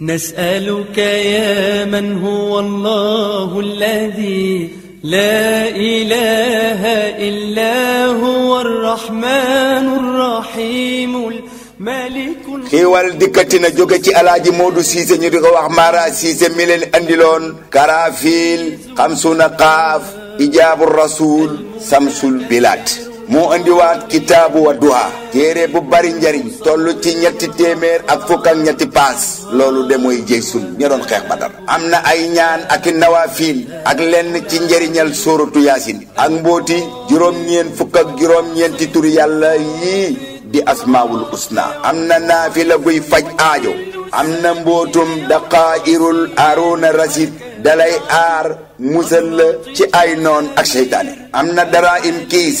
نسألك يا من هو الله الذي لا إله إلا هو الرحمن الرحيم الملك خيوال دكتي نجوكي تي ألاج مودو سيسي نجوكي وحمارا سيسي ملين أندلون كرافيل خمسون قاف إجاب الرسول سمسول بلاد moo indiwaat kitaabu Wadduha téere bu bari njariñ toll ci ñetti téeméer ak fukk ñetti paas loolu de mooy jëy sun xeex ba xeex am na ay ñaan ak nawafiil ak lenn ci njariñal sóoratu yaasin ak mbóoti juróom-ñeen fukk ak juróom-ñeenti turi yàlla yii di asmaawul usna am na naafila buy faj aajo am na mbootum daqaa'irul aaruuna rasid dalay aar musal la ci ay noon ak seytaane am na dara im kiis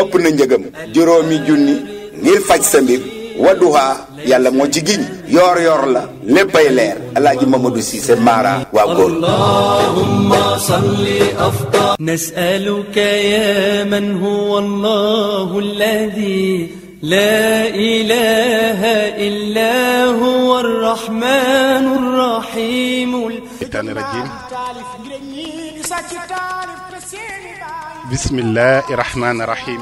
ëpp na njëgam juróomi junni ngir faj sa mbir Wadduha yàlla moo ci giñ yoor yoor la léppay leer alaaji Mamadou Cissé Mara waa góor allahumma salli afdal nasaluka ya man huwa allahu alladi la ilaha illa huwa arrahmanu arrahim shaytaani rajim بسم الله الرحمن الرحيم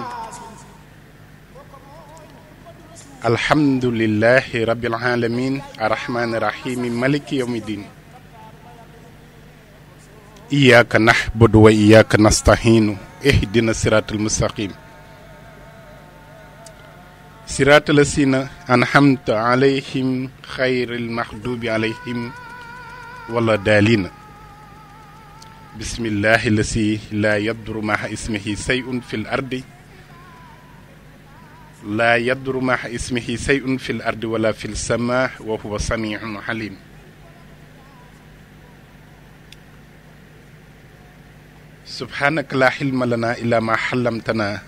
الحمد لله رب العالمين الرحمن الرحيم ملك يوم الدين إياك نحبد وإياك نستعين اهدنا الصراط المستقيم صراط الذين أنعمت عليهم خير المغضوب عليهم ولا دالين بسم الله الذي لا يضر مع اسمه شيء في الأرض لا يضر مع اسمه شيء في الأرض ولا في السماء وهو سميع عليم سبحانك لا حلم لنا إلا ما حلمتنا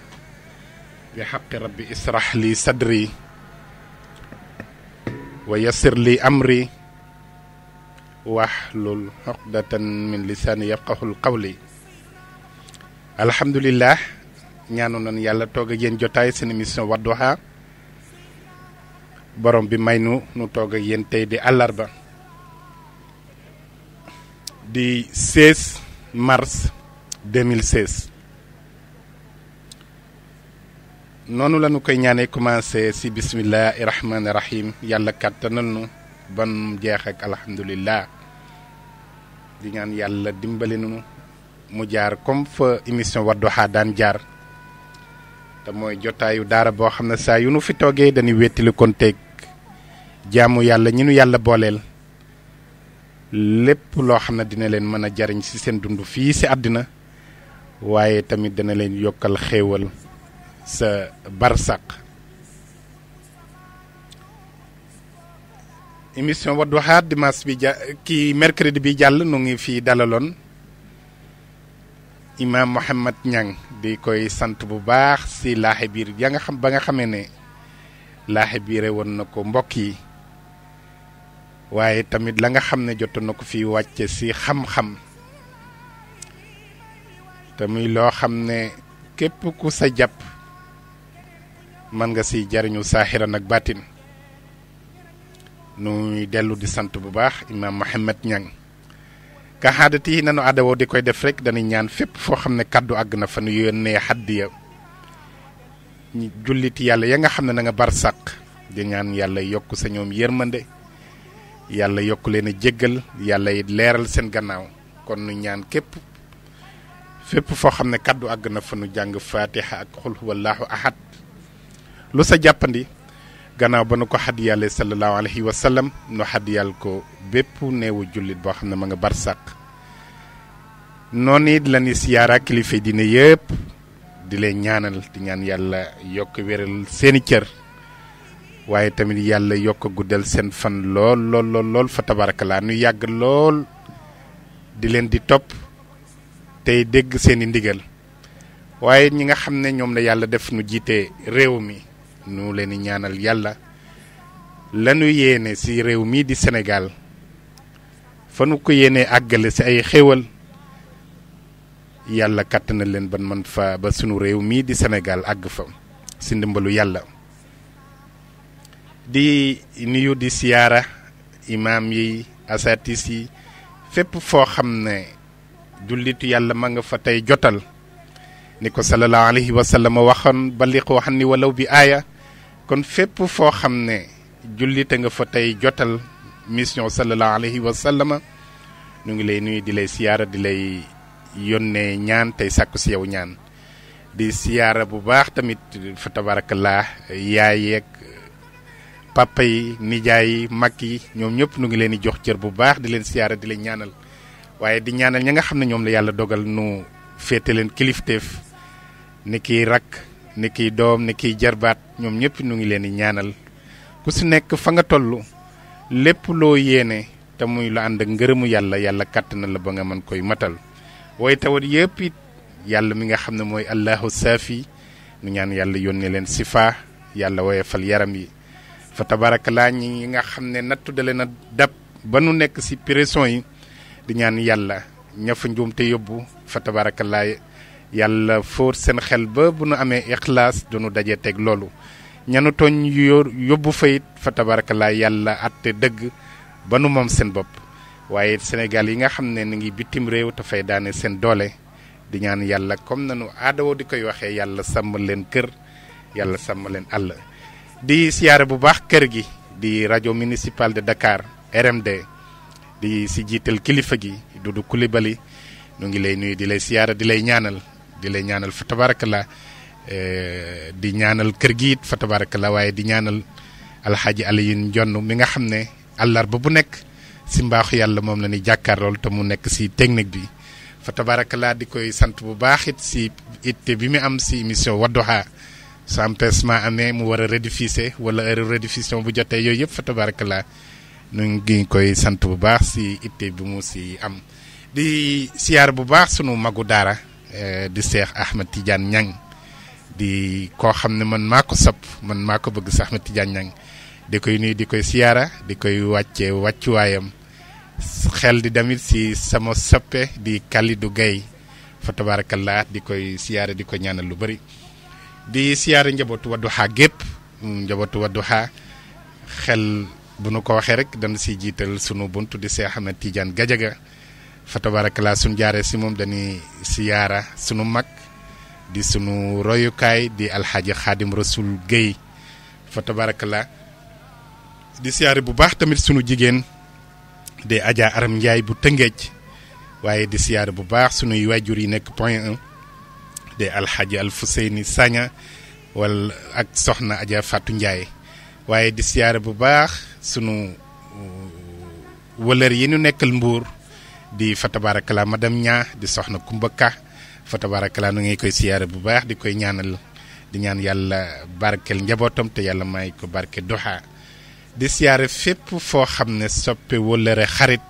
بحق ربي اسرح لي صدري ويسر لي أمري واحلل عقدة من لساني يفقه القول الحمد لله ñaanu nan yàlla toog ak yéen jotaay seen émission wadduha borom bi maynu nu toog ak yéen tey di àllarba di 16 mars 2016 noonu la nu koy ñaanee commencé si bismillahi rahmaani rahim yàlla kàttanal nu ban jeex ak alhamdulillah di yàlla dimbali nu mu jaar comme fa émission Wadduha daan jaar te mooy jotaayu daara boo xam ne saa yu nu fi toogee dañuy wettili konteeg jaamu yàlla ñi nu yàlla booleel lépp loo xam ne dina leen mën a jariñ ci seen dund fii ci àddina waaye tamit dina leen yokkal xéewal sa barsàq émission wadduha dimas bi ki mercredi bi jàll nu ngi fi dalaloon imam mohammed Nyang di koy sant bu baax si laaxe biir ya nga xam ba nga xamee ne laaxe biire woon na ko mbokk yi waaye tamit la nga xam ne jot na ko fi wàcce si xam-xam te muy loo xam ne képp ku sa jàpp man nga si jariñu nuy dellu di sant bu baax imaam Mohamed Niang ka xaadati nanu adawoo di koy def rek dañuy ñaan fépp foo xam ne kàddu àgg na fa nu yónnee xaddiya jullit yàlla ya nga xam ne na nga bar sàq di ñaan yàlla yokk sa ñoom yërmande yàlla yokk leen a jéggal yàlla it leeral seen gannaaw kon nu ñaan képp fépp foo xam ne kàddu àgg na fa nu jàng faatiha ak xul huwallaahu ahad lu sa jàppandi gannaaw ba nu ko xaddiyaale sallallahu alayhi wa sallam nu xaddiyal ko bépp neewu jullit boo xam ne ma nga barsàq noonu it la ni siyaara kilifa dina yëpp di leen ñaanal di ñaan yàlla yokk wéral seeni cër waaye tamit yàlla yokk guddal seen fan lool lool lool lool fa tabarakalaa nu yàgg lool di leen di topp tey dégg seeni ndigal waaye ñi nga xam ne ñoom la yàlla def nu jiite réew mi nu leen ñaanal yàlla lanu yéene ci réew mii di senegaal fa ko yéenee àggale ci ay xéewal yàlla kàttanal leen ba man fa ba sunu réew mii di senegaal àgg fa ci ndimbalu yàlla di nuyu di siyaara imaam yi asatis yi fépp foo xam ne jullitu yàlla ma nga fa tey jotal ni ko sallallahu alayhi wa sallam waxoon balliqu ni walaw bi aaya kon fépp foo xam ne jullite nga fa tey jotal mission sallallahu alayhi wa ñu ngi lay nuyu di lay siyaara di lay yónnee ñaan tey sàkku si yow ñaan di siyaara bu baax tamit fa tabarakallah yaay yeeg papa yi nijaay yi mag yi ñoom ñëpp nu ngi leen di jox cër bu baax di leen siyaara di leen ñaanal waaye di ñaanal ña nga xam ne ñoom la yàlla dogal nu féete leen kilifteef ni kiy rakk ni kiy doom ni kiy jarbaat ñoom ñëpp ñu ngi leen di ñaanal ku si nekk fa nga toll lépp loo yéene te muy lu ànd ak ngërëmu yàlla yàlla kàttanal la ba nga mën koy matal way tawat yëpp it yàlla mi nga xam ne mooy allahu saafi nu ñaan yàlla yónnee leen sifa yàlla woyefal yaram yi fa tabarakalaa ñi nga xam ne nattu dale na dab ba nu nekk si pression yi di ñaan yàlla ña fa njuum te yóbbu fa tabarakalaa yàlla fóot seen xel ba bu nu amee ixlaas du nu daje teg loolu ñanu tooñ yóbbu fayit fa tabarakalaa yàlla àtte dëgg ba nu moom seen bopp waaye Sénégal yi nga xam ne ni ngi bitim réew te fay daane seen doole di ñaan yàlla comme nanu aadawoo di koy waxee yàlla sàmm leen kër yàlla sàmm leen àll di siyaare bu baax kër gi di rajo municipal de Dakar RMD di si jiital kilifa gi Doudou Coulibaly nu ngi lay nuyu di lay siyaare di lay ñaanal di lay ñaanal fa tabaarakallaa eh, di ñaanal kër gi it fa la waaye di ñaanal alxaaji Alioune Jonn mi nga xam ne àllarba bu nekk si mbaaxu yàlla moom la ni jàkkaarlool te mu nekk si technique bi fa tabaarakallaa di koy sant bu baax it si itte bi mu am si émission Wadduha su empêchement amee mu war a rediffuser wala heure rediffusion bu yooyu yëpp fa tabaarakallaa ñu ngi koy sant bu baax si itte bi mu si am di siyaar bu baax sunu magu daara Eh, di Cheikh Ahmed Tidiane di koham xamne ne man mako ko man mako ko bëgg Cheikh Ahmed Tidiane Niang di koy nuy di koy siara di koy waccu wayam xel di damit si sama soppe di Kalidou gay fa tabarakallah di koy siara di ko ñaanal lu bari di wadu ha gep njabot wadu ha xel bu nu ko waxe rek dañ si jital sunu buntu di Cheikh Ahmed Tidiane gadjaga fa tabarakalaa suñ jaaree si moom dañuy siyaara sunu mag di sunu royukaay di alxaaji xaadim rasul Guèye fa tabarakalaa di siyaare bu baax tamit sunu jigéen de Adja Aram Ndiaye bu Tëngéej waaye di siyaare bu baax sunuy waajur yi nekk point 1 di alxaaji Alfuseyni Sagna wala ak soxna Adja Fatou Ndiaye waaye di siyaare bu baax sunu wëlër yi nu nekkal mbuur di fa ma dem ñaa di soxna Kumba Ka fa nu ngi koy siyaare bu baax di koy ñaanal di ñaan yàlla barkel njabootam te yàlla may ko barke Duha di siyaare fépp foo xam ne soppe wóllëre xarit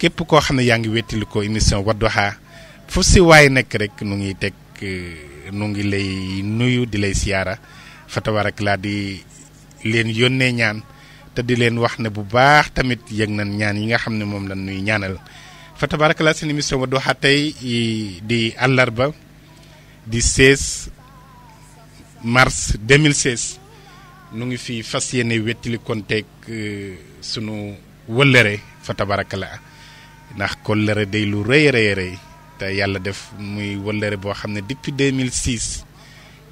képp koo xam ne yaa ngi wettali ko émission Wadduha fu si waay nekk rek nu ngi teg nu ngi lay nuyu di lay siyaara fa tabaarakala di leen yónnee ñaan te di leen wax ne bu baax tamit yëg na ñaan yi nga xam ne moom la nuy ñaanal fa la seen émission Wadduha tey di àllarba di 16 mars 2016 nu ngi fi fas yéene wettili konteeg euh, sunu wëllëre fa la ndax kollëre day lu rëy rëy rëy te yàlla def muy wëllëre boo xam ne depuis 2006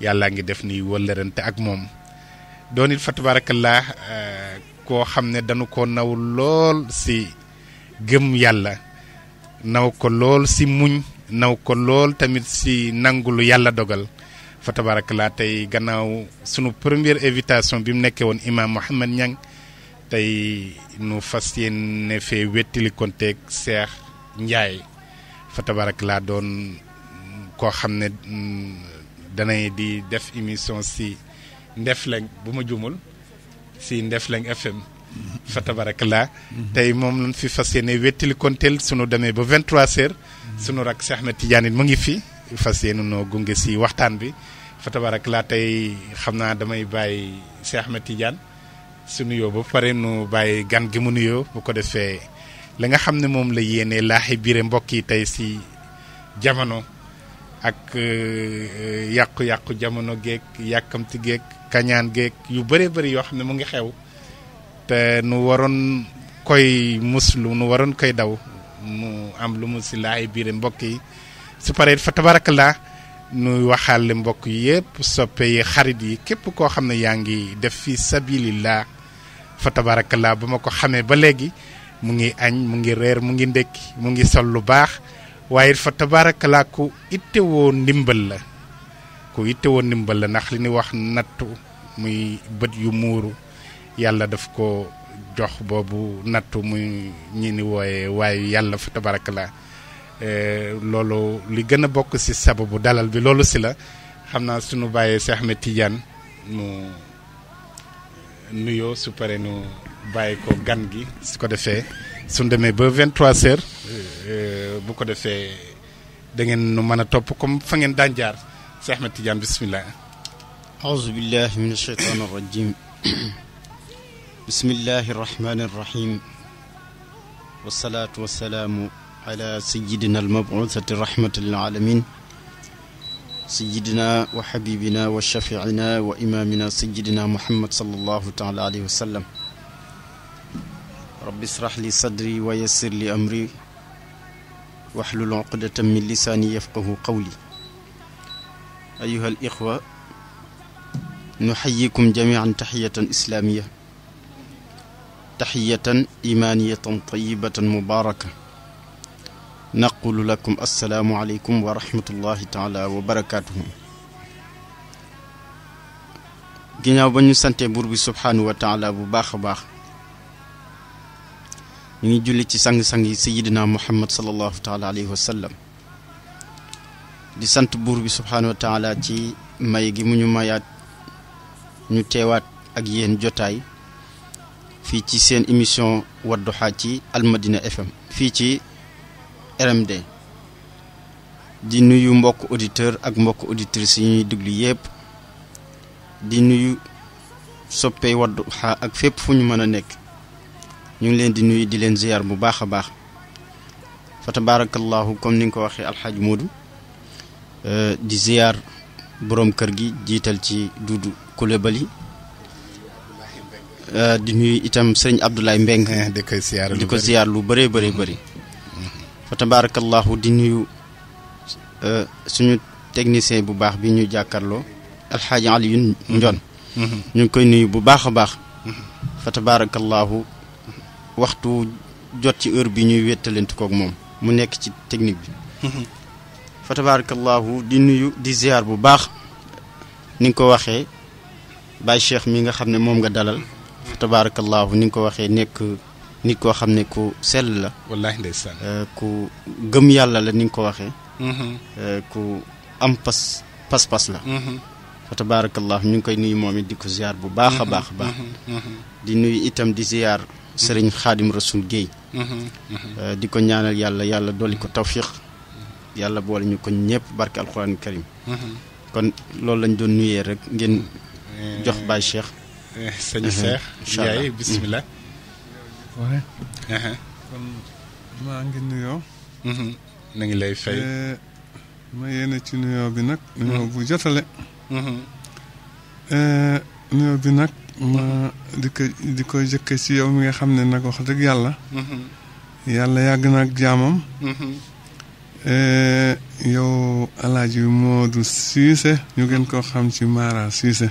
yàllaa ngi def ni wëllërante ak moom doo it fa tabaarakallaa euh, koo xam ne dañu ko naw lool si gëm yàlla naw ko lool si muñ naw ko lool tamit si nangu lu yàlla dogal barak laa tey gannaaw sunu première invitation bi mu nekkee woon imaam Mouhamed Niang tey nu fas yéene fee wettili konteeg Cheikh Ndiaye fa laa doon koo xam ne mm, danay di def émission si Ndefleng bu ma jumul si Ndefleng FM fa tabarakallah tay moom lañ fi fas yéene kontel konteel sunu demee ba 23h sunu rak Cheikh Ahmed Tidiane mu ngi fi fas no noo gunge si waxtaan bi fa tabarakallah tey xam damay bàyyi Cheikh Ahmed Tidiane ba nu bàyyi gan gi mu nuyoo bu ko defee la nga xam ne la si jamono ak euh, euh, yàqu-yàqu jamono geek gek geek kañaan geek yu bëree bëri yoo xam ne ngi xew te nu waroon koy muslu nu waroon koy daw mu am lu mu si laay biire mbokk yi su paree fa tabarakallah nuy waxaale mbokk yi yëpp soppe yi xarit yi képp koo xam ne yaa ngi def fi sabilillah fa tabarakallah ba ma ko xamee ba léegi mu ngi añ mu ngi reer mu ngi ndekki mu ngi sol lu baax waaye fa tabarakallah ku ittewoo ndimbal la ku ittewoo ndimbal la ndax li ñuy wax nattu muy bët yu muuru yàlla daf ko jox boobu nattu mu ñi ni wooye waaye yàlla fa tabaraka la eh, loolu li gën a bokk si sababu dalal bi loolu si la xam naa suñu bàyyee si Ahmed Tidiane mu nuyoo su pare nu bàyyi ko gan gi su ko defee suñ demee ba 23 heures eh, bu ko defee dangeen nu mën a topp comme fa ngeen daan jaar si Ahmed Tidiane bisimilah. aouzu billahi min بسم الله الرحمن الرحيم والصلاة والسلام على سيدنا المبعوثة رحمة العالمين سيدنا وحبيبنا وشفيعنا وإمامنا سيدنا محمد صلى الله تعالى عليه وسلم رب اشرح لي صدري ويسر لي أمري واحلل عقدة من لساني يفقه قولي أيها الإخوة نحييكم جميعا تحية إسلامية تحية إيمانية طيبة مباركة نقول لكم السلام عليكم ورحمة الله تعالى وبركاته ginnaaw ba ñu sante buur bi subhaanahu wa taala bu baax a baax ñu ngi julli ci sang-sang yi sayidina muhammad salallahu taala alayhi wa sallam di sant buur bi subhaanahu wa taala ci may gi mu ñu mayaat ñu teewaat ak yéen jotaay fii ci seen émission Wadduha ci Almadina FM fii ci RMD di nuyu mbokk auditeur ak mbokk auditrices yi ñuy déglu yëpp di nuyu soppey Wadduha ak fépp fu ñu mën a nekk ñu ngi leen di nuyu di leen ziyaar bu baax a baax fa tabaarakallaahu comme ni nga ko waxee alxaaj Moodu euh, di ziyaar boroom kër gi jiital ci Duudu Kulebali Euh, di nuyu itam sëriñ Abdoulaye Mbengue. Eh, di ko ziar lu bëri di ko ziar lu bëree bëri bëri. Mm-hmm. fa tabaarakallaahu di nuyu euh, suñu technicien bu baax bi ñu jàkkaarloo. alxaaji Alioune mm-hmm. Ndione. Mm-hmm. ñu ngi koy nuyu bu baax a baax. fa tabaarakallaahu waxtu jot ci heure bi ñuy wéttalantu koog moom mu nekk ci technique bi. fa tabaarakallaahu di nuyu di ziar bu baax. ni nga ko waxee Baye Cheikh mi nga xam ne moom nga dalal. fa tabaarakallaahu ni nga ko waxee nekk nit koo xam ne ku sell la. wallaahi ndeysaan euh, ku gëm yàlla la ni nga ko waxee. Mm-hmm. Euh, ku am pas pas pas la. Mm-hmm. fa tabaarakallaahu ñu ngi koy nuyu moom it di ko ziar bu baax a mm-hmm. baax a baax. di nuyu itam di ziar. sëriñ xaadim rasul Guèye. Euh, di ko ñaanal yàlla yàlla dolli ko tawfiq yàlla boole ñu ko ñëpp barke alxuraan karim kon loolu lañ doon nuyee rek ngeen jox Baye Cheikh. sëñ Cheikh. Ndiaye bisimilah. maa ngi nuyo mm-hmm. na ngi lay fay. Eh, ma yéene ci nuyo bi nag. Mm-hmm. nuyoo bu jotale. Mm-hmm. Eh, nuyoo bi nag ma di ko di ko jëkke ci yow mi nga xam ne nag wax dëgg yàlla. yàlla yàgg na ak jaamam. Eh, yow alaaji Modou Cissé ñu gën koo xam ci Mara Cissé.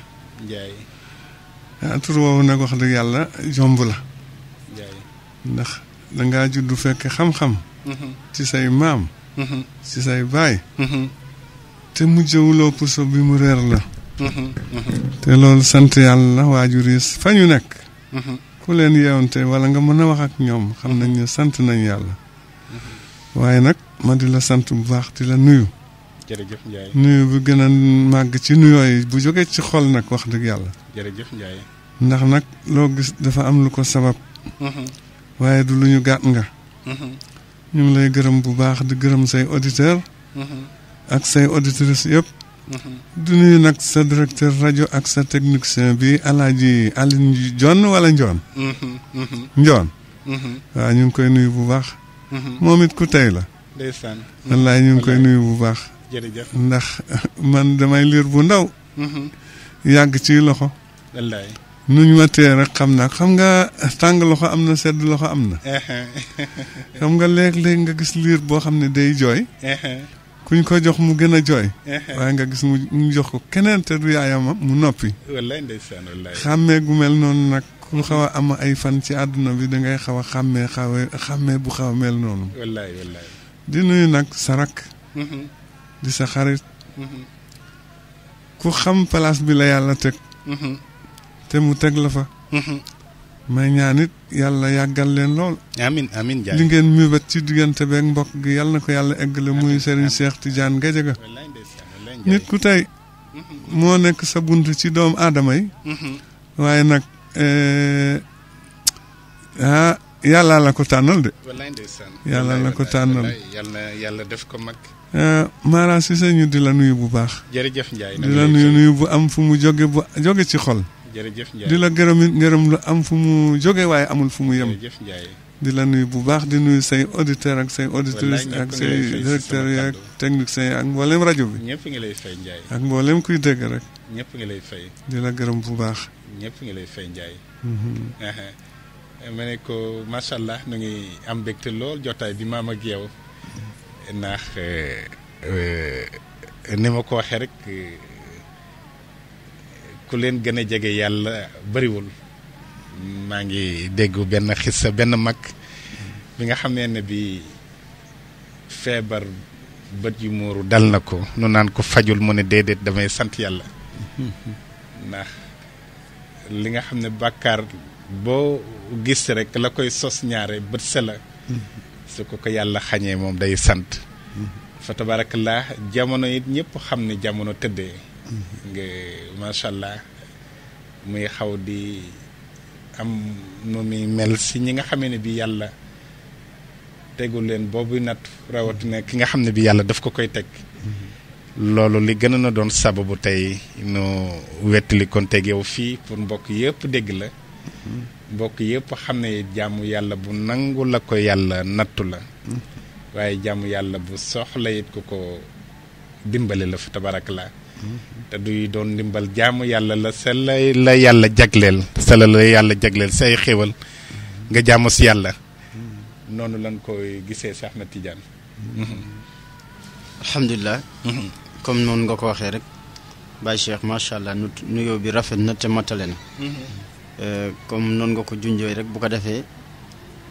Ah, tur woowu nag wax dëgg yàlla yomb la ndax dangaa juddu fekk xam-xam mhm. ci say maam mhm. ci say baay mhm. te mujjewuloo puso bi mu réer la te loolu sant yàlla waajur yi fa ñu nekk ku leen yeewante wala nga mën a wax ak ñoom xam nañ sant nañ yàlla waaye nag ma di la sant bu baax di la nuyu jërëjëf Ndiaye nuyu bu gën a màgg ci nuyoo yi bu jógee ci xol nag wax dëgg yàlla jërëjëf Ndiaye ndax nag loo gis dafa am lu ko sabab. Mm-hmm. waaye du lu ñu gàtt nga. Mm-hmm. ñu ngi lay gërëm bu baax di gërëm say auditeur mm-hmm. ak say auditrices yëpp. du nuyu nag sa directeur rajo ak sa technicien bi alaaji Alioune jonn wala Njoon. Njoon. waaw ñu ngi koy nuyu bu baax. moom it ku tey la. ndeysaan. wallaay ñu ngi koy nuyu bu baax. jërëjëf ndax man damay liir bu ndaw. yàgg ci loxo. wallaay. nu ñu ma tee rek xam naa xam nga tàng loxo am na sedd loxo am na. xam nga léeg-léeg nga gis liir boo xam ne day jooy. kuñ ko jox mu gën a jooy. waaye nga gis mu jox ko keneen te du yaayam mu noppi. wallaay ndeysaan wallaay. xàmmee gu mel noonu nag. ku xaw a am ay fan ci àdduna bi da ngay xaw a xàmmee xaw xàmmee bu xaw a mel noonu. wallaay nag sa rakk. Mm-hmm. di sa xarit. Mm-hmm. ku xam place bi la yàlla teg. Mm-hmm. te mu teg la fa. Mm-hmm. may ñaan yàlla yàggal leen lool. amiin amiin jaay li ngeen mibat ci diggante beeg mbokk gi yàlla na ko yàlla eggale muy Serigne Cheikh Tidiane Gadiaga nit ku tey mm-hmm. moo nekk sa bunt ci doomu aadama yi. Mm-hmm. waaye nag eh, ah yàlla la ko tànnal de. yàlla la ko tànnal yàlla def ko mag. Eh, Mara Cissé ñu di la nuyu bu baax. jërëjëf Ndiaye di la nuyu nuyu bu am fu mu jóge bu jóge ci xol. jërëjëf Ndiaye di la gërëm ngërëm lu am fu mu jóge waaye amul fu mu yem. jërëjëf Ndiaye di la nuyu bu baax di nuyu say auditeur ak say auditrices ak say directeurs yi ak techniciens rajo bi. ñëpp ngi lay fay Ndiaye. ak mboolem kuy dégg rek. ñëpp ngi lay fay. di gërëm bu baax. ñëpp ngi lay fay Ndiaye. Mm-hmm. ma ne ko macha allah nu ngi am mbégte lool jotaay bi maam ak yow ndax eh, eh, ni ma ko waxee rek. ku leen gën a jege yàlla bariwul maa ngi dégg benn xissa benn mag bi nga xamee ne bi feebar bët yu muuru dal na ko nu naan ko fajul mu ne déedéet damay sant yàlla ndax li nga xam ne bàkkaar boo gis rekk la koy sos ñaare bët se la su ko ko yàlla xañee moom day sant foto fa tabarakallah jamono it ñëpp xam ne jamono tëddee nga macha allah muy xaw di am nu muy mel si ñi nga xamee ne bi yàlla tegul leen boobu natt rawatina ki nga xam ne bi yàlla daf ko koy teg loolu li gën na doon sababu tey nu wettali kon teg fii pour mbokk yëpp dégg la mbokk yëpp xam ne jàmm yàlla bu nangu la ko yàlla nattu la waaye jàmm yàlla bu soxla it ku ko dimbali la fa tabarak la te duy doon ndimbal jaamu yàlla la sa la la yàlla jagleel sa la la yàlla jagleel say xéwal nga jaamu si yàlla noonu lañ koy gisee si na Tidiane alhamdulilah mhm. comme noonu nga ko waxee rek Baye Cheikh macha allah nu nuyoo bi rafet na te matale na mhm. euh, comme noon nga ko junjooy rek bu ko defee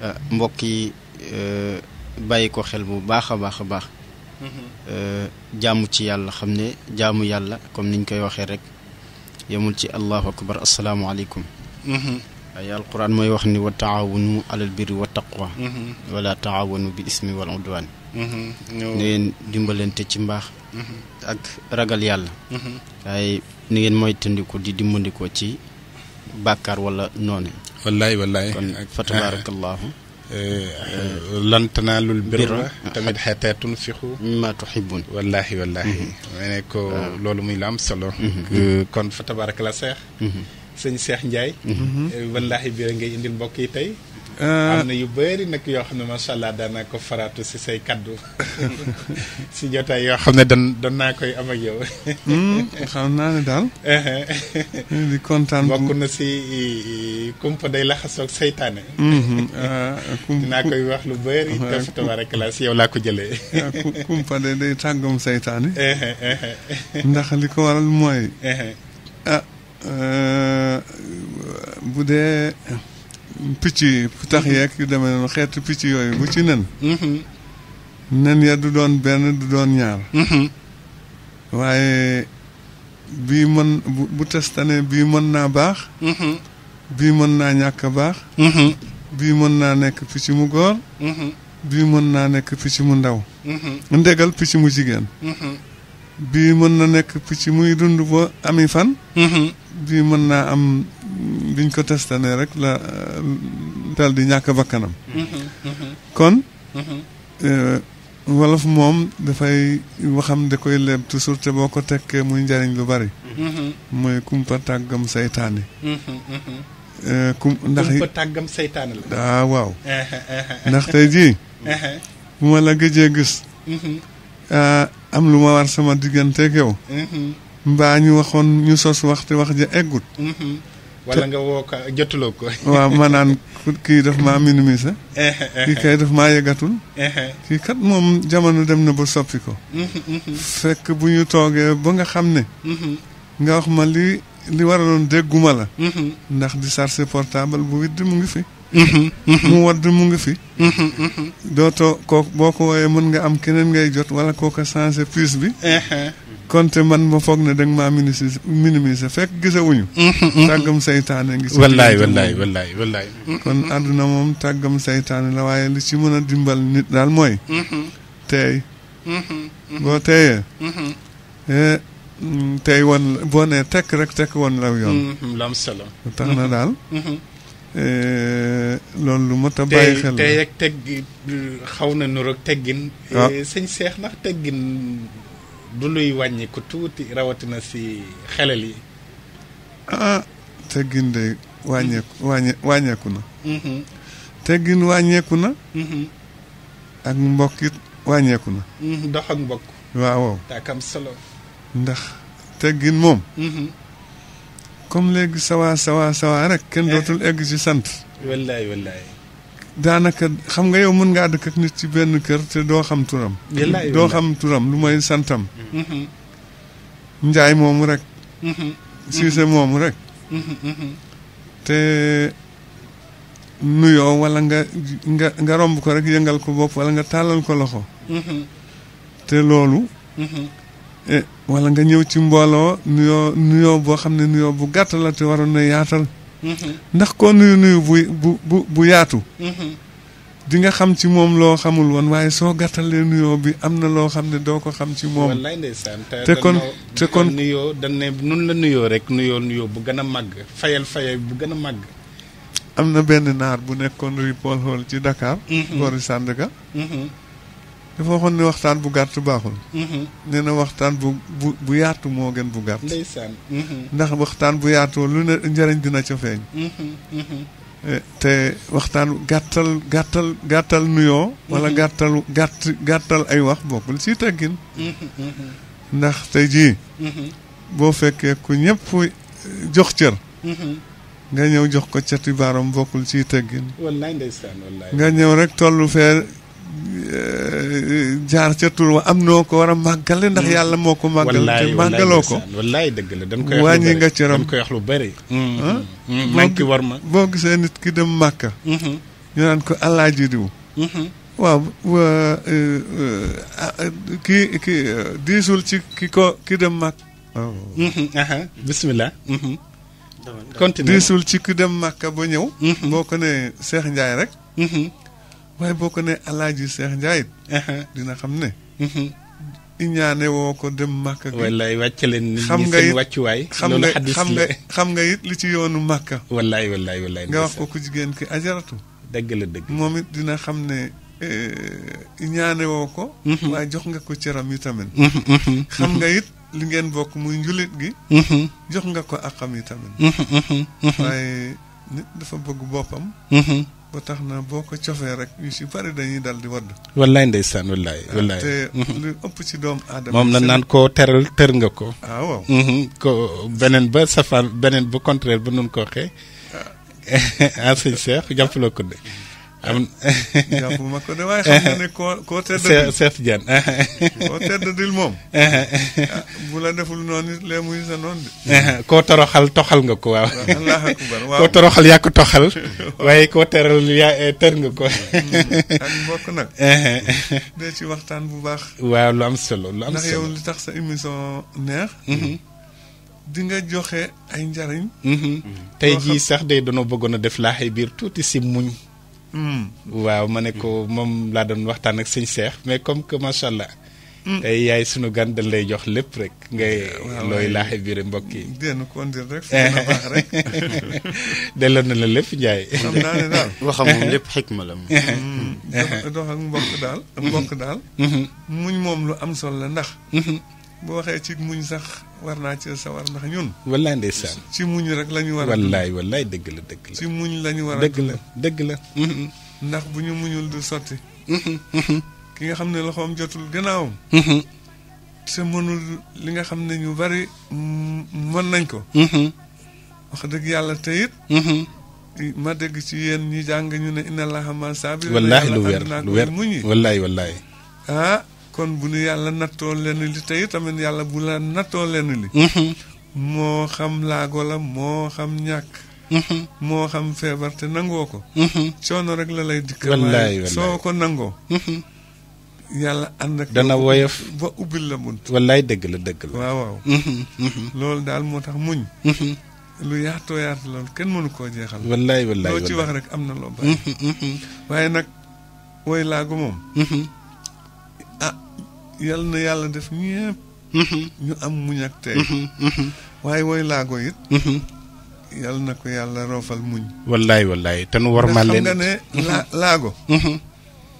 euh, mbokk yi euh, bàyyi ko xel bu baax a baax a baax Euh, jaamu ci yàlla xam ne jaamu yàlla comme niñ koy waxee rek yemul ci allahu akbar asalaamualeykum mm-hmm. waaye alquran mooy wax ni wa taawanu alal birri wa taqwa mm-hmm. wala taawanu bi ismi wal udwaan mm-hmm. na ngeen dimbalante ci mbaax ak ragal yàlla waaye ni ngeen mooy di dimbandikoo ci bàkkaar wala noone wallaay wallaay fa tabarakallahu lan tanaalul birra tamit xataa tunfiqu ma tuhibbun wallahi wallahi ma ne ko loolu muy lu am solo kon fa tabarak la seex sëñ Seex Njaay wallahi bi ngay indil mbokk yi tey Euh, am na yu bëri nag yoo xam ne macha allah daan naa ko faraatu si say kaddu si jotaay yoo xam ne dan dan naa koy am ak hmm, xam naa ne daal. di kontaan bu bokk na si kumpa day laxasoog seytaane. Hmm, hmm, ah, wax lu bëri. ko jëlee. Ah, kumpa day day tàggoom seytaane. Eh, eh, eh, ndax li ko waral mooy. Ah, euh, bu dee. picc yi tax yeeg yu demee noonu xeetu picc yooyu bu ci nen. Mm-hmm. nen ya du doon benn du doon ñaar. Mm-hmm. waaye bii mën bu testane bii mën naa baax. Mm-hmm. bii mën naa ñàkk a baax. bii mën naa nekk picc mu góor. bii mën naa nekk picc mu ndaw. ndegal picc mu jigéen. bii mën na nekk picc muy dund ba ami fan. bii mën naa am. biñ ko testane rek la euh, dal di ñàkk bakkanam kon euh, wolof moom dafay waxam da koy leeb toujours te boo ko tekkee muy njariñ lu bari mooy kumpa tàggam saytaane euh, kum ndax kumpa tàggam saytaane la ah, waaw ndax tey jii bu ma la gëjee gis ah, am lu ma war sama digganteeg yow mbaa ñu waxoon ñu sos waxte wax ja eggut wala nga woo ko jotuloo ko. waaw ma kii daf maa minimise. Eh, eh, kii kay daf maa yëgatul. Eh, kii kat moom jamono dem na ba soppi ko. Mhm, mhm. fekk bu ñu toogee ba nga xam ne. Mhm. nga wax ma li li waraloon dégguma la. ndax di chargé portable bu widd mu ngi fi. mu wadd mu ngi fi. dootoo kooku boo ko wooyee mën nga am keneen ngay jot wala kooku sange puce bi. konte man ma foog ne danga maa minimiser minimiser fekk gisawuñu. Mm-hmm. tàggam saytaane ngi. wallaay wallaay wallaay mm-hmm. moom tàggam saytaane la waaye li ci mën a dimbal nit daal mooy. Mm-hmm. tey. boo teeyee. Eh, mm, tey woon boo nee tekk rek tekk woon la yoon. lam salaam. tax na daal. Eh, loolu lu mot a bàyyi xel. tey tey ak teggi xaw na nuroog teggin. waaw ah. eh, sëñ Cheikh teggin. du luy wàññi ku tuuti rawatina si xelal yi. ah teggin wàññeeku mm-hmm. wàññe wàññeeku na. Mm-hmm. teggin wàññeeku na. Mm-hmm. ak mbokkit wàññeeku na. dox ak mbokk. waaw taakam solo. ndax teggin moom. comme léegi sawaa sawaa sawaa rek. kenn eh. dootul egg ci sant. wallaay daanaka xam nga yow mën ngaa dëkk ak nit ci benn kër te doo xam turam. doo xam turam lu may santam. Mm-hmm. njaay moomu rek. Mm-hmm. siise mm-hmm. moomu rek. te nuyoo wala nga nga nga romb ko rek yëngal ko bopp wala nga tàllal ko loxo. te loolu. Eh, walla nga ñëw ci mbooloo nuyoo nuyoo boo xam ne nuyoo bu gàtt la te waroon na yaatal. ndax koo nuyu nuyu bu bu bu yaatu. di nga xam ci moom loo xamul woon waaye soo gàttalee nuyoo bi am na loo xam ne doo ko xam ci moom. wallaay ndeysaan te kon te kon nuyoo dañ nun la nuyoo rek nuyoo nuyoo bu gën a màgg fayal fayal bu gën a màgg. am na benn naar bu nekkoon Rue Hall ci Dakar. Mhm. boori dafa waxoon ne waxtaan bu gàtt baaxul. Mm-hmm. nee na waxtaan bu bu bu yaatu moo gën bu gàtt. ndeysaan. Mm-hmm. ndax waxtaan bu yaatoo lu ne njëriñ dina ca mm-hmm. Eh, te waxtaan gàttal gàttal gàttal nuyoo. wala gàttal gàtt gàttal ay wax bokkul si teggin. ndax tey jii. boo fekkee ku ñëpp eh, jox cër. nga ñëw jox ko cati baaram bokkul ci teggin. wallaay ndeysaan nga ñëw rek tollu fee eh, jaar ca tur wa am noo ko war a màggale ndax mm. yàlla moo ko màggal te màggaloo ko wallaay dëgg la dañ koy wàññi nga ci ram koy lu bëri mm. mm. manki war ma boo gisee nit ki dem màkka mm-hmm. ñu naan ko alaaji diw mm-hmm. waaw e, e, kii diisul ci ki ko ki dem màkk waaw mm-hmm. bismillah diisul ci ki dem màkka ba ñëw boo ko ne Cheikh Ndiaye rek waaye boo ko ne alaaji Seex Njaay dina xam ne mhm. iñaane woo ko dem màkka gi wallaay wàcc leen nit ñi seen wàccuwaay xam nga xam nga xam nga li ci yoonu makk wallaay wallaay wallaay nga wax ko ku jigéen ki ajaratu dëgg la dëgg moom it dina xam ne e, iñaane woo ko mhm. waaye jox nga ko cëram yi tamit mhm, xam nga it li ngeen bokk muy njulit gi jox nga ko akam yi tamit waaye nit dafa bëgg boppam ba tax na boo ko cofee rek yu si dañuy dal di wadd. wallaay ndeysaan wallaay. Ah, wallaay te mhm. lu ëpp aadama. moom na naan koo teral tër nga ko. ah mhm. ko beneen ba safaan beneen ba contraire ba nun ko waxee. ah, ah sëñ jàppaloo ko de. Mhm. am jàpp ma ko de waaye koo tedd dil moom bu la deful noonu it lee muy sa noonu de koo toroxal toxal nga ko waaw allah koo toroxal yaa ko toxal waaye koo teral yaa eh, ter nga ko mm-hmm. ak mbokk nag eh, eh, de ci waxtaan bu baax waaw lu am solo lu am solo ndax li tax sa émission mm-hmm. di nga joxe ay njariñ mm-hmm. tey jii sax de danoo bëggoon a def laaxee biir tuuti si muñ Mm. waaw ma ne ko moom laa doon waxtaan ak sëñ Cheikh mais comme que macha allah. Mm. tey yaay sunu gan dañ lay jox lépp rek. ngay looy laaxee biir mbokk yi. déedéet ko ondil delloo na la lépp Ndiaye. waxam moom lépp xikma la moom. Mm. dox ak mbokk daal. Mm-hmm. muñ moom lu am solo la ndax. Mm-hmm. boo waxee ci muñ sax war naa ci sawar ndax ñun. wallaay ndeysaan ci muñ rek la ñu war a. wallaay wallaay dëgg la dëgg la. muñ la war a. dëgg la dëgg la. Mm-hmm. ndax bu ñu muñul du sotti. Mm-hmm, mm-hmm. ki nga xam ne loxoom jotul gannaawam. te mënul li nga xam ne ñu bari mm, mën nañ ko. wax dëgg yàlla te it. ma dégg ci yéen ñi jàng ñu ne inna allaha ma saabir. wallaahi lu wér lu wér muñ yi wallaahi wallaahi. ah. kon bu nu yàlla nattoo lenn li tey tamit yàlla bu la nattoo lenn li mhm. moo xam laago la moo xam ñàkk mhm. moo xam feebar te nangoo ko mhm. coono rek la lay dikk ko nangoo yàlla dana woyof ba ubbil la bunt dëgg la dëgg waaw waaw loolu daal moo tax muñ lu yaatoo yaatu loolu kenn mënu koo jeexal wallaay wallaay loo wax rek am na loo bari waaye nag woy laago moom yal na yàlla def ñëpp. Mm-hmm. ñu am muñ ak tey. Mm-hmm. Mm-hmm. waaye woy laago it. yal na ko yàlla roofal muñ. wallaay wallaay te nu war maa leen xam nga laago.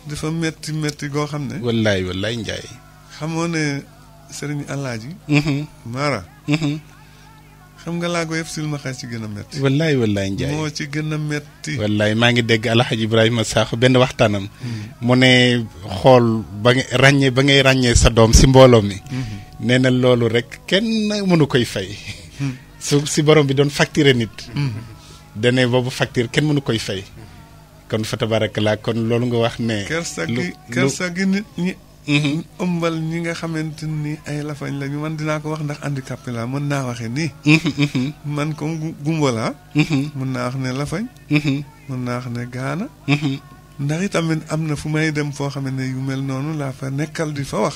dafa metti metti goo xam ne. wallaay wallaay Njaay. xamoo ne sëriñ Alaaji. Mara. xam nga laago yëpp silmaxa ci gën a metti wallaay wallaay moo ci gën a metti wallaay maa ngi dégg Alhaji Ibrahima Sakho benn waxtaanam hmm. mu ne xool ba ràññee ba ngay ràññee sa doom si mbooloo mi hmm. nee na loolu rek kenn mënu koy fay hmm. su si borom bi doon facturer nit dane boobu facture kenn mënu koy fay kon fa tabarak laa kon loolu nga wax ne kersa gi kersa gi nit Mm-hmm. ëmbal ñi nga xamante ni ay lafañ lañu man dinaa ko wax ndax handicapé laa mën naa waxee nii. Mm-hmm, mm-hmm. man kom gumba laa. mën naa wax ne lafañ. mën naa wax ne gaana. ndax tamit am na fu may dem foo xam ne yu mel noonu laa fa nekkal di fa wax.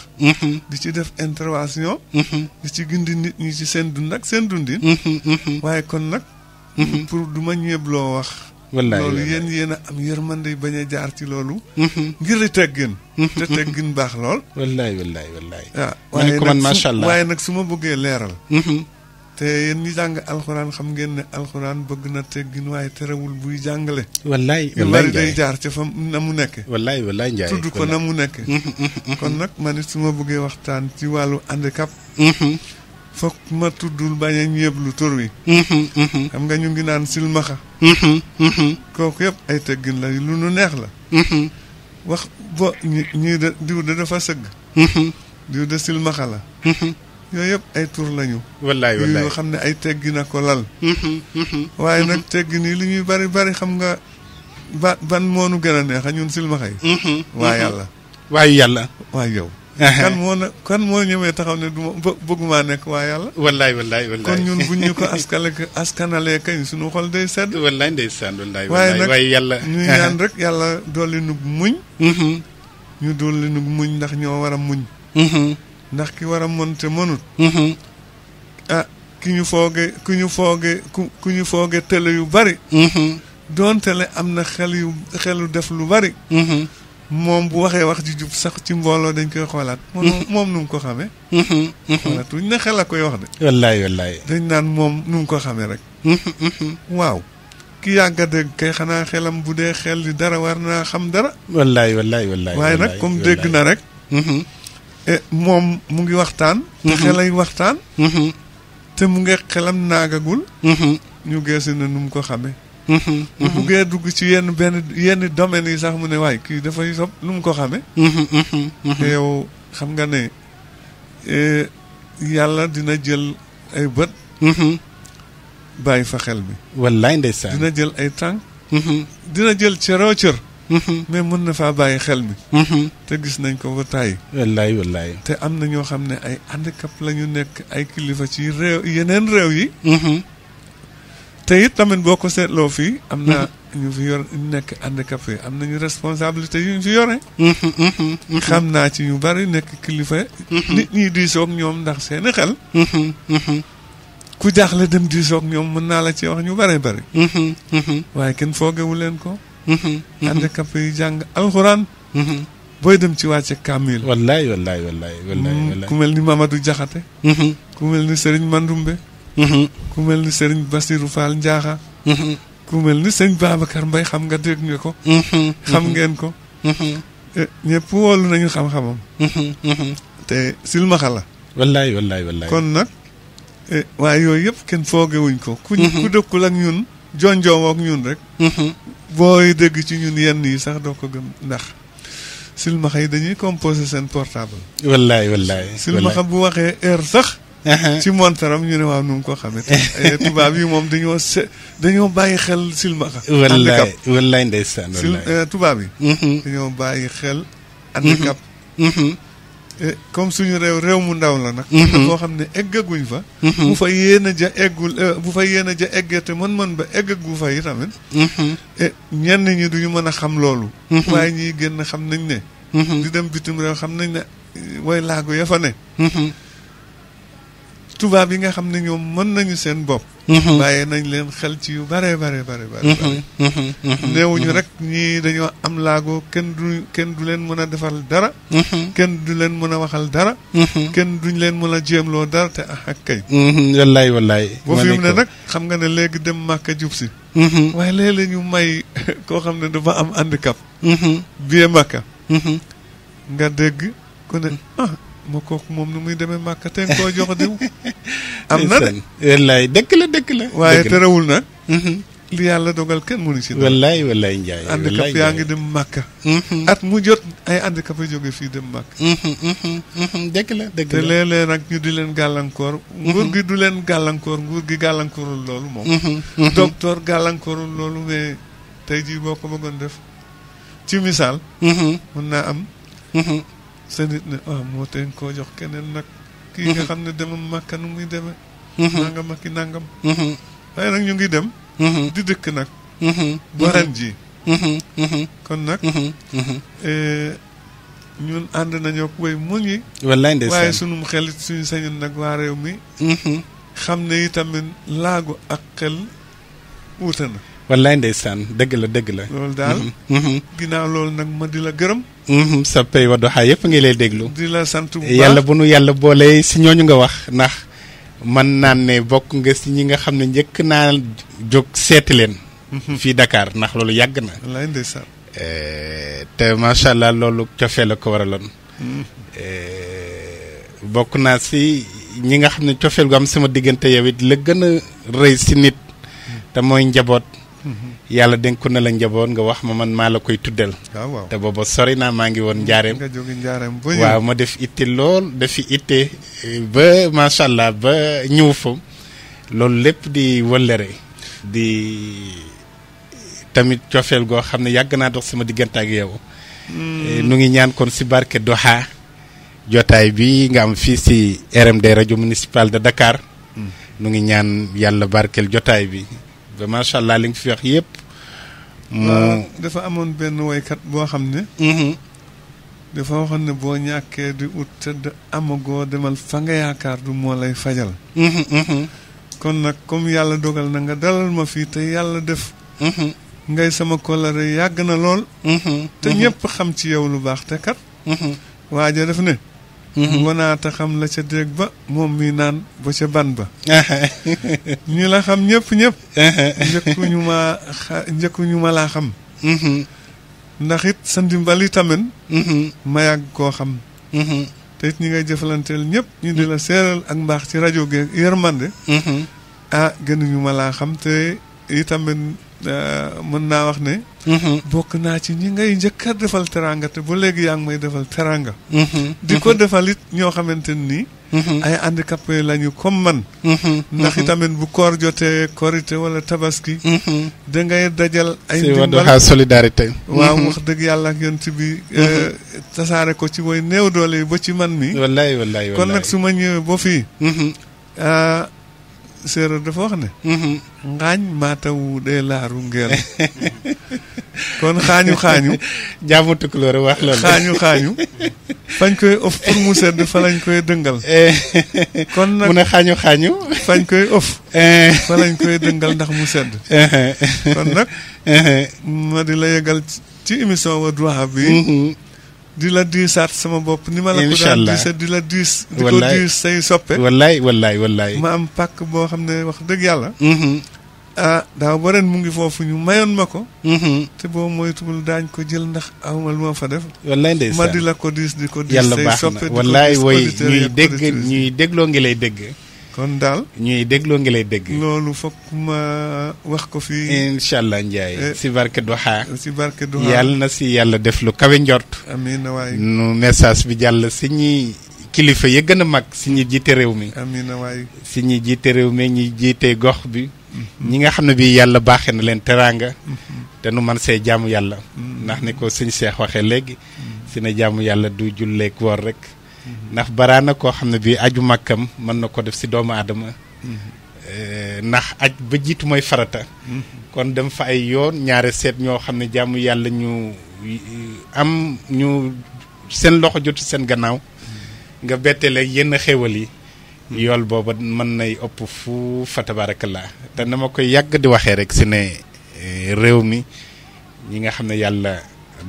di ci def intervention. di ci gindi nit ñi ci seen dund ak seen dundin. waaye kon nag. pour du ma ñeebloo wax. wallaay loolu yéen yéen a am yërmande bañ a jaar ci loolu. Mhm. ngir teggin. Mhm. te teggin baax lool. wallaay wallaay ah, waaye nag macha allah waaye nag su ma bëggee leeral. Mhm. te yéen jàng alxuraan xam ngeen ne alxuraan bëgg na teggin waaye terewul buy jàngale. wallaay wallaay jaar ca fa na mu nekk. wallaay wallaay Ndiaye tudd ko na mu nekk. kon nag man su ma bëggee waxtaan ci wàllu handicap. foog ma tuddul bañ a ñeeblu tur wi. Mhm, mhm. xam nga ñu ngi naan silmaxa. Mhm, kooku yëpp ay teggin la lu nu neex la. wax bo ñii da diw da dafa sëgg. diw de silmaxa la. yooyu yëpp ay tur lañu. wallaay yoo xam ne ay teggin a ko lal. waaye nag teggin yi li ñuy bari bari xam nga ba ban moonu gën a neex a ñun silmaxa yi. waa yàlla. waaye yàlla. waaye yow. kan moo na kan moo ñëwee taxaw ne du ma bëggumaa nekk waa yàlla. wallaay wallaay wallaay kon ñun buñ ñu ko askale askanalee kañ suñu xol day sedd. wallaay ndeysaan wallaay wallaay waaye yàlla. ñuy ñaan rek yàlla dolli nu muñ. Mm-hmm. ñu dolli nu muñ ndax ñoo war a muñ. Mm-hmm. ndax ki war a mën te mënut. Mm-hmm. ah ki ñu fooge ki ñu fooge ku ku ñu fooge tele yu bari. doonte am na xel yu xelu def lu bari. moom bu waxee wax ju jub sax ci mbooloo dañ koy xoolaat. Mm-hmm. moom nu mu ko xamee. Mm-hmm. Mm-hmm. xoolaat wuñ ne dañ naan moom nu mu ko rek. waaw ki yàgg a kay xanaa xelam bu dee xel di dara war naa xam dara. wallaay wallaay wallaay. waaye nag comme dégg na rek. E, moom mu ngi waxtaan. te xelay waxtaan. te mu ngi xelam naagagul. ñu geesi na nu mu ko xamee. Mm-hmm. bu buggee dugg ci yenn benn yenn domaines yi sax mu ne waaye kii dafay sob lu mu ko xamee mm-hmm. Mm-hmm. te yow xam nga ne eh, yàlla dina jël ay bët bàyyi fa xel bi wallaay ndeysaan dina jël ay tànk dina jël cëroo cër mais mën na faa bàyyi xel bi te gis nañ ko ba tàyyi te am na ñoo xam ne ay handicap la ñu nekk ay kilifa ci réew yeneen réew yi te it tamit boo ko seetloo fii. am na mm-hmm. ñu fi yor ñu nekk handicapé am nañu responsabilité yi ñu fi yore. Mm-hmm, mm-hmm, xam naa ci ñu bari nekk kilifa. nit ñi diisoog ñoom ndax seeni xel. ku jaaxle dem diisoog ñoom mën naa la ci wax ñu bari bari. waaye kenn foogewu leen ko. handicapé yi jàng alxuraan. booy dem ci wàcce kaamil. wallaay wallaay wallaay wallaay. Mm, ku mel ni Mamadou Diakhaté. ku mel ni Serigne Mandoumbe. Mm-hmm. ku mel ni Serigne Bassirou Fall Ndiakha. Mm-hmm. ku mel ni sëñ Babacar mbay xam nga dégg nga ko. Mm-hmm. xam ngeen ko. Eh, ñëpp wóolu nañu xam-xamam. te silmaxa la. wallaay wallaay wallaay. kon nag eh, waaye yooyu yëpp kenn foogewuñ ko. ku ku dëkkul ak ñun jonjoo ak ñun rek. booy dégg ci ñun yenn yi sax doo ko gëm ndax silmaxa yi dañuy composé seen portable. wallaay wallaay silmaxa bu waxee heure sax. ci montaram ñu ne waaw nu ngi ko xamee. Eh, tubaab yi moom dañoo se dañoo bàyyi xel silma handicap wallaay wallaay ndeysaan eh, tubaab yi. Mm-hmm. dañoo bàyyi xel. Mm-hmm. handicap. Mm-hmm. Eh, comme suñu réew réew mu ndaw la nag. koo xam ne eggaguñ fa. fa yéen a bu fa yéen a ja eggee te mën-mën ba eggagu fa yi tamit. ñenn ñi duñu mën a xam loolu. waaye ñiy génn xam nañ ne. di dem bitim réew xam nañ ne way laago ya fa ne. tubaab yi nga xam ne ñoom mën nañu seen bopp. Mm-hmm. bàyyi nañ leen xel ci yu bare bare bare bare. Mm-hmm. Mm-hmm. néewuñu rek ñii dañoo am laago kenn du kenn du leen mën a defal dara. kenn du leen mën a waxal dara. kenn duñ leen mën a jéemloo dara te ah ak kay. wallaay wallaay. boo fi mu ne nag xam nga ne léegi dem màkka jub si. waaye léeg ñu may koo xam ne dafa am handicap. biyee màkka. nga dégg ku ne ah, moo kooku moom nu muy demee màkka teen koo jox diw am na de wallaay dëkk la dëkk la waaye terewul nag mhm. li yàlla dogal kenn mënu ci wallaay wallaay njaay handicap yaa ngi dem màkk mhm. at mu jot ay handicap a jóge fii dem màkk mhm, dëkk la dëkk la te léeg-léeg nag ñu di leen gàllankoor nguur gi du leen gàllankoor nguur gi gàllankoorul loolu moom docteur gàllankoorul loolu mais tey jii boo ko bëggoon def ci misaal mën naa am sa nit ne ah moo teen koo jox keneen nag. kii nga mm-hmm. xam ne demam màkka nu muy demee. Mm-hmm. nangam ak i nangam. Mm-hmm. waaye nag ñu ngi dem. di dëkk nag. ba ren ji kon nag. Eh, ñun ànd nañoo way mu ngi. wallaay ndeysaan waaye sunu xel suñu sañoon nag waa réew mi. xam ne itamit laagu ak xel wuute na. wallaay ndeysaan dëgg la dëgg la. loolu daal. ginnaaw loolu nag ma di la gërëm. sa mhm, soppey Wadduha yëpp ngi lay déglu. di la yàlla bu nu yàlla boolee si ñooñu nga wax ndax man naan ne bokk nga si ñi nga xam ne njëkk naa jóg seeti leen. Mhm. fii dakaar ndax loolu yàgg na. wallaay ndeysaan. Eh, te macha allah loolu cofee la ko waraloon. Mhm. Eh, bokk naa si ñi nga xam ne cofeel gu am sama diggante yow la gën a rëy si nit. te mooy njaboot. yàlla dénkoon na la njaboot nga wax ma man maa la koy tuddal. waaw te booba sori naa maa ngi woon njaareem. nga jóge njaareem ba waaw ma def itte lool dafi itte ba macha allah ba ñëw fa loolu lépp di wëllëre di. tamit cofeel goo xam ne yàgg naa dox sama diggante ak yow. Hmm. Eh, nu ngi ñaan kon si barke Doha. jotaay bi nga am fii si RMD rajo municipal de Dakar. Hmm. nu ngi ñaan yàlla barkeel jotaay bi. ba macha allah li nga fi wax yëpp. mu dafa amoon benn woykat boo xam ne. Mhm. dafa waxoon ne boo ñàkkee di ut tëdd amagoo demal fa nga yaakaar du moo lay fajal. Mhm, mhm. kon nag comme yàlla dogal na nga dalal ma fii te yàlla def. ngay sama kóllare yàgg na lool. te ñëpp xam ci yow lu baax te kat. waaja def ne. Mm-hmm. wanaata xam la ca déeg ba moom mi naan ba ca ban ba ñu la xam ñépp ñëpp njëkkuñu ma njëkkuñu ma laa xam mm-hmm. ndaxit it sa ndimbal yi tamit mm-hmm. ma yàgg koo xam te it ñi ngay jëfalanteel ñëpp ñu di la seeral ak mbaax ci rajo geeg yërmande ah gënuñu ma laa xam te itamit Euh, mën naa wax ne. Mm-hmm. bokk naa ci ñi ngay njëkk a defal teranga te ba léegi yaa ngi may defal teranga. Mm-hmm. di ko mm-hmm. defal it ñoo xamante ni. ay handicapé lañu comme man. ndax itamit bu koor jotee korite wala tabaski. dangay dajal ay. ndimbal solidarité. waaw wax dëgg yàlla ak yonent bi. Euh, tasaare ko ci woy néew doole yi ba ci man mi. wallaay wallaay wallaay kon nag su ma ñëwee ba fii. Euh, séeréer dafa wax ne xaañ mm-hmm. maatawu dee laaru ngeel kon xaañu xaañu jaamu tukulóor loolu xaañu xaañu fa lañ koy dëngal eh. kon xaañu xaañu fañ koy of eh. fa lañ koy dëngal ndax mu sedd eh. kon nag ma di la yëgal ci émission Wadduha bi mm-hmm. di la diisaat sama bopp ni ma la ko daan diisa di la diis di ko diis say soppe wallaay wallaay wallaay ma am pàkk boo xam ne wax dëgg yàlla mm-hmm. ah daaw ba mu ngi foofu ñu mayoon ma ko mm-hmm. te boo moytuwul daañ ko jël ndax awma lu ma fa def wallaay ndeysaan ma di la ko diis di ko diis say soppe yàlla baax na wallaay woy ñuy dégg ñuy dégloo ngi lay dégg kon daal ñuy dégloo ngi lay dégg. loolu fokk ma wax ko fii. incha allah Ndiaye. Eh. si barke Duha. si barke Duha na si yàlla def lu kawe njort. amiin waay nu message bi jàll si ñi kilifa ya gën a mag si ñi jiite réew mi. amiin waay si ñi jiite réew mi ñi jiite gox bi. Mm-hmm. ñi nga xam ne bii yàlla baaxee na leen teraanga. Mm-hmm. te nu man see jaamu yàlla. Mm-hmm. ndax ni ko sëñ Cheikh waxee léegi. si na jaamu yàlla du julleek woor rek. ndax baraana koo xam ne bii aju màkkam mën na ko def si doomu aadama eh, ndax aj ba jiitu mooy farata kon dem fa ay yoon ñaare seet ñoo xam ne jàmm yàlla ñu eh, am ñu seen loxo jot ci seen gannaaw nga betteel yenn xéewal yi yool booba mën nay ëpp fu fa tabarakallah te na ma koy yàgg di waxee rek si ne eh, réew mi ñi nga xam ne yàlla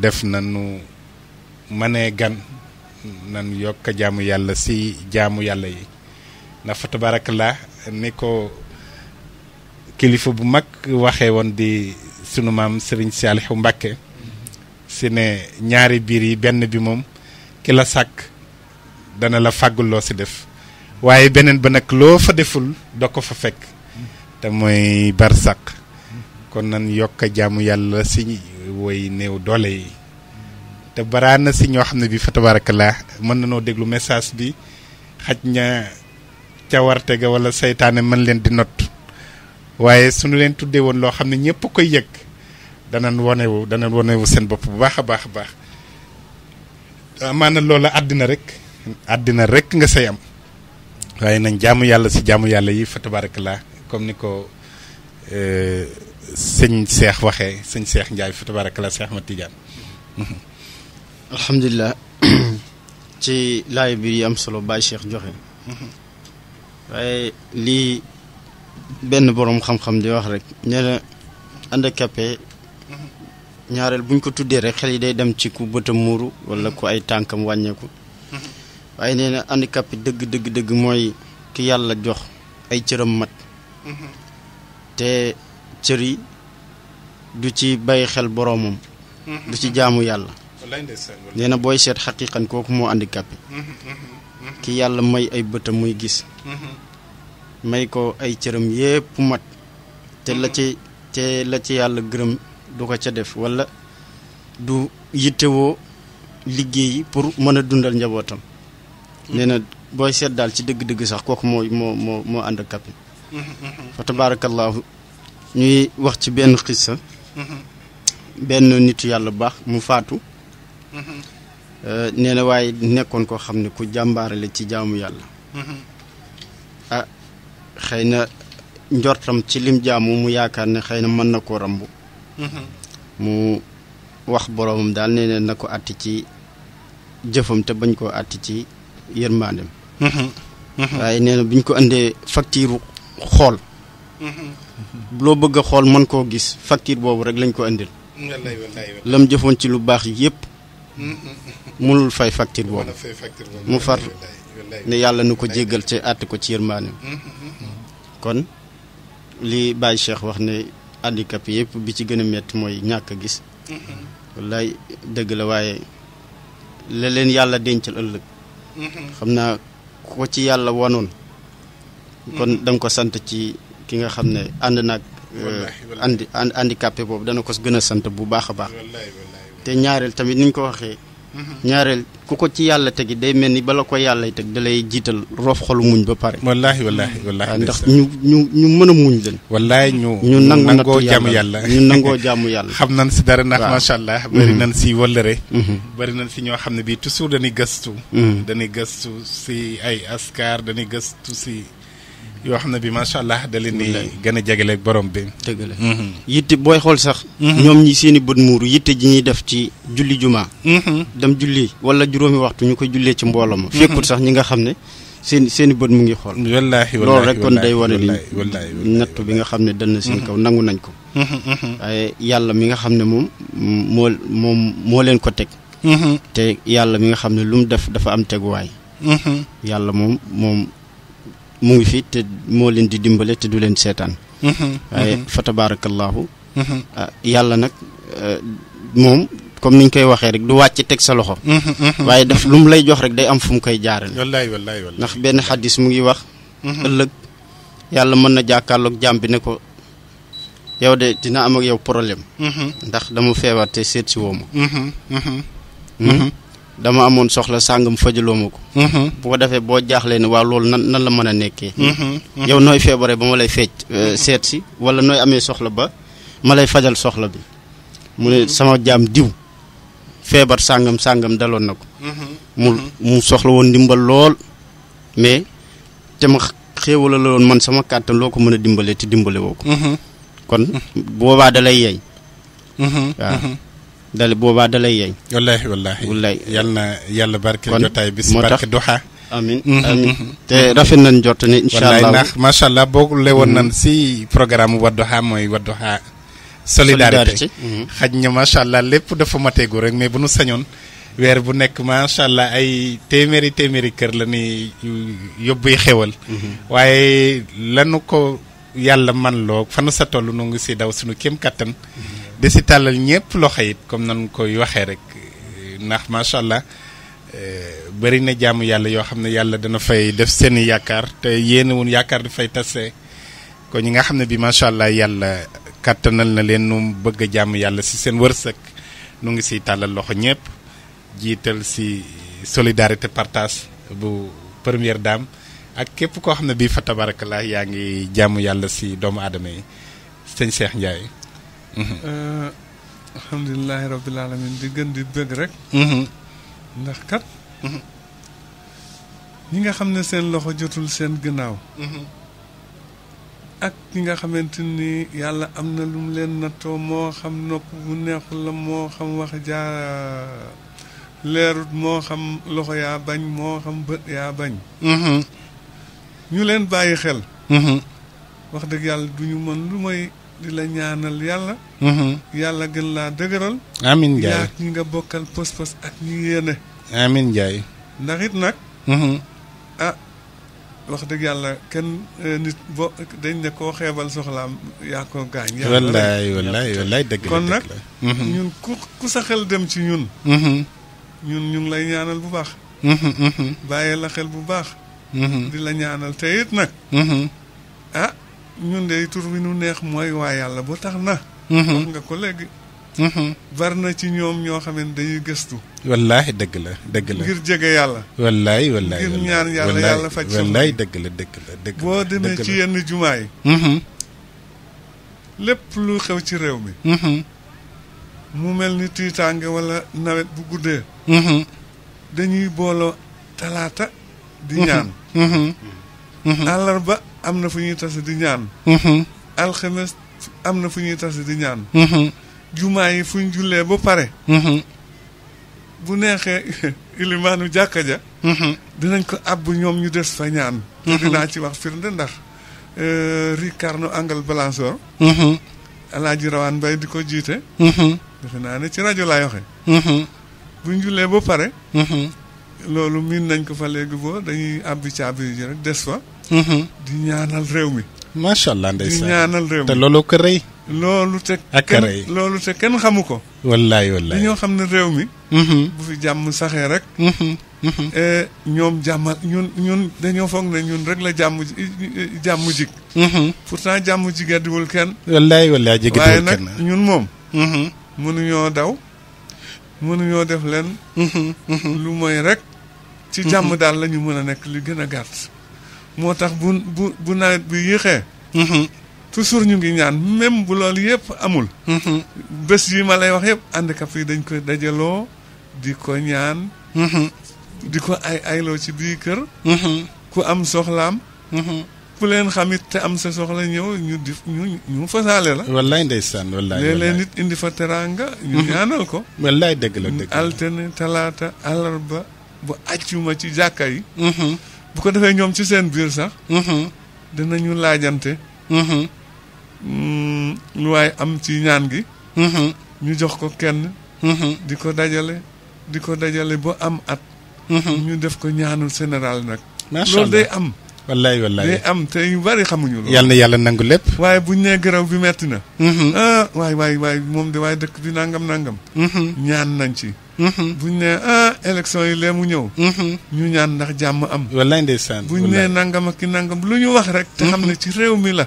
def na nu mënee gan nan yokk jaamu yàlla si jaamu yàlla yi ndax fa tabarakallah ni ko kilifa bu mag waxee woon di sunu maam sëriñ Salihu Mbàkke si ne ñaari biir yi benn bi moom ki la sàkk dana la fàggul loo si def waaye beneen ba nag loo fa deful doo ko fa fekk te mooy kon nan yokk jaamu yàlla si woy néew doole yi te baraa na si ñoo xam ne bi fa tabarakallah mën na noo déglu message bi xaj na cawarte ga wala seytaane mën leen di not waaye suñu leen tuddee woon loo xam ne ñëpp a koy yëg danañ wanewu dana wonewu seen bopp bu baax a baax a baax amaana loola àddina rek àddina rek nga say am waaye nañ jaamu yàlla si jaamu yàlla yi fa tabarakallah comme ni ko euh, sëñ seex waxee sëñ seex njaay fa tabarakallah seex ma tijaan alhamdulilah ci laay bi yi am solo Baye Cheikh joxe waaye lii benn boroom xam-xam di wax rek nee na handicapé ñaareel buñ ko tuddee rek xel yi day dem ci ku bëtam muuru walla ku ay tànkam wàññeeku waaye nee na handicapé dëgg dëgg dëgg mooy ki yàlla jox ay cëram mat te cër yi du ci bàyyi xel boroomam du ci jaamu yàlla nee na booy seet xaqiqan kooku moo handicapé mm-hmm, mm-hmm, mm-hmm. ki yàlla may ay bëtam muy gis may ko ay cëram yépp mat te la ci te la ci yàlla gërëm du ko ca def wala du yittewoo liggéey pour mën a dundal njabootam nee na booy seet daal ci dëgg-dëgg sax kooku moo moo moo moo handicapé fa tabaarakallaahu ñuy wax ci benn xissa benn nitu yàlla baax mu faatu Euh, nee na waaye nekkoon koo xam ne ku jàmbaare la ci jaamu yàlla. ah xëy na njortam ci lim jaamu mu yaakaar ne xëy na mën na koo rambu. mu wax boroomam daal nee na ko àtti ci jëfam te bañ koo àtti ci yërmaandem. waaye nee biñ ko indee facture xool. loo bëgg a xool mën koo gis facture boobu rek lañ ko indil. lam jëfoon ci lu baax yépp mënul fay facture boobu mu far ne yàlla na ko jéggal ci àtte ko ci yërmaane mm, mm, mm, kon li Baye Cheikh wax ne handicapé yëpp bi ci gën a métti mooy ñàkk a gis wallaay dëgg la waaye la leen yàlla dencal ëllëg xam naa ko ci yàlla wanoon kon danga ko sant ci ki nga xam ne ànd naag euh, andi handicapé boobu dana ko gën a sant bu baax a baax te ñaareel tamit ni ñu ko waxee. ñaareel ku ko ci yàlla teg tegi day mel ni bala ko yàlla teg da lay jiital roof xolu muñ ba pare. wallaahi wallaahi wallaahi. ndax ñu ñu ñu mën a muñ leen. wallaahi ñu ñu nangoo jàmm yàlla ñu nangoo jàmm yàlla. xam nañ si dara ndax macha allah. bëri mm-hmm. nañ si wëllëre. Mm-hmm. bëri nañ si ñoo xam ne bii toujours dañuy gastu mm-hmm. dañuy gëstu si ay askar dañuy gëstu si. yoo xam ne bi macha allah da leen gën a jegeleeg borom bi. dëgg la mhm. yitte booy xool sax. Mhm. ñoom ñi seen i bët muuru yitte ji ñuy def ci julli jumaa. Mhm. dem julli wala juróomi waxtu ñu ko jullee ci mbooloo ma. fekkut sax ñi nga xam ne seen seen i bët mu ngi xool. wallaahi loolu rek kon day wane ni nattu bi nga xam ne dal na seen kaw nangu nañ ko. waaye yàlla mi nga xam ne moom moo moom moo leen ko teg. te yàlla mi nga xam ne lu mu def dafa am teguwaay. yàlla moom moom mu ngi fi te moo leen di dimbale te du leen seetaan. Mhm, waaye mhm. fa tabaarakallaahu mhm. ah, yàlla nag eh, moom comme ni niñ koy waxee rek du wàcc teg sa loxo. waaye daf lu mu lay jox rek day am fu mu koy jaarale. wallaay wallaay wallaay ndax benn xadis mu ngi wax. ëllëg yàlla mën na jàkkaarloog jàmm bi ne ko yow de dina am ak yow problème. ndax dama feebar te seet si ma. Hmm? dama amoon soxla sàngam fajaloo ma ko. Mm-hmm. bu defee boo jaaxlee ne waaw loolu nan nan la mën a nekkee. Mm-hmm. Mm-hmm. yow nooy feebaree ba ma lay feej euh, seet si wala nooy amee soxla ba ma lay fajal soxla bi mu ne sama jaam diw feebar sàngam sàngam daloon na ko. mu mu soxla woon ndimbal lool mais te ma xéewala la woon man sama kàttan loo ko mën a dimbalee te dimbale woo ko. kon boobaa da yeey. dale boobaa dalay yeñ wallaahi wallaahi wallaahi yal na yàlla barke jotaay bis barke duxa amin mm-hmm. amin mm-hmm. te rafet nañ jot ni incha allah ndax macha allah boo lewoon nan mm-hmm. si programme wadduha mooy wadduha solidarité xaj na macha allah lépp dafa mateegu rek mais bu nu sañoon weer bu nekk macha allah ay téeméeri téeméeri kër la ni yóbbuy xewal waaye lanu ko yàlla man loo fanu sa toll nu ngi si daw suñu kéem kattan de si talal ñëpp loxo it comme nan koy waxee rek ndax macha allah eh, bari na jaamu yàlla yoo xam ne yàlla dana fay def seen yaakaar te yéen wun yaakaar di fay tase ko ñi nga xam ne bi macha allah yàlla kàttanal na leen nu bëgg jaamu yàlla si seen wërsëg nu ngi siy talal loxo ñëpp jiital si solidarité partage bu première dame ak képp koo xam ne bii fa tabarakallah yaa ngi jaamu yàlla si doomu aadama yi sëñ Cheikh Ndiaye Euh, alhamdulilahi rabbil alamin di gën di bëgg rek mm-hmm. ndax kat ñi nga xam ne seen loxo jotul seen gannaaw mm-hmm. ak ñi nga xamante ni yàlla am na lu mu leen nattoo moo xam nopp bu neexul la moo xam wax jaa leerut moo xam loxo yaa bañ moo xam bët yaa bañ mm-hmm. ñu leen bàyyi xel wax dëgg yàlla duñu mën lu may di la ñaanal yàlla. Mm-hmm. yàlla gën laa dëgëral. amiin Ndiaye yaa ñi nga bokkal pos-pos ak ñi yéene. amiin Ndiaye. ndax it nag. Mm-hmm. ah wax dëgg yàlla kenn eh, nit bo dañ ne koo xeebal soxlaam yaa ko gaañ. yàlla wallaay wallaay la kon nag. Mm-hmm. ñun ku ku sa xel dem ci ñun. ñun ñu lay ñaanal bu baax. bàyyi la xel bu baax. di la ñaanal te it nag. ah. ñun de tur bi nu neex mooy waa yàlla boo tax na. Mhm. wax nga ko léegi. Mhm. bari na ci ñoom ñoo xam ne dañuy gëstu. wallaahi dëgg la dëgg la ngir jege yàlla. wallaahi wallaahi ngir ñaan yàlla yàlla faj. wallaahi dëgg la dëgg la dëgg la boo demee ci yenn jumaa yi. Mhm. lépp lu xew ci réew mi. mu mel ni tiitaange wala nawet bu guddee. dañuy booloo talaata. di ñaan. àllarba. am na fu ñuy tase di ñaan. Mm-hmm. alxames am na fu ñuy tase di ñaan. Mm-hmm. jumaa yi fu ñu jullee ba pare. Mm-hmm. bu neexee ilimaanu jàkka ja. dinañ ko àbb ñoom ñu des fa ñaan. te dinaa ci wax firnde ndax euh, Ricardo Angle Balansor. alaaji rawaan mbay di ko jiite. defe naa ne ci rajo laay waxee. bu ñu jullee ba pare. loolu miin nañ ko fa léegi boo dañuy àbbi caabi yi rek des fa. Mm-hmm. di ñaanal réew mi. macha allah ndeysaan di ñaanal réew mi te looloo ko rëy. loolu te. ak rëy loolu te kenn xamu ko. wallaay wallaay ñoo xam ne réew mi. Mm-hmm. bu fi jàmm saxee rek. Mm-hmm. Eh, ñoom jàmmal ñun ñun dañoo foog ne ñun rek la jàmm jàmm jig. pourtant jàmm ji gàddiwul kenn. wallaay wallaay ji gàddiwul kenn waaye nag ñun moom. mënuñoo daw mënuñoo def leen. lu mooy rek. ci jàmm daal la ñu mën a nekk li gën a gàtt. moo tax bu bu bu nawet bi yéexee. Mm-hmm. toujours ñu ngi ñaan même bu loolu yëpp amul. Mm-hmm. bés yi ma lay wax yëpp handicap yi dañ koy dajaloo di ko ñaan. Mm-hmm. di ko ay ayloo ci bii kër. ku am soxlaam. ku leen xamit te am sa soxla ñëw ñu di ñu ñu fasaale la. wallaay ndeysaan wallaay léeg-léeg nit indi fa teraanga. ñu ñaanal ko. wallaay dëgg la dëgg la altine talaata alarba bu àccuma ci jàkka yi. bu ko defee ñoom ci seen biir sax. Mm-hmm. dinañu laajante. Mm-hmm. Mm, lu waay am ci ñaan gi. Mm-hmm. ñu jox ko kenn. di ko dajale di ko dajale ba am at. ñu def ko ñaanul général nag. loolu day am. wallaay wallaay day am te ñu bari xamuñu loolu. yal na yàlla nangu lépp. waaye buñ nee garaw bi metti na. Mm-hmm. ah waay moom de waaye dëkk bi nangam nangam. Mm-hmm. ñaan nañ ci. Mm-hmm. buñ nee ah élection yi lee mu ñëw. ñu ñaan ndax jàmm am. wallaay ndeysaan buñ nee nangam ak ki nangam lu ñu wax rek. te xam ne ci réew mi la.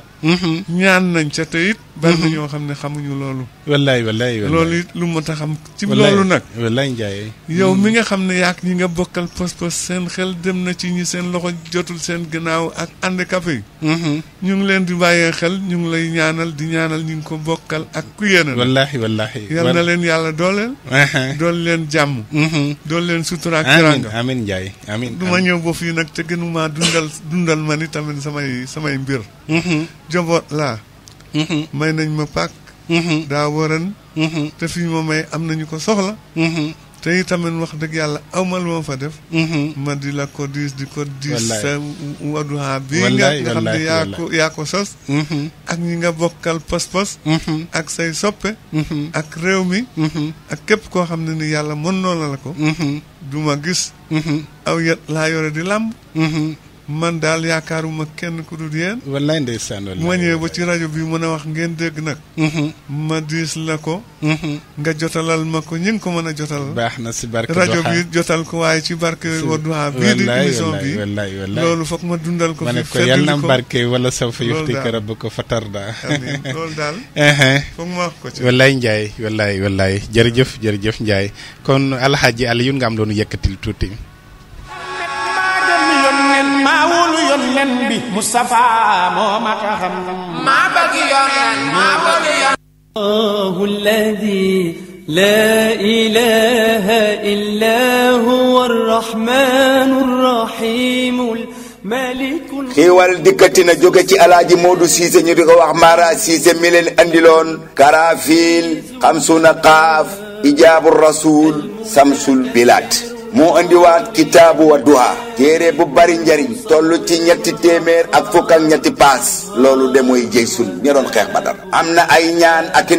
ñaan nañ ca te bari na mhm. ñoo xam ne xamuñu loolu. wallaay wallaay wallaay loolu it lu mot a xam. ci loolu nag wallaay Ndiaye. yow mi mhm. nga xam ne yaak ñi nga bokkal pos-pos seen xel dem na ci ñi seen loxo jotul seen gannaaw ak handicapé yi. Mhm. ñu ngi leen di bàyyee xel ñu ngi lay ñaanal di ñaanal ñu ngi ko bokkal ak ku yéene. wallaay wallaay yal na leen yàlla dooleel. dool leen jàmm. dool leen sutura ak teranga. amiin Ndiaye amiin du ma ñëw boo fii nag te gënumaa dundal dundal ma ni tamit samay samay mbir. Mm-hmm. may nañ ma pàkk mm-hmm. daa waran mm-hmm. te fi ma may am nañu ko soxla te tamit wax dëgg yàlla aw ma fa def ma di la ko diis di ko diis sa Wadduha bii nga xam ne yaa ko yaa ko sos ak ñi nga bokkal pos-pos ak say soppe ak réew mi ak képp koo xam ne ni yàlla mën noona la ko du gis aw yet laa yore di làmb man daal yaakaaruma kenn ku dul yéen. wallaay ndeysaan wallaay ma ñëwee ba ci rajo bi mën a wax ngeen dégg nag. Mm-hmm. ma diis na ko. Mm-hmm. nga jotalal ma ko ñu ko mën a jotal. baax na si barke rajo bi jotal ko waaye ci barke Wadduha bii loolu foog ma dundal ko. fi fedd ko barke wala saw fa yufti karab ko fatarda. amiin loolu daal. Uh-huh. foog ma wax ko ci. wallaay Ndiaye wallaay wallaay jërëjëf jërëjëf Ndiaye kon Alxaaji Alioune nga am loonu yëkkatil tuuti. bi Mustafa moo mat a xam maa bëgg yooneen maa bëgg yooneen alladi laa ilaaha illaa huwa arrahmaanu arrahiimu almaliku xiiwal dikkati na jóge ci alaaji Moodu Siise ñu di ko wax Mara Siise mi leen andiloon karafiil xamsuna qaaf ijaabu rasuul samsul bilaat moo indiwaat kitaabu Wadduha téere bu bari njariñ toll ci ñetti téeméer ak fukk ñetti paas loolu de mooy jëy sun ña doon xeex Badar am na ay ñaan ak i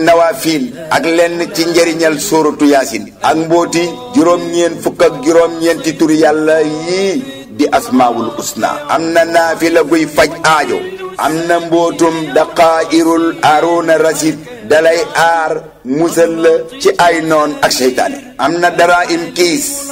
ak lenn ci njariñal sóoratu yaasin ak mbóoti juróom-ñeen fukk juróom-ñeenti turi yàlla yii di asmaawul usna am na naafila guy faj aajo am na mbootum daqaayirul aruuna rasid dalay aar musal la ci ay noon ak seytaane am na dara im kiis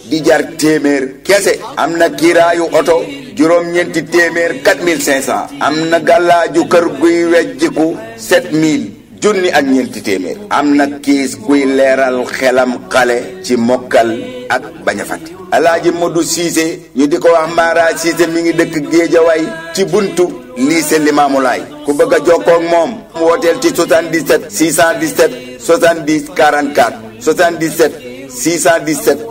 di jar téeméer kese am na kiiraayu oto juróom-ñeenti téeméer 4500 am na gàllaaju kër guy wejjiku 7000 junni ak ñeenti téeméer am na kiis guy leeral xelam xale ci mokkal ak bañ a fàtte alaaji Modou ñu di ko wax Mara Cissé mi ngi dëkk Géejawaay ci buntu lycée Limaamulaay ku bëgg a jokkoo ak moom mu wooteel ci 77 617 70 44 77 617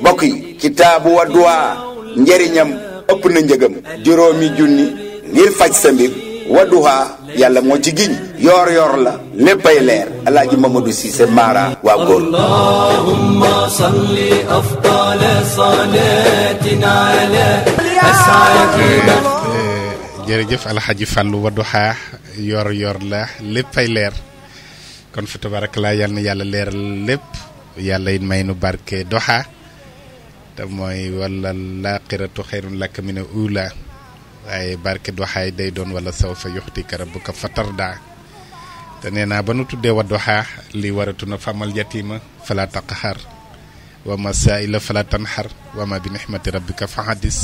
mbokk yi wa dua njeriñam upp na njegam juromi junni ngir faj sa mbir Wadduha yàlla moo ci giñ yor yor la léppay leer alaaji Mamadou cisse Mara wa góor allahumma salli afdal salatina ala as'adina eh, jërëjëf alxaji fàllu Wadduha yor yor la lépp ay leer kon fi tabarak laa yalla na yàlla leeral lépp yàlla may nu barke doha te mooy wala laaxiratu xayrun laka mina uulaa waaye barke Duxaay day doon wala sawfa yuxtika rabbuka fatardaa te nee naa ba nu tuddee Wadduha li waratuna famal yatima fala taqhar wa ma saa'ila fala tanhar wa ma bi nixmati rabbika fa hadis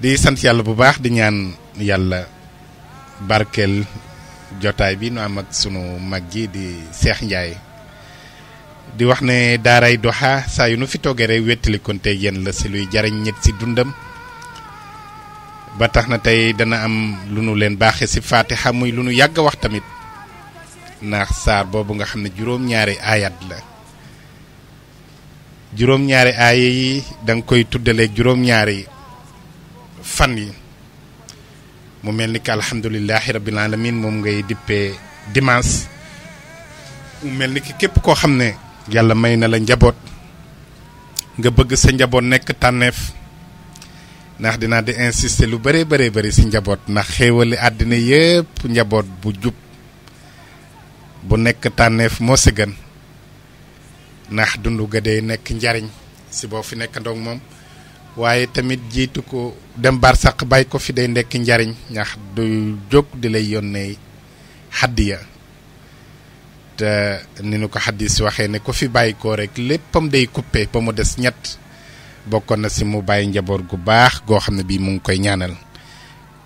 di sant yàlla bu baax di ñaan yàlla barkeel jotaay bi nu am ak sunu mag ji di Cheikh Ndiaye di wax ne daaray Duha saa yu nu fi toogee rek wettalikonteeg yéen la si luy jariñ nit si dundam ba tax na tey dana am lu nu leen baaxe ci faatiha muy lu nu yàgg wax tamit ndax saar boobu nga xam ne juróom-ñaari aayat la juróom-ñaari aaya yi da koy tuddaleeg juróom-ñaari fan yi mu mel ni ki alhamdulilahi rabbil alamin moom ngay dippee dimaas mu mel ni ki képp koo xam ne yalla may na la njabot nga bëgg sa njabot nekk tànneef ndax dinaa di insister lu bëree bëree bëri si njabot ndax xéewali àddina yépp njabot bu jub bu nekk tànneef moo si gën ndax dundu ga day nekk njariñ si boo fi nekk moom waaye tamit jiitu ko dem bar sàq bàyyi ko fi day nekk njariñ ndax du jóg di lay yónnee Uh, ni nu ko xaddis waxee ne ku fi bàyyi ko rek léppam day coupé ba mu des ñett bokkoon na si mu bàyyi njaboot gu baax goo xam ne bii mu ngi koy ñaanal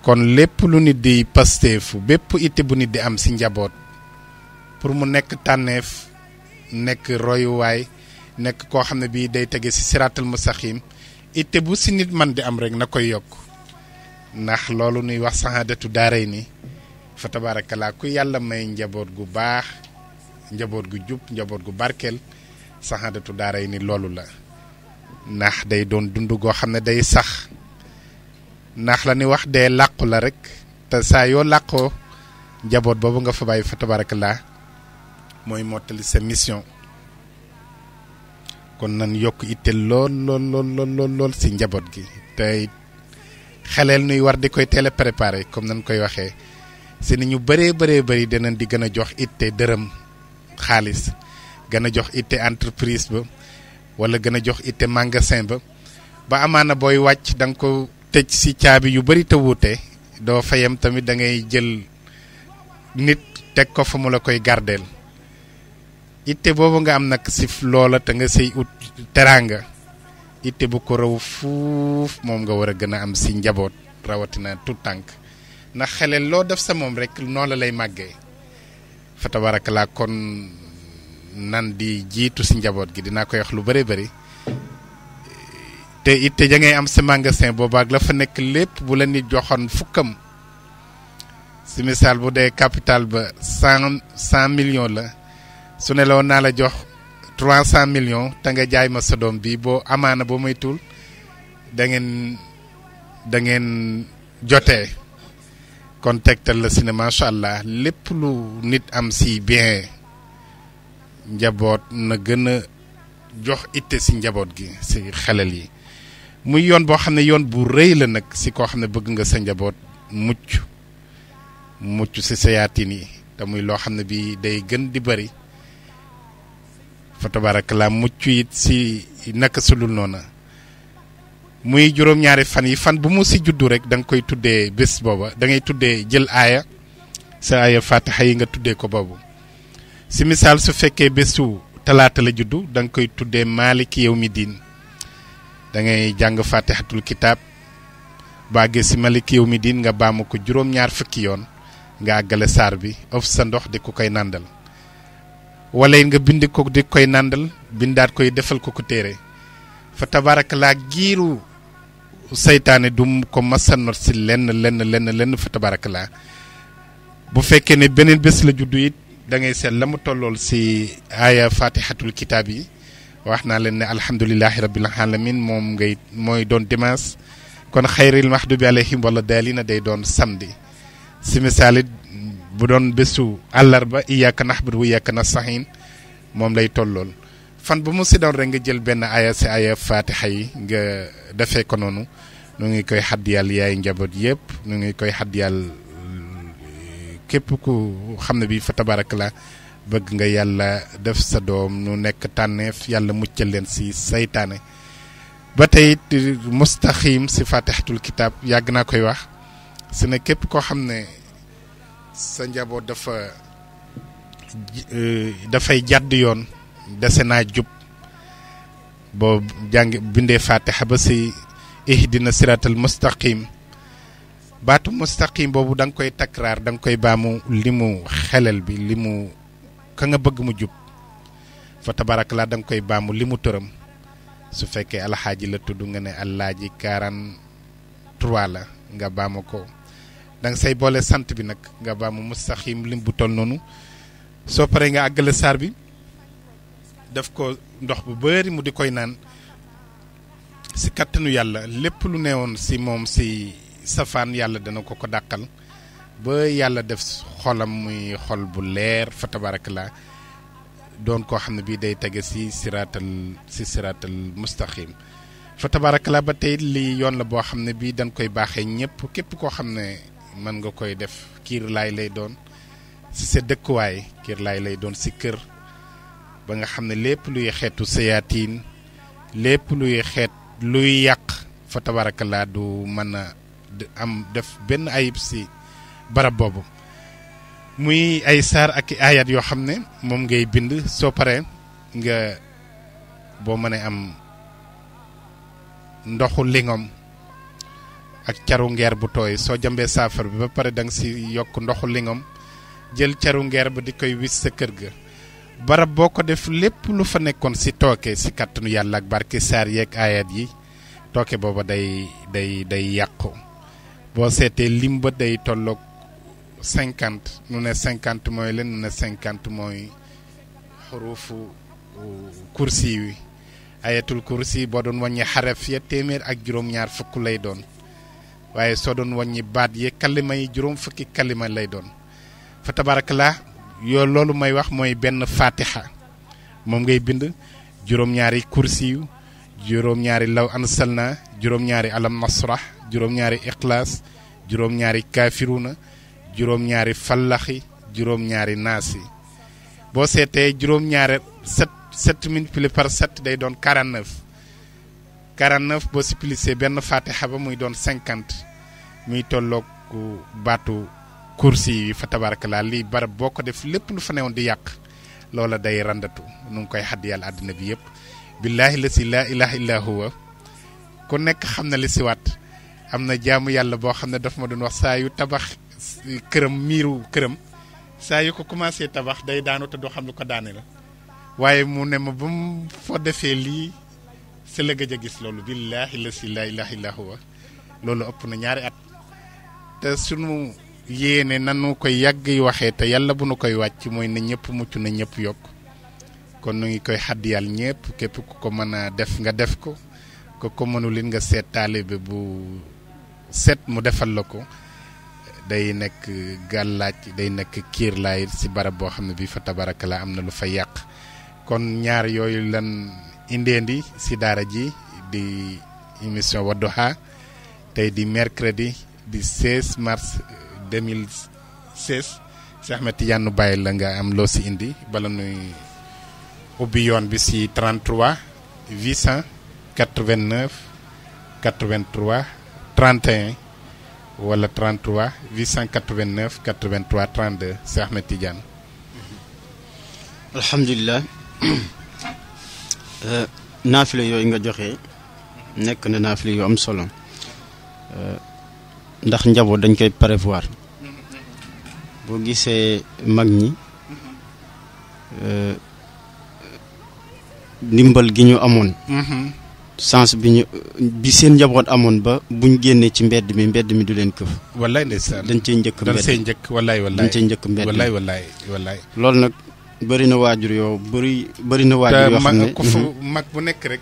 kon lépp lu nit di pasteefu bépp itte bu nit di am si njaboot pour mu nekk tànneef nekk royuwaay nekk koo xam ne bii day tege si siraatal mustaqiim itte bu si nit man di am rek na koy yokk ndax loolu nuy wax saxaadatu daaray ni fa tabaarakallaa ku yàlla may njaboot gu baax njaboot gu jub njaboot gu barkel saxaadatu daara yi ni loolu la ndax day doon dund goo xam ne day sax ndax la ni wax dee làqu la rek te saa yoo làqoo njaboot boobu nga fa bàyyi fa tabarakallah mooy mottali sa mission kon nan yokk itte lool lool lool lool lool si njaboot gi tey xeleel nuy war di koy teel a préparé comme nan koy waxee si ni ñu bëree bëree bëri danañ di gën a jox itte dërëm xaalis gën a jox itte entreprise ba wala gën a jox itte magasin ba ba amaana booy wàcc danga ko tëj si caabi yu bëri te wuute doo fayam tamit da ngay jël nit teg ko fa mu la koy gardeel itte boobu nga am nag si loola te nga say ut teraanga itte bu ko raw fuuf moom nga war a gën a am si njaboot rawatina tout tànk ndax xelel loo def sa moom rek noonu la lay màggee fa tabarakalaa kon nan di jiitu ci njaboot gi dinaa koy wax lu bëri bëri te it te ja ngay am sa magasin boobaak la fa nekk lépp bu la nit joxoon fukkam si misaal bu dee capital ba cent cent la su ne la woon naa la jox trois cent millions te nga jaay ma sa doom bi boo amaana boo may tuul dangeen ngeen jotee kon Tektal la si ne macha allah lépp lu nit am si bien njaboot na gën a jox itte si njaboot gi si xelal yi muy yoon boo xam ne yoon bu rëy la nag si koo xam ne bëgg nga sa njaboot mucc mucc si sa yaatin yi te muy loo xam ne bii day gën di bari fa barak laa mucc it si naka sulul noona muy juróom ñaari fan yi fan bu mu si juddu rek da nga koy tuddee bés booba da ngay tuddee jël aaya sa aaya fatiha yi nga tuddee ko boobu si misaal su fekkee bésu talaata la juddu da nga koy tuddee maaliki yow mi diin da ngay jàng fatihatul kitab bàggee si maaliki yow mi diin nga baamu ko juróom ñaar fukki yoon nga àggale saar bi of sa ndox di ko koy nandal wala nga bind ko di koy nandal bindaat koy defal ko ko téere fa tabaraka laa giiru seytaane du ko masa not si lenn lenn lenn lenn fa tabarakalaa bu fekkee ne beneen bés la juddu it da ngay seet la mu tollool si aaya fatihatul kitaab yi wax naa leen ne alhamdulilahi rabbil alamin moom ngay mooy doon dimanche kon xayril mahdubi alayhim wala daalina day doon samedi si misaalit bu doon bésu àllarba iyyaka nahbudu wa iyyaka nastahin moom lay tollool fan bu mu si doon rek nga jël benn aaya si aaya faatixa yi nga defe ko noonu nu ngi koy xaddiyal yaay njaboot yëpp nu ngi koy xaddiyal képp ku xam ne bi fa tabarak la bëgg nga yàlla def sa doom nu nekk tànneef yàlla muccal leen si seytaane ba tey mustaxim si fatixatul kitaab yàgg naa koy wax si ne képp koo xam ne sa njaboot dafa eh, dafay jàdd yoon dese naa jub boo jàng bindee fatiha ba si ihdina siratal mustaqim baatu mustaqim boobu danga koy takraar da nga koy baamu li mu xelal bi li ka nga bëgg mu jub fa tabarak laa koy baamu li mu tëram su fekkee alxaaji la tudd nga ne alaaji 43 la nga baamu ko da say boole sant bi nag nga baamu mustaqim lim bu toll noonu soo paree nga àggale saar bi def ko ndox bu bari mu di koy naan si kàttanu yàlla lépp lu neewoon si moom si safaan yàlla dana ko ko dàqal ba yàlla def xolam muy xol bu leer fa doon koo xam ne bii day tege si siraatal si siraatal mustaqim fa ba tey lii yoon la boo xam ne bii dañ koy baaxee ñëpp képp koo xam ne mën nga koy def kiir laay lay doon si sa dëkkuwaay kiir laay lay doon si kër ba nga xam ne lépp luy xeetu sayaatiin lépp luy xeet luy yàq fa tabarakalaa du mën a am def benn ayib si barab boobu muy ay saar ak ayat yoo xam ne moom ngay bind soo paree nga boo mënee am ndoxu lingom ak caru ngeer bu tooy soo jambee saafara bi ba pare danga ci yokk ndoxu lingom jël caru ngeer ba di koy wis sa kër ga barab boo ko def lépp lu fa nekkoon si tooke si kàttanu yàlla ak barke saar yeeg ayat yi tooke booba day day day yàqu boo seetee lim ba day tollook cinquante nu ne cinquante mooy leen nu ne cinquante mooy xurufu kursi wi ayatul kursi boo doon wàññi xare ya téeméer ak juróom-ñaar fukk lay doon waaye soo doon wàññi baat yi kalima yi juróom fukki kalima lay doon fa tabarak la yoo loolu may wax mooy benn fatiha moom ngay bind juróom-ñaari kursiyu juróom-ñaari law ansalna juróom-ñaari alam nasrah juróom-ñaari ixlaas juróom-ñaari kaafiruna juróom-ñaari fallaxi juróom-ñaari naasi boo seetee juróom-ñaari sept sept par sept day doon quarante-neuf quarante-neuf boo multiplié benn fatiha ba muy doon cinquante muy tolloog baatu kursi yi fa tabarakalaa lii barab boo ko def lépp lu fa newoon di yàq loola day randatu nu ngi koy xadd yàlla àddina bi yëpp billaahi la si laa ilaha illa huwa ku nekk xam na li am na jaamu yàlla boo xam ne daf ma doon wax saa tabax këram miiru këram saa yu ko commencé tabax day daanu te doo xam lu ko daane waaye mu ne ma ba mu foo defee lii si la gëj gis loolu billaahi la si laa ilaha loolu ëpp na ñaari at te sunu yéene nanu koy yàgg yi waxee te yàlla bu nu koy wàcc mooy na ñëpp mucc na ñëpp yokk kon nu ngi koy xaddiyal ñëpp képp ku ko mën def nga def ko ko ko mënul it nga seet taalibe bu set mu defal la ko day nekk gàllaaj day nekk kiir laay si barab boo xam ne bii fa tabaraka la am na lu fa yàq kon ñaar yooyu lan indeendi si daara ji di émission Wadduha tey di mercredi di 16 mars 2016 Cheikh Ahmed Tidiane bàyyi la nga am loo si indi bala nuy ubbi yoon bi si 33 889 83 31 wala 33 889 83 32 Cheikh Ahmed Tidiane. alhamdulilah euh, naafile yooyu nga joxe nekk na naafile yu am solo euh, ndax njaboot dañ koy prévoir. boo gisee mag ñi euh, ndimbal gi ñu amoon mm-hmm. sens bi ñu bi seen njaboot amoon ba buñ génnee ci mbedd mi mbedd mi du leen këf wallaay ndeysaan dañ cee njëkk mbedd dañ cee njëkk wallaay wallaay dañ cee njëkk mbedd wallaay wallaay wallaay loolu nag bëri na waajur yow bëri bëri na waajur yoo xam ne mhm. mag bu nekk rek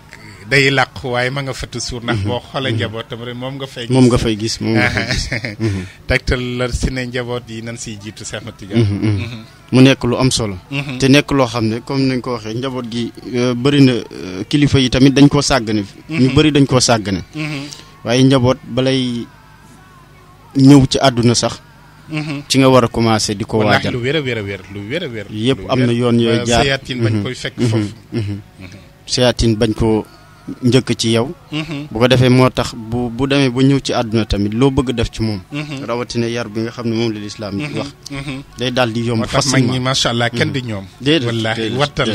day làq way ma nga fatt suur ndax mhm. boo xoolee mhm. njabootam rek mom nga fay gis mom nga fay gis mom mhm. taktal la sine njabot yi nan si jitu Cheikh Ahmed Tidiane mu nek lu am solo te nek lo xamne comme nañ ko waxe njabot gi euh, bëri na euh, kilifa yi tamit dañ ko sagane ñu bëri dañ ko sagane waye njabot balay ñew ci aduna sax ci nga wara commencer diko wajal ko waajal lu wér a wér lu wera wera yep amna am na yoon yooyu euh, jaar seyaatin bañ koy fekk foofu seyaatin bañ ko njëkk ci yow. Mhm. bu ko defee moo tax bu bu demee ba ñëw ci àdduna tamit loo bëgg def ci moom. Mhm. rawatina yar bi nga xam ne moom li lislaam di mhm. wax. day daal di yomb facilement moo tax macha allah kenn di ñoom. déedéet wallaahi wattal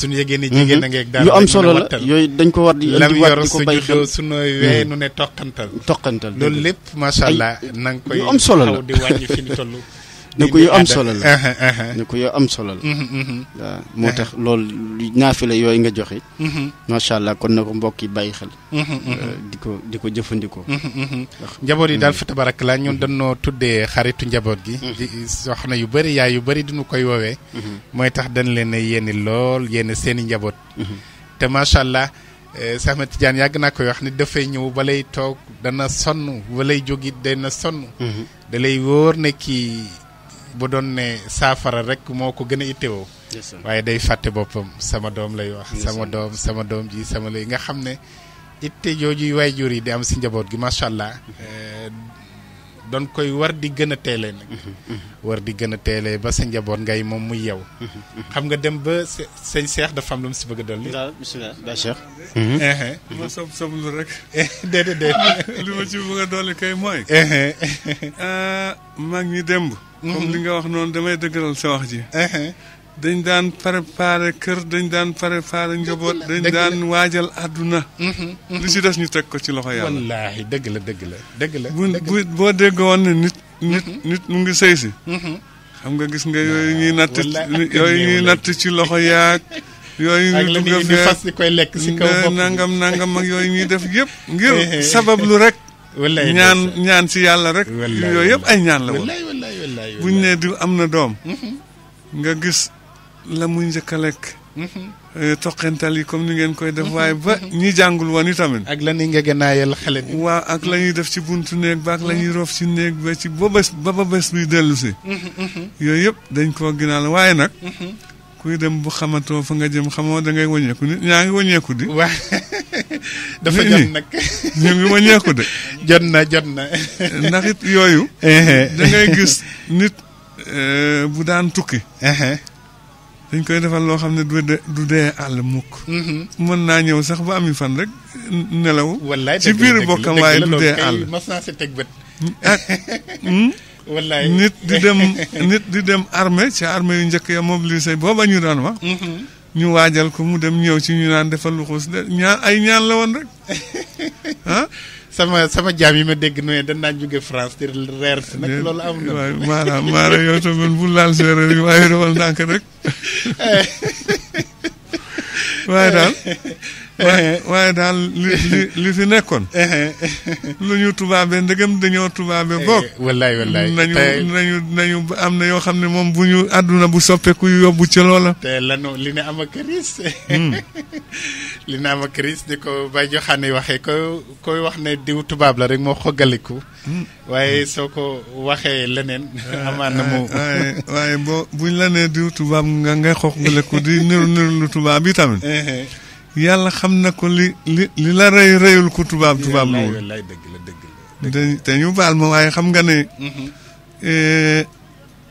suñu yëgee ni a ngeeg daal lu am solo la yooyu dañ ko war di. indi di ko bay xel suñu wee ne toqantal. toqantal loolu lépp macha allah. na nga koy xaw di wàññi fi ne ko eh, eh, eh, yu am solo la ne ko yu am solo la waaw moo tax loolu naafila yooyu nga joxe mm-hmm. macha allah kon na ko mbokk yi bàyyi xel mm-hmm, mm-hmm. Euh, di ko di ko jëfandikoo njaboot yi daal fa tabarak la ñun dañoo tuddee xaritu njaboot gi di soxna yu bëri yaay yu bëri diñu koy woowee mooy tax dañ leen yéene lool yéene seeni njaboot te macha allah euh, Cheikh Ahmed Tidiane yàgg naa koy wax ni dafay ñëw balay toog dana sonn balay jógit dana sonn da lay wóor ne kii bu doon nee saafara rek moo ko gën a ittewoo waaye day fàtte boppam sama doom lay wax sama doom sama doom ji sama lay nga xam ne itte jooju jur yi di am si njaboot gi macha allah eh, doon koy war di gën a teelee nag mm-hmm, mm-hmm. di gën a teelee ba sa njaboot ngay moom muy yow mm-hmm, nga dem ba sëñ Cheikh dafa am lu mu si bëgg a dolli bismillah ba Cheikh eh, eh. ma sob li ma ci bëgg dolli kay mooy mag ñi démb comme mhm. li nga wax noonu damay dëgëral sa wax ji uh-huh. dañ daan préparé kër dañ daan préparé njaboot dañ daan waajal àdduna mhm, mhm. li si des ñu teg ko ci loxo yàlla wallaahi dëgg la dëgg la dëgg la bu bu boo déggoon ne nit nit nit mu ngi sëy si xam nga gis nga yooyu ñuy ah, natt yooyu ñuy natt ci loxo yaag yooyu ñu dugg fee fas di koy lekk si kaw bopp nangam nangam ak yooyu ñuy def yëpp ngir eh, eh. sabab lu rek ñaan ñaan si yàlla rek yooyu yëpp ay ñaan la woon bu ñu nee diw am na doom. Mhm. nga gis la muy njëkk a lekk. Mhm. Euh, toqental yi comme ni ngeen koy def mhm. waaye ba ñi jàngul woon itamit. ak la nga gënaayal xale bi. waaw ak la ñuy def ci bunt néeg ba ak la ñuy roof ci néeg ba ci ba bés ba ba bés buy dellu si. yooyu yëpp dañ koo ginaal waaye nag. kuy dem bu xamatoo fa nga jëm xamoo dangay ngay wëññeeku ñaa ngi wañeeku di. dafa jot nag ñu ngi ma ñeeku de. jot na jot na. ndax yooyu. da gis nit euh, bu daan tukki. dañ koy defal loo xam ne du dee àll mukk. Mhm. mën naa ñëw sax ba ami fan rek nelaw. wallaay ci biir bokkam waaye du dee àll. naa si teg bët. ak. Ah, hmm? nit di dem nit di dem armée ci armée yu njëkk ya mobilisé booba ñu daan wax. Mhm. ñu waajal ko mu dem ñëw ci ñu naan defal lu xuus de ñaan ay ñaan la woon rek ah. sama sama jaam yi ma dégg nooyee dañ naan jóge France te reer si nag loolu am na. waaye maanaam maara yow tamit bu laal séeréer rek waaye daal. waaye eh, eh. waaye daal li li li fi nekkoon. Eh, lu ñu tubaabe ndegam dañoo tubaabe boog. wallaay wallaay nañu nañu am na yoo xam ne moom bu ñu àdduna bu soppeeku yóbbu ci loola. te lanu li ne am ak Christ. Hmm. li ne am ak Christ ni ko Baye Joxaane waxee ko koy wax ne diw tubaab la rek moo xogaliku. Hmm. waaye soo ko waxee leneen. amaan na mu waaye waaye boo buñ la nee diw tubaab nga ngay xogaliku di niru niru lu tubaab yi tamit. yàlla xam na ko li li li la rëy rëyul ku tubaab tubaab loolu te te ñu baal ma waaye xam nga ne mm-hmm. e,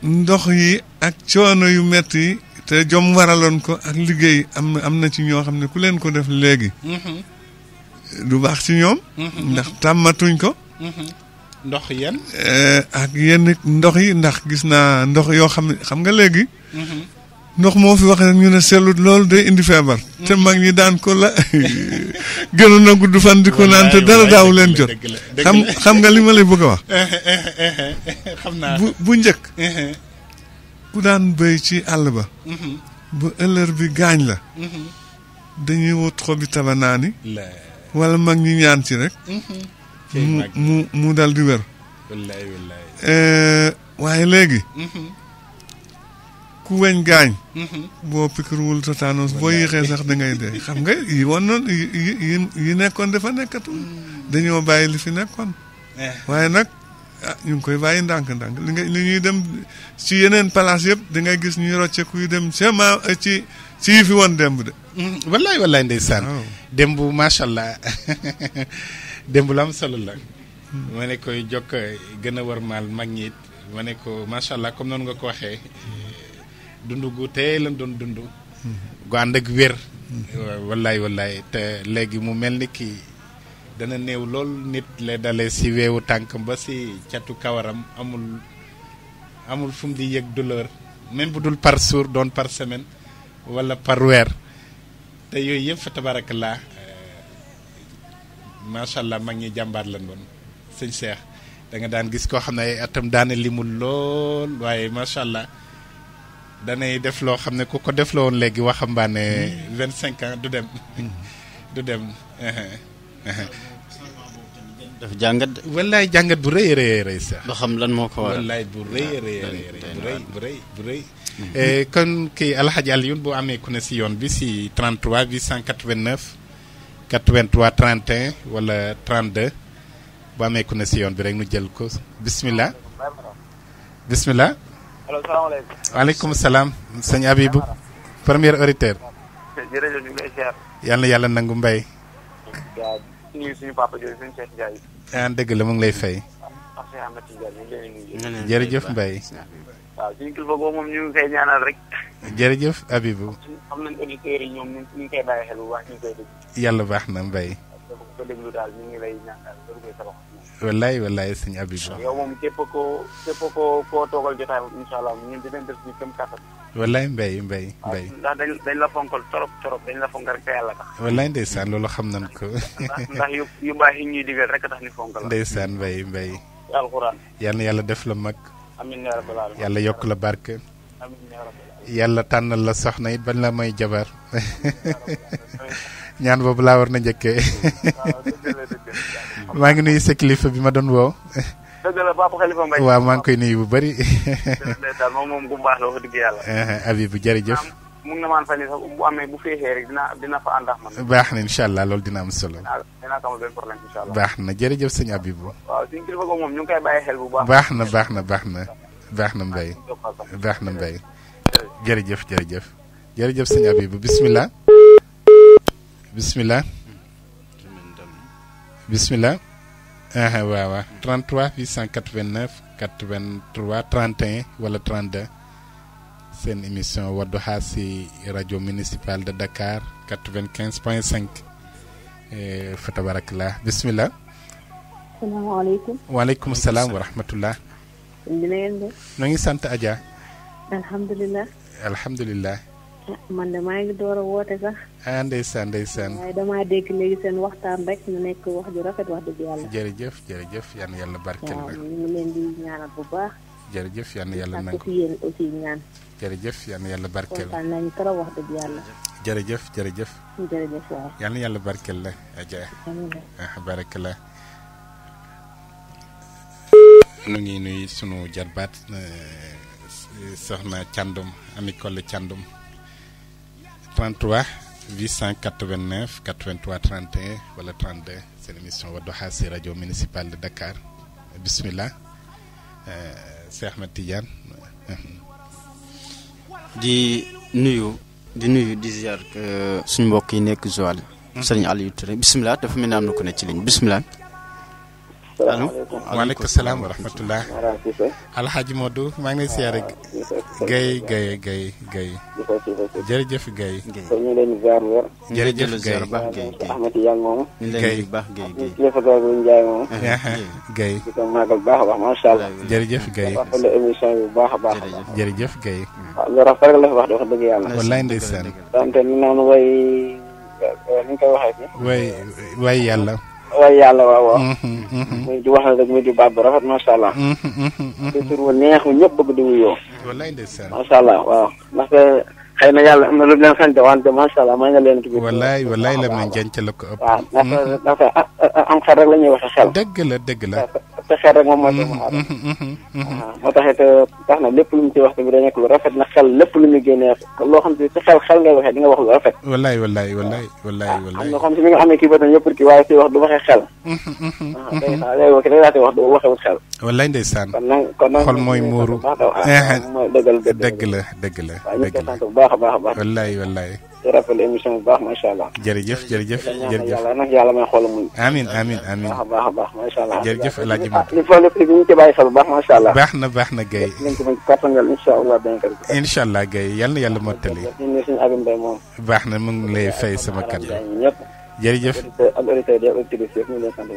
ndox yi ak coono yu metti yi te jom waraloon ko ak liggéey am na am na ci ñoo xam ne ku leen ko def léegi mm-hmm. du baax ci ñoom mm-hmm. ndax tàmmatuñ ko ndox yenn e, ak yenn ndox yi ndax gis naa ndox yoo xam xam nga léegi ndox moo fi wax ñu ne sellut loolu de indi feebar. te mag ñi daan ko la gënoon na gudd fan di ko naan te dara daaw leen jot. xam nga li ma lay bëgg a wax. naa bu bu njëkk. Uh-huh. ku daan béy ci àll ba. Uh-huh. bu ëllër bi gaañ la. Uh-huh. dañuy wut xobi tabanaani. walla mag ñi ñaan ci rek. mu mu mu dal di wér. Eh, waaye léegi. ku weñ gaañ. Mm-hmm. boo pikiruwul tétanos boo yéexee sax dangay ngay xam nga yi woon noonu yi yi nekkoon dafa nekkatul. Mm. dañoo bàyyi li fi nekkoon. Eh. waaye nag ah ñu ngi koy bàyyi ndànk-ndànk li nga li ñuy dem ci yeneen palaas yëpp da ngay gis ñuy rocce kuy dem seulement eh, ci ci yi fi woon démb de. Mm-hmm. wallaay wallaay ndeysaan. waaw oh. démb macha allah démb la am solo la. Hmm. ma ne koy jokk gën a war maal mag ñi it ma ne ko macha allah comme noonu nga ko waxee. Hmm. dund gu tey lan doon dund. gu ànd ak wér. wallaay wallaay te léegi mu mel ni kii dana néew lool nit lay dalee si weewu tànkam ba si catu kawaram amul amul fu di yëg douleur même bu dul par jour doon par semaine wala par weer te yooyu yëpp fa tabarakallah euh, macha allah mag ñi jàmbaar lañ woon sëñ Cheikh da daan gis koo xam ne atam daana limul lool waaye macha allah. danay def loo xam ne ku ko def la woon léegi waxambaane hmm. vingt cinq ans du dem hmm. du dem daf jàngat de wallaay jàngat bu rëy rëy rëy sax ba xam lan moo ko wallaay bu rëy rëy ah, rëy bu rëy bu rëy bu hmm. rëy eh, kon kii alxaji Alioune bu amee ku ne si yoon bi si 33 889 83 31 wala 32 bu amee ku ne si yoon bi rek nu jël ko bismillah bismillah aleykum salaam sëñ Abibou premier auditeur jërëjëf ñu ngi ziar yàlla yàlla nangu mbay nuyu suñu papa jooju suñu Cheikh Ndiaye ah dëgg la mu ngi lay fay ah, jërëjëf mbay waaw suñu kilifa boobu moom ñu ngi koy ñaanal rek jërëjëf Abibou am nañ yi ñoom ñu ngi koy bàyyi xel bu baax ñu koy yàlla baax na mbay ko déglu daal ñu ngi lay ñaanal wallaay wallaay sëñ Habib. yow moom képp koo képp koo koo allah wallaay mbay mbay mbay. ndax dañ dañ la torop torop dañ la fonkal rek yàlla tax. wallaay ndeysaan loolu xam nañ ko. ndax yu yu baax yi ñuy digal rek tax ni fonk la. ndeysaan mbay mbay. alxuraan. yàlla def la mag. amiin yaa rabbal aalamiin. yàlla yokk la barke. amiin yaa rabbal aalamiin. yàlla tànnal la soxna it bañ la may jabar. ñaan boobu laa war na njëkkee maa ngi nuyu sa kilifa bi ma doon woo. dëgg la waaw maa ngi koy nuyu bu bari dëgg moom moom baax na maan allah loolu dina am solo. baax na jërëjëf sëñ Habibou. waaw suñu baax. na baax na baax na baax na Mbaye. baax na Mbaye. jërëjëf jërëjëf jërëjëf sëñ Habibou bismillah bismillah bismillah ah, ah waaw 33 889 83 31 wala 32 seen émission wadduha si radio municipale de dakar 95.5. point 5 eh, fa tabarakallah bismillah salaamaaleykum waaleykum wa rahmatullah ñu ngi sant aja alhamdulillah alhamdulillah man de maa ngi door a sax ah ndeysaan ndeysaan waaye damaa dégg léegi seen rek mu nekk wax ju rafet wax dëgg yàlla jërëjëf jërëjëf yan yàlla barkeel nag ñu ngi di ñaanal bu baax jërëjëf yan yàlla nag ko yéen aussi ñaan jërëjëf yan yàlla barkeel kontaan nañ trop wax la aja barak la nu ngi nuyu sunu jarbaat eh, eh, soxna càndum ami kolle 33 889 83 31 wala 32 c'est l'émission Wadduha Radio Radio municipal de Dakar bismillah euh, Cheikh Ahmed Tidiane di nuyu di nuyu di ziar euh, suñ mbok yi nek Joal. Hmm. Serigne Aliou Touré bismillah dafa mëna am na ne ci ligne bismillah. allo waaleykum salaam wa rahmatulah. alxaaji Modou maa ngi lay siyaare. Gaye Gaye Gaye Gaye. jërëjëf Gaye. jërëjëf Gaye. Gaye Gaye. jërëjëf Gaye. jërëjëf Gaye. wallaay ndeysaan. waay waay yàlla. waaye yàlla waaw waaw. Mhm, mhm. muy di waxal rek muy di baat bu rafet macha allah. Mhm, te tur wu neex ñëpp bëgg di wuyoo. wallaay ndeysaan macha allah waaw ndaxte xëy na yàlla am na lu leen sant wante macha allah may nga leen. tuuti wallaay wallaay la muy njënc la ko ëpp. waaw ndax ndax ah, ah, ah, am xel rek la ñuy waxe xel. dëgg la dëgg la. te xel rek moom mooy doomu mm-hmm, aadama mm-hmm, mm-hmm, waaw moo euh, tax na lépp lu mu ci wax tamit day nekk lu rafet na xel lépp lu muy génnee loo xam ne si xel xel nga wax lu rafet wallaay wallaay wallaay wallaay wallaay am na xam si mi nga xam ne kii ba wax du waxee xel waaw day wax day daate kon nag kon nag xol mooy muuru eh, dëgg la dëgg la dëgg la waaw bu baax a baax a baax wallaay wallaay di rafetlu émission bu baax macha allah. jërëjëf jërëjëf jërëjëf yàlla nag yàlla may xool muñ. amiin amiin amiin baax a baax a baax macha allah. jërëjëf El Hadj Mate li foo lépp li ñu ci bàyyi xel bu baax macha allah. baax na baax na Gaye. li ñu ci mën kàttangal incha allah dañ koy. incha allah Gaye yal na yàlla mottali. baax na mu ngi lay fay sama kaddu. jërëjëf ak auditeurs yi ak auditrices yëpp ñu ngi leen sant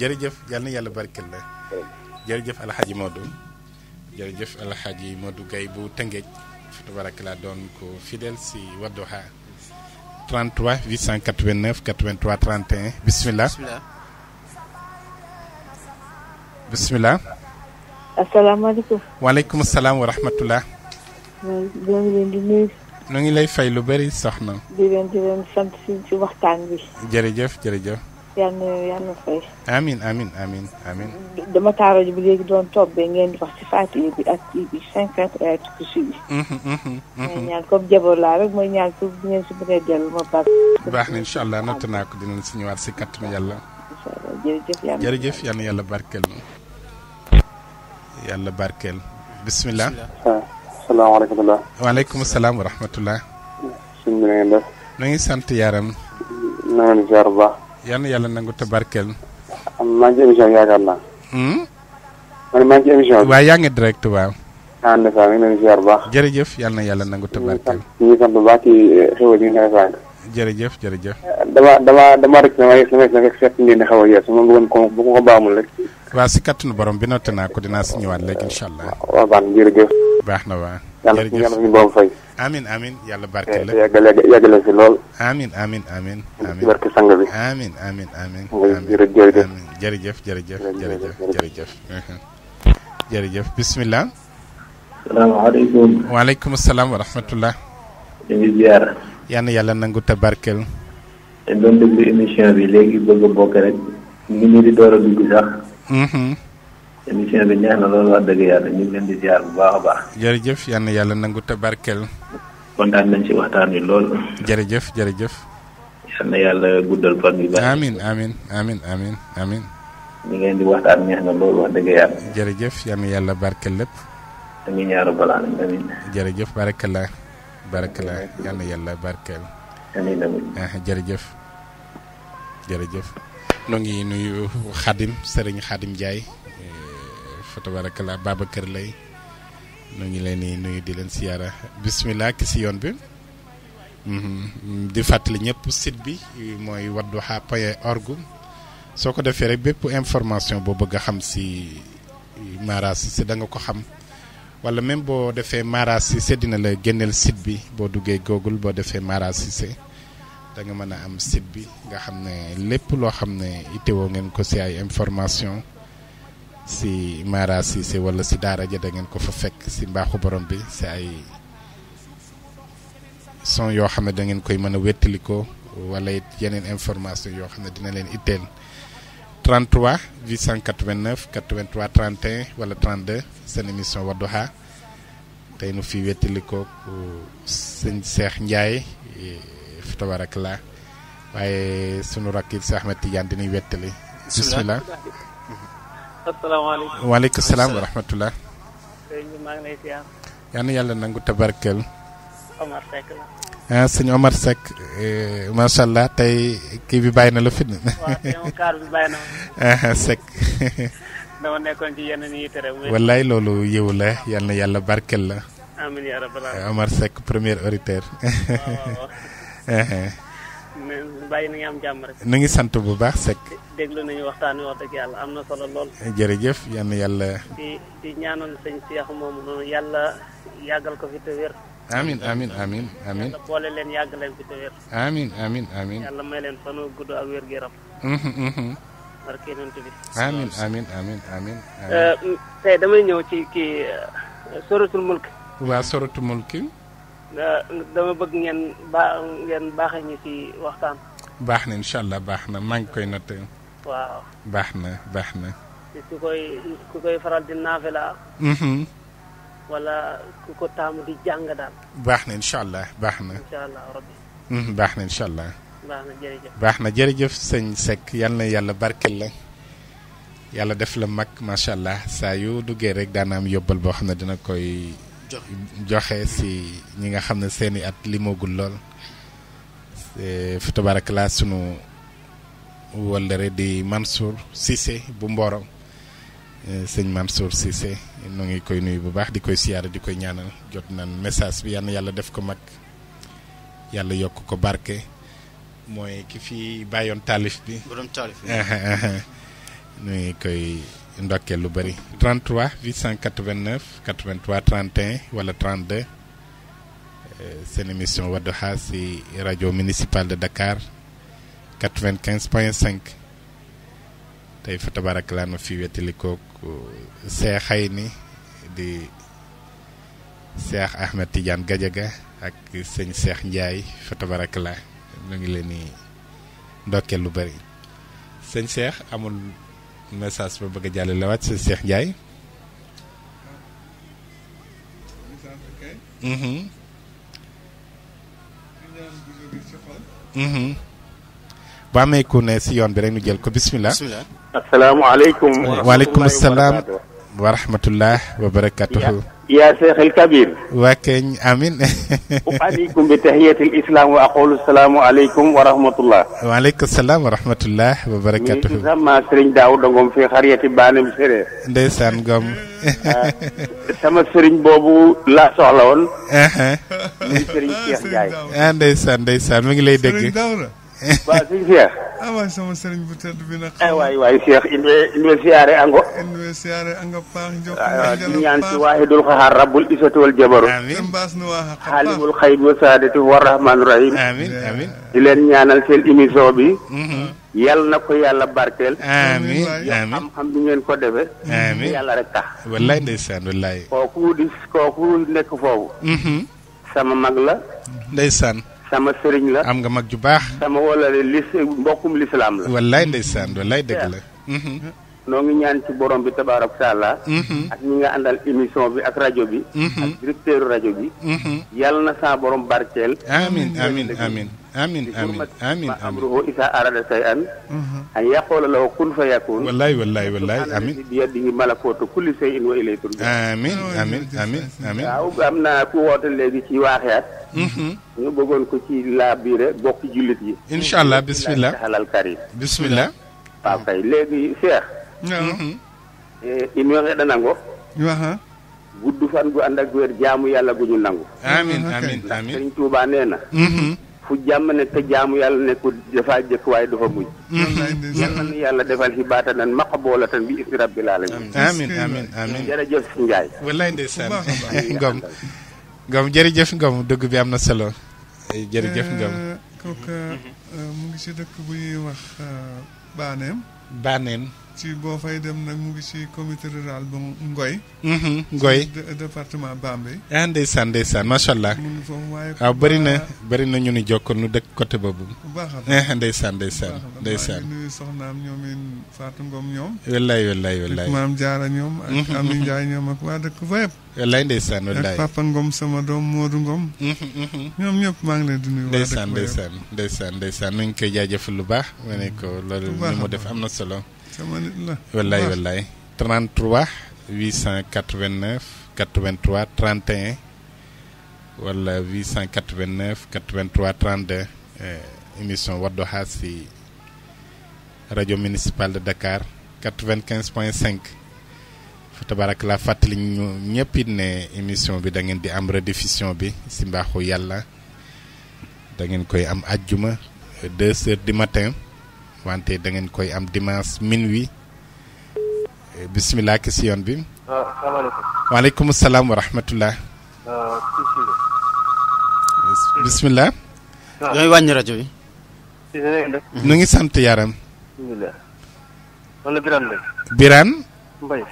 yàlla na yàlla barkeel la. jërëjëf alxaaji Modou jërëjëf alxaaji Modou Gaye bu Tëngéej fi la doon ko fidèle si Wadduha 33 889 83 31 bismillah bismillah asalaamaaleykum waaleykum wa rahmatullah ñu ngi lay fay lu soxna di di sant ci bi jërëjëf jërëjëf yàlla yàlla na fay. amiin amiin amiin amiin. dama taara ba léegi doon toppee ngeen di wax ci Faatiha bi ak kii bi cinquante et un kursi bi. may ñaan comme jabar laa rek mooy ñaan su ngeen si mënee dellu ma baax. baax na incha allah natt naa ko dinañ si ñëwaat si kàttanu yàlla. incha allah jërëjëf yàlla jërëjëf yàlla yàlla barkeel yàlla barkeel. bisimilah. salaamaaleykum wa rahmatulah. waaleykum salaam wa rahmatulah. sëñ bi na ngeen def. na ngi sant yaram. na ngeen ziar bu baax. yan yàlla nangu te barkeel. maa ngi ci émission bi yaakaar naa. Hmm? man maa ngi ci émission bi. waaw yaa ngi direct waaw. Ah, bu baax. jërëjëf yal na yàlla nangu te barkeel. ñu ngi bu baax ci xéwal yi nga xam jërëjëf jërëjëf. damaa damaa damaa rek damaa yegg sama yegg seet xaw a yees ma ko bu ko baamul rek. waa si kattanu borom bi noté naa ko dinaa si ñëwaat léegi incha allah. waaw baax na waa. yàlla suñu yàlla suñu borom fay. amiin amiin yàlla barke la yàgg yàgg la si lool. amiin amiin amiin. amiin ci barke sang bi. amiin amiin amiin. jërëjëf jërëjëf jërëjëf jërëjëf jërëjëf. jërëjëf bisimilah. salaamaaleykum. waaleykum salaam wa rahmatullah. ñu ngi ziar. yal na yàlla nangu doon déglu émission bi léegi émission bi neex na loolu wax dëgg yàlla ñu ngi leen di ziar bu baax baax. jërëjëf yàlla nangu te barkeel. kontaan nañ ci waxtaan wi lool. jërëjëf jërëjëf. yal na yàlla guddal fan yu baax. amiin amiin amiin amiin amiin. ñu ngeen di waxtaan neex na loolu wax dëgg yàlla. jërëjëf yal yàlla barkeel lépp. amiin yaa rabbal aalamiin amiin. jërëjëf yàlla barkeel. amiin amiin ah, jërëjëf jërëjëf. noo ngi nuyu Xadim Serigne Xadim fa tabarakallah Babacar lay nu ngi leen di nuyu di leen siyaara bismillah ki si yoon bi mhm. di fàttali ñëpp site bi mooy wadduha point org soo ko defee rek bépp information boo bëgg a xam si Mara Cissé da nga ko xam wala même boo defee Mara Cissé dina la génneel site bi boo duggee Google boo defee Mara Cissé da nga mën a am site bi nga xam ne lépp loo xam ne itteewoo ngeen ko si ay information si Mara Cissé wala si daara ja da ngeen ko fa fekk si mbaaxu borom bi si ay son yoo xam ne dangeen koy mën a wétali ko wala it yeneen information yoo xam ne dina leen itteel 33 889 83 31 wala 32 seen émission Wadduha tey nu fi wétali ko sëñ Cheikh Ndiaye fi tabarak la waaye sunu rakk it si Ahmed Tidiane dinañ wétali bismillah asalaamaaleykum waaleykum salaam wa rahmatulah. yàlla nangu tabarkel. Omar Seck la. Ah, Omar Seck eh, macha allah tey kii bi bàyyi na la fi. waaw tey ah, yenn loolu yiw la yal na yàlla barkel la. amiin yaa rabbal Omar Seck premier auditeur. Eh, eh. bàyyi na nga am jàmm rek. nu ngi sant bu baax Seck. déglu nañu waxtaan wi wax dëgg yàlla am na solo lool. jërëjëf yal na yàlla. di di ñaanal sëñ Cheikh moomu noonu yàlla yàggal ko fi te wér. amiin amiin amiin amiin yàlla boole leen yàgg leen fi te wér. amiin amiin amiin yàlla may leen fan gudd ak wér gu yaram. Mhm, mhm. barke yonent bi. amiin amiin amiin amiin. Euh, tey damay ñëw ci kii euh, soratul mulk. waa soratul mulk. Euh, dama bëgg ngeen ba ngeen baaxee ñu ci waxtaan. baax na incha allah baax na maa ngi koy noté. waaw baax na baax na. ku koy ku koy faral di naafila. wala ku ko taamu di jàng daal. baax na incha allah baax na. incha allah rabbi. baax na incha allah. baax na jërëjëf. baax na jërëjëf sëñ Seck yal na yàlla barkel la. yàlla def la mag macha allah saa yu duggee rek daana am yóbbal boo xam ne dina koy. joxe si ñi nga xam ne seeni at limogul lool. Eh, fi tabaarakala sunu wëllëre di Mansour Cissé bu Mboro eh, sëñ Mansour Cissé nu ngi koy nuyu bu baax di koy siyaare di koy ñaanal jot nan message bi yàlla def ko mag yàlla yokk ko barke mooy ki fi bàyyoon taalif bi. Eh, nu ngi koy ndokkeel lu bari 33 889 83 31 wala 32. Eh, seen émission Wadduha si radio municipal de Dakar 95.5 tay fa tabarakalaa no fi wetalikoog Cheikh Hayni di Cheikh Ahmed Tidiane Gadiaga ak sëñ Cheikh Ndiaye fa tabarakalaa no ngi leni di lu bari sen Cheikh amul message ba bëgg a jàllale waat Cheikh Ndiaye. mm Mm-hmm. bu amee ku ne si yoon bi rek ñu jël ko bisimilah. asalaamaaleykum. waaleykum salaam wa rahmatulah wa barakaatuhu. yaa seexal kabir waa keñ amin uqadikum bi tahiyatil islam wa aqulu salaamu aleykum wa rahmatullah waaleykum salaam wa rahmatullah wa mi sama sëriñ daaw dongom fi xariyati baanim séréer ndeysaan gom sama sëriñ boobu laa soxla woon muy sëriñ Cheikh Ndiaye ndeysaan ndeysaan mi ngi lay dégg waaw sëñ Cheikh. ah waay sama sëriñ bu tedd bi nag. ah waay waay Cheikh in wee in wee siyaare ango. in wee siyaare ango paax. jox ah, ah, ko mbaas nu waa xaqal xaalimul xayb wa saadatu rahmaanu rahim. amiin amiin di leen ñaanal seen bi. Mm-hmm. yàlla na ko yàlla barkeel. amiin amiin xam-xam bi ngeen ko defee. amiin rek tax. wallaay ndeysaan wallaay. kooku kooku nekk foofu. Mm-hmm. sama mag la. ndeysaan. sama sëriñ la. am nga mag ju baax. sama wala li mbokkum lislaam la. wallaay ndeysaan wallaay dëgg la. Mm-hmm. noo ngi ñaan ci borom bi tabaaraka taala ak ñi nga àndal émission bi ak rajo bi. ak directeur rajo bi. yàlla na saa borom barkeel. amiin amiin amiin amiin amiin amiin ma amruhu isa arada shay'an an yaqoola lahu kun fa yakun wallaay wallaay wallaay amiin bi yadihi malakootu kulli shay'in wa ilayhi turja'un amiin amiin amiin amiin waaw am naa ku woote léegi ci waaxeat ñu bëggoon ko ci laa biire bokk jullit yi incha allah bismillah alal karim bismillah waaw kay léegi Cheikh in way ngeɗanango gudd fan gu ànd ak wér jaamu yàlla gu ñu nangu amin amin amin sëriñ Tuubaa nee na mhm. fu jàmm ne jaamu yàlla nekkul dafa jëkk waaye dafa mujj mhm. yàlla nu yàlla defal xibaata nan maqaboola tan bi ismi rabbil alamin amin amin amin jërëjëf si Njaay wallaay ndeysaan ngom ngom jërëjëf ngom dëgg bi am na solo eh, jërëjëf eh, ngom kooka mhm. eh, mu baaneem baaneem ci boo fay dem nag mu ngi ci comité rural ba Ngoy. Mhm, Ngoy département Bambey. ah ndeysaan ndeysaan macha allah. mu waaye. waaw ah, bëri na bëri na ñu ni jokkal nu dëkk côté boobu. bu baax a eh, ndeysaan ndeysaan. ndeysaan nuyu soxnaam ñoom in Fatou Ngom ñoom. wallaay wallaay maam Diarra ñoom. ak mhm, Ami mhm. Ndiaye ñoom ak waa dëkk fa yëpp. wallaay ndeysaan wallaay ak Papa Ngom sama doom Modou Ngom. ñoom ñëpp maa ngi leen di nuyu. waa dëkk fa yëpp ndeysaan ndeysaan ndeysaan ñu koy jaajëfal lu baax. ma ne ko loolu ni mu def am na solo sama 33 889 83 31 wala 889 83 32 émission Wadduha Radio radio municipal de Dakar 95.5. Faut fa tabarak la fàttali ñu ñëpp ne émission bi da ngeen di am rediffusion bi si mbaaxu yalla da ngeen koy am aljuma 2 heures du matin. wante dangeen koy am dimanche minuit bisimilah ki si bi. waaw ah, waaleykum salaam wa rahmatullah. Ah, bisimilah. Ah. wàññi rajo bi. nu ngi sant yaram. alhamdulilah. mbay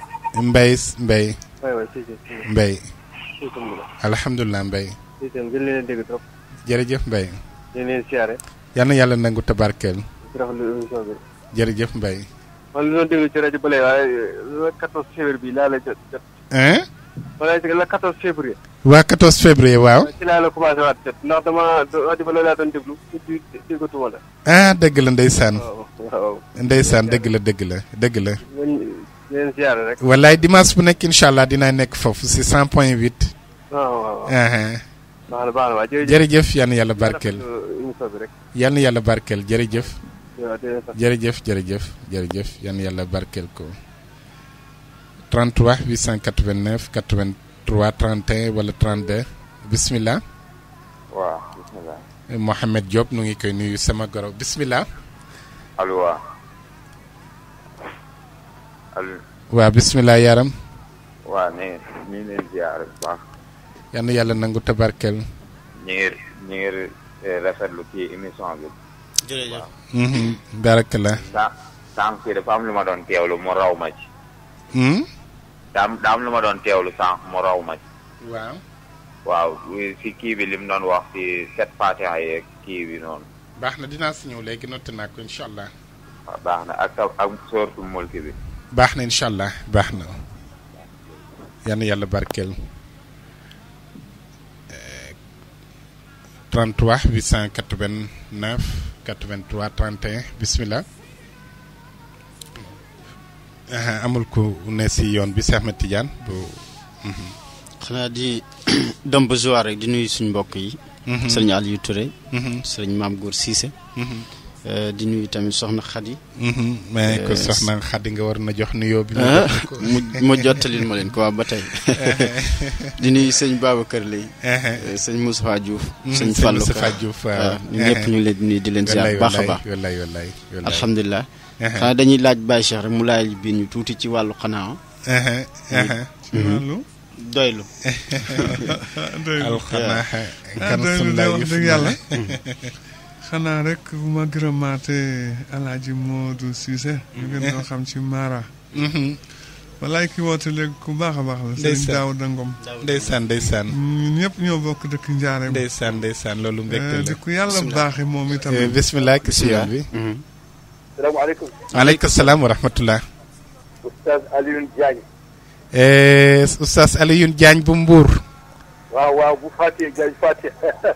mbay mbay Mbaye. Birane. alhamdulilah Mbaye. jërëjëf mbay yal yàlla nangu tabarkeel. di rafetlu émission bi. jërëjëf Mbaye. man li doon déglu ci rajo bële waaye le 14 février bi laa la jot jot. wala le 14 février. waa 14 février waaw. ci laa la commencé waat jot ndax dama rajo ba laa doon déglu di déggatuma la. ah dëgg la ndeysaan. waaw ndeysaan dëgg la dëgg la dëgg la. ngeen ziare rek. wallaay dimanche bu nekk incha allah dinaa nekk foofu si 100 point 8. waaw waaw. Ah, ah. baax na baax na jërëjëf jërëjëf yàlla barkeel. yàlla barkeel jërëjëf. jërëjëf jërëjëf jërëjëf yan yàlla barkeel ko 33 889 83 31 wala 32 bismillah waaw bismillah Mouhamed Diop nu ngi koy nuyu sama goro bismillah allo waaw bismillah yaram waaw ne ñu leen ziar bu baax yan yàlla nangu tabarkeel ñu jërëjëf mhm. barakallah sànq si dafa lu ma doon teewlu mu raw ma ci daam hmm? lu ma doon teewlu sànq mu raw ma waaw waaw si kii bi li doon wax si set fatiha yeeg kii bi baax na dinaa si ñëw léegi notti naa ko incha allah baax na ak ak soortu mulki bi baax na incha allah baax na yàlla yàlla barkeel 33 eh, 889 83 31 bisimilah. amul ku ne si yoon bi Cheikh Ahmed Tidiane bu. Mhm. xanaa di dem ba rek di nuyu suñu mbokk yi. Mhm. sëriñ Aliou Touré. Mhm. Maam Góor Cissé. Euh, di nuyu tamit soxna Xadi. Mhm. mais ko euh, soxna Xadi nga war na jox nuyoo bi. Ah, mu ma jottalil ma leen ko waa ba tey. di nuyu sëñ Babacar kër eh, eh. euh, sëñ Moussa Diouf. Mm, sëñ Fallou Ka Diouf waaw ñu eh, leen di nuyu di leen ziar baax a baax. wallaay wallaay alhamdulilah. xanaa dañuy laaj Baye Cheikh rek mu laaj biir ñu tuuti ci wàllu xanaa. doylu alxanaa ah, kan sunu laay yàlla. xanaa rek bu ma gërëmaatee El Hadj Modou Cissé. ñu gën koo xam ci Mara. Mm-hmm. walaay ki woote léegi ku baax a baax la. Serigne Daouda Ngom ndeysaan ndeysaan ñun ñëpp ñoo bokk dëkk Njaareem. ndeysaan ndeysaan loolu mbégte la eh, di ku yàlla baaxee moom itam. Eh, bisimilah ki si yoon bi. Mm-hmm. Mm-hmm. salaamaaleykum. waaleykum salaam wa rahmatulah. Oustaz Alioune Diagne. Eh, Oustaz Alioune Diagne bu Mbour. waaw waaw bu fàttee Diagne fàtte.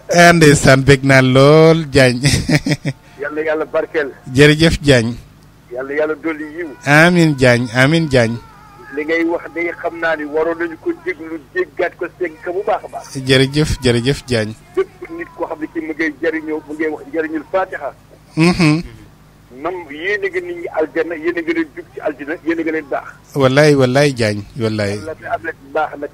Eh, ndeysaan bég naa lool Diagne. yàlla yàlla barkeel. jërëjëf Diagne. yàlla yàlla dolli yiw. amiin Diagne amiin Diagne. li ngay wax day xam naa ni waroon nañu ko déglu déggaat ko segg ka bu baax a baax. jërëjëf jërëjëf Diagne. bépp nit koo xam ne ci mu ngay jëriñoo mu ngay wax jëriñul Fatiha. Mm-hmm. man yéen a ngi nit ñi aljana yéen a leen jub ci aljana yéen a ngi leen baax. wallaay wallaay Diagne wallaay. yàlla na am na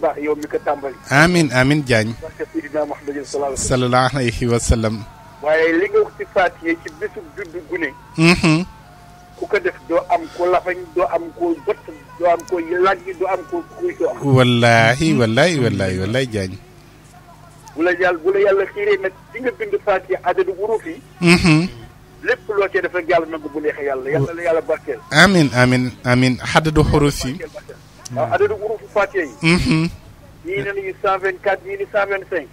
baax yow mi ko tàmbali. amiin amiin Diagne. barke Seydina Muhammad waaye li nga wax ci ci bésub juddu gune. Mm-hmm. ku ko def doo am ko lafañ doo am ko bët doo am ko laaj doo am ko kuy soox. wallaahi wallaahi wallaahi wallaahi Diagne. bu la yàlla bu la yàlla xiiree nag di nga bind Faatiha adadu uruuf yi. Mm-hmm. lépp loo cee def rek yàlla nangu bu neexee yàlla yàlla na yàlla barkeel. amiin amiin amiin xaddadu xurus yi. waaw adadu urufu fàccee yi. ñii ne nañu cent vingt quatre ñii ni cent vingt cinq.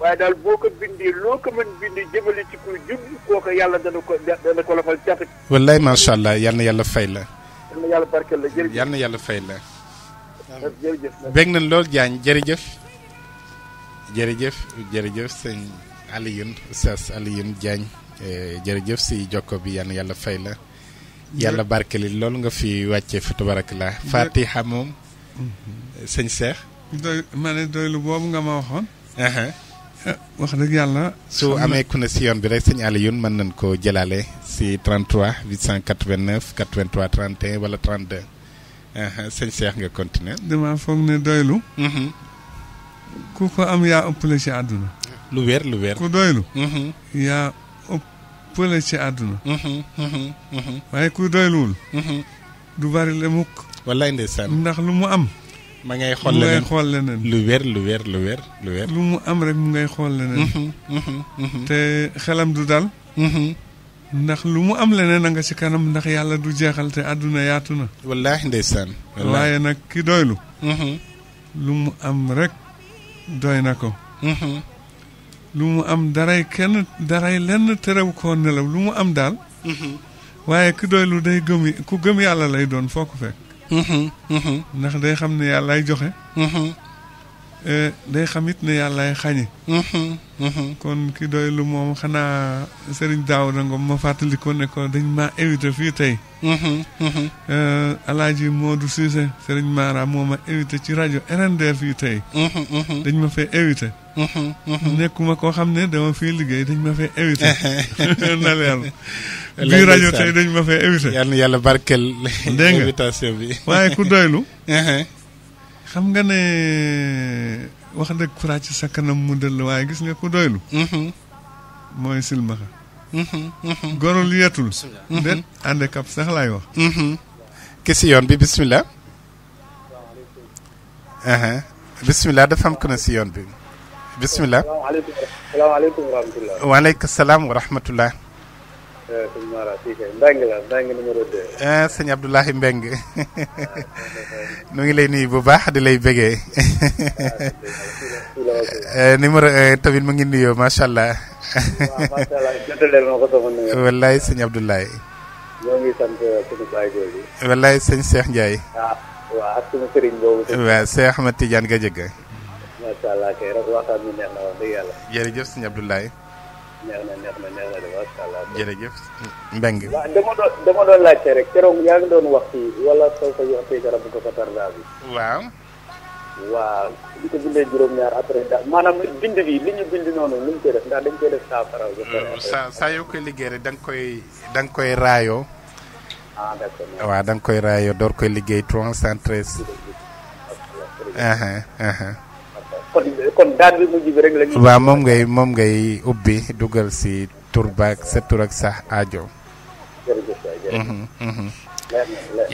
waaye daal boo ko bindee loo ko mën bindee jëmale ci kuy jublu kooka yàlla dana ko dana ko lafal cat. wallaay macha allah yal na yàlla fay la. yal na yàlla barkeel la jërëjëf yal na yàlla fay la. jërëjëf bég nañ lool Diagne jërëjëf. jërëjëf jërëjëf sëñ Alioune Oustaz Alioune Diagne. Eh, jërëjëf si jokko bi yàlla yàlla fay la. yàlla barkeli loolu nga fi wàccee fi la fatiha moom. Mhm. sëñ Cheikh. doy ma ne doylu boobu nga ma waxoon. Uh-huh. Eh, wax dëgg yàlla. su amee ku ne si yoon bi rek sëñ yoon mën nañ koo jëlaale si 33 889 83 31 wala 32. Uh-huh. sëñ Cheikh nga continuer dama foog ne doylu. Mm-hmm. ku ko am yaa ëppale si àdduna. lu wér lu wér ku doylu. Mm-hmm. yaa. pële ci àdduna mhm, mhm, mhm. waaye ku doyluwul du bari le mukk wallaay ndeysaan ndax lu mu am ma ngay xool leneen xool leneen lu wér lu wér lu wér lu wér lu mu am rek mu ngay xool leneen te xelam du dal ndax lu mu am leneen a nga ci kanam ndax yàlla du jeexal te àdduna yaatu na wallaay waaye nag ki doylu lu mu am rek doy na ko lu mu am daray kenn daray lenn terewu ko nelaw lu mu am daal mm-hmm. waaye ku doylu day gëm ku gëm yàlla lay doon foo ko fekk mm-hmm. Mm-hmm. ndax day xam ne yàllaay joxe Eh, day xamit ne yàllaay xañe mm-hmm, mm-hmm. kon ki doy lu moom xanaa Serigne Daouda Ngom ma fàttali ko dañ ma invité fii tey mm-hmm, eh, alaaji Modou Cissé Serigne Mara moom ma invité ci rajo RND fii tey dañ ma fee invité nekkuma koo xam ne dama fii liggéey dañ ma fee invité na leer rajo tey dañ ma fee invité yàlla na yàlla barkeel waaye ku doylu uh-huh. xam nga ne wax dëgg courage mu dëll waaye gis nga ku doylu mm-hmm. mooy silmaxa mm-hmm. mm-hmm. gorul yetul déet handicap sax laay wax ki uh-huh. si yoon bi bismillah bismillah dafa am si yoon bi bismillah waaleykum salaam wa Eh, sëñ abdoulahi mbeng nu ngi lay nuyu bu baax di lay bégee eh, numéro eh, tamit mu ngi nuyoo macha allah wallaay sëñ abdoulahi ñoo ngi cheikh ndiaye ah, waaw ak suñu sëriñ boobu wa cheikh ahmed tidiane ga jëgg macha allah kay rek waxtaan bi neex na wax dëgg yàlla jërëjëf sëñ abdoulahi neex na jërëjëf Mbengue. waaw dama doon dama doon laajte yaa ngi doon wax ci wala soo ko yokkee garab bu ko fa tardaa bi. koy def koy def saafara. saa ah, koy liggéey uh-huh, uh-huh. rek koy da nga koy waaw moom ngay moom ngay ubbi dugal si. tur baag sa tur ak sax aajo. Mhm, mhm.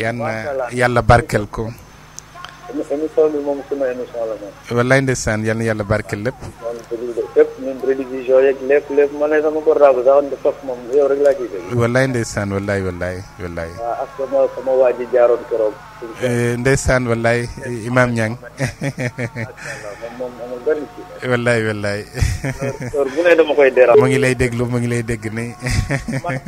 yan eh, yàlla barkel ko. émission bi yàlla barkeel lépp. lépp ñun rédivision yeeg lépp lépp man eh, Imaam Niang. wallaay wallaay. mu ngi lay déglu mu ngi lay dégg nii. man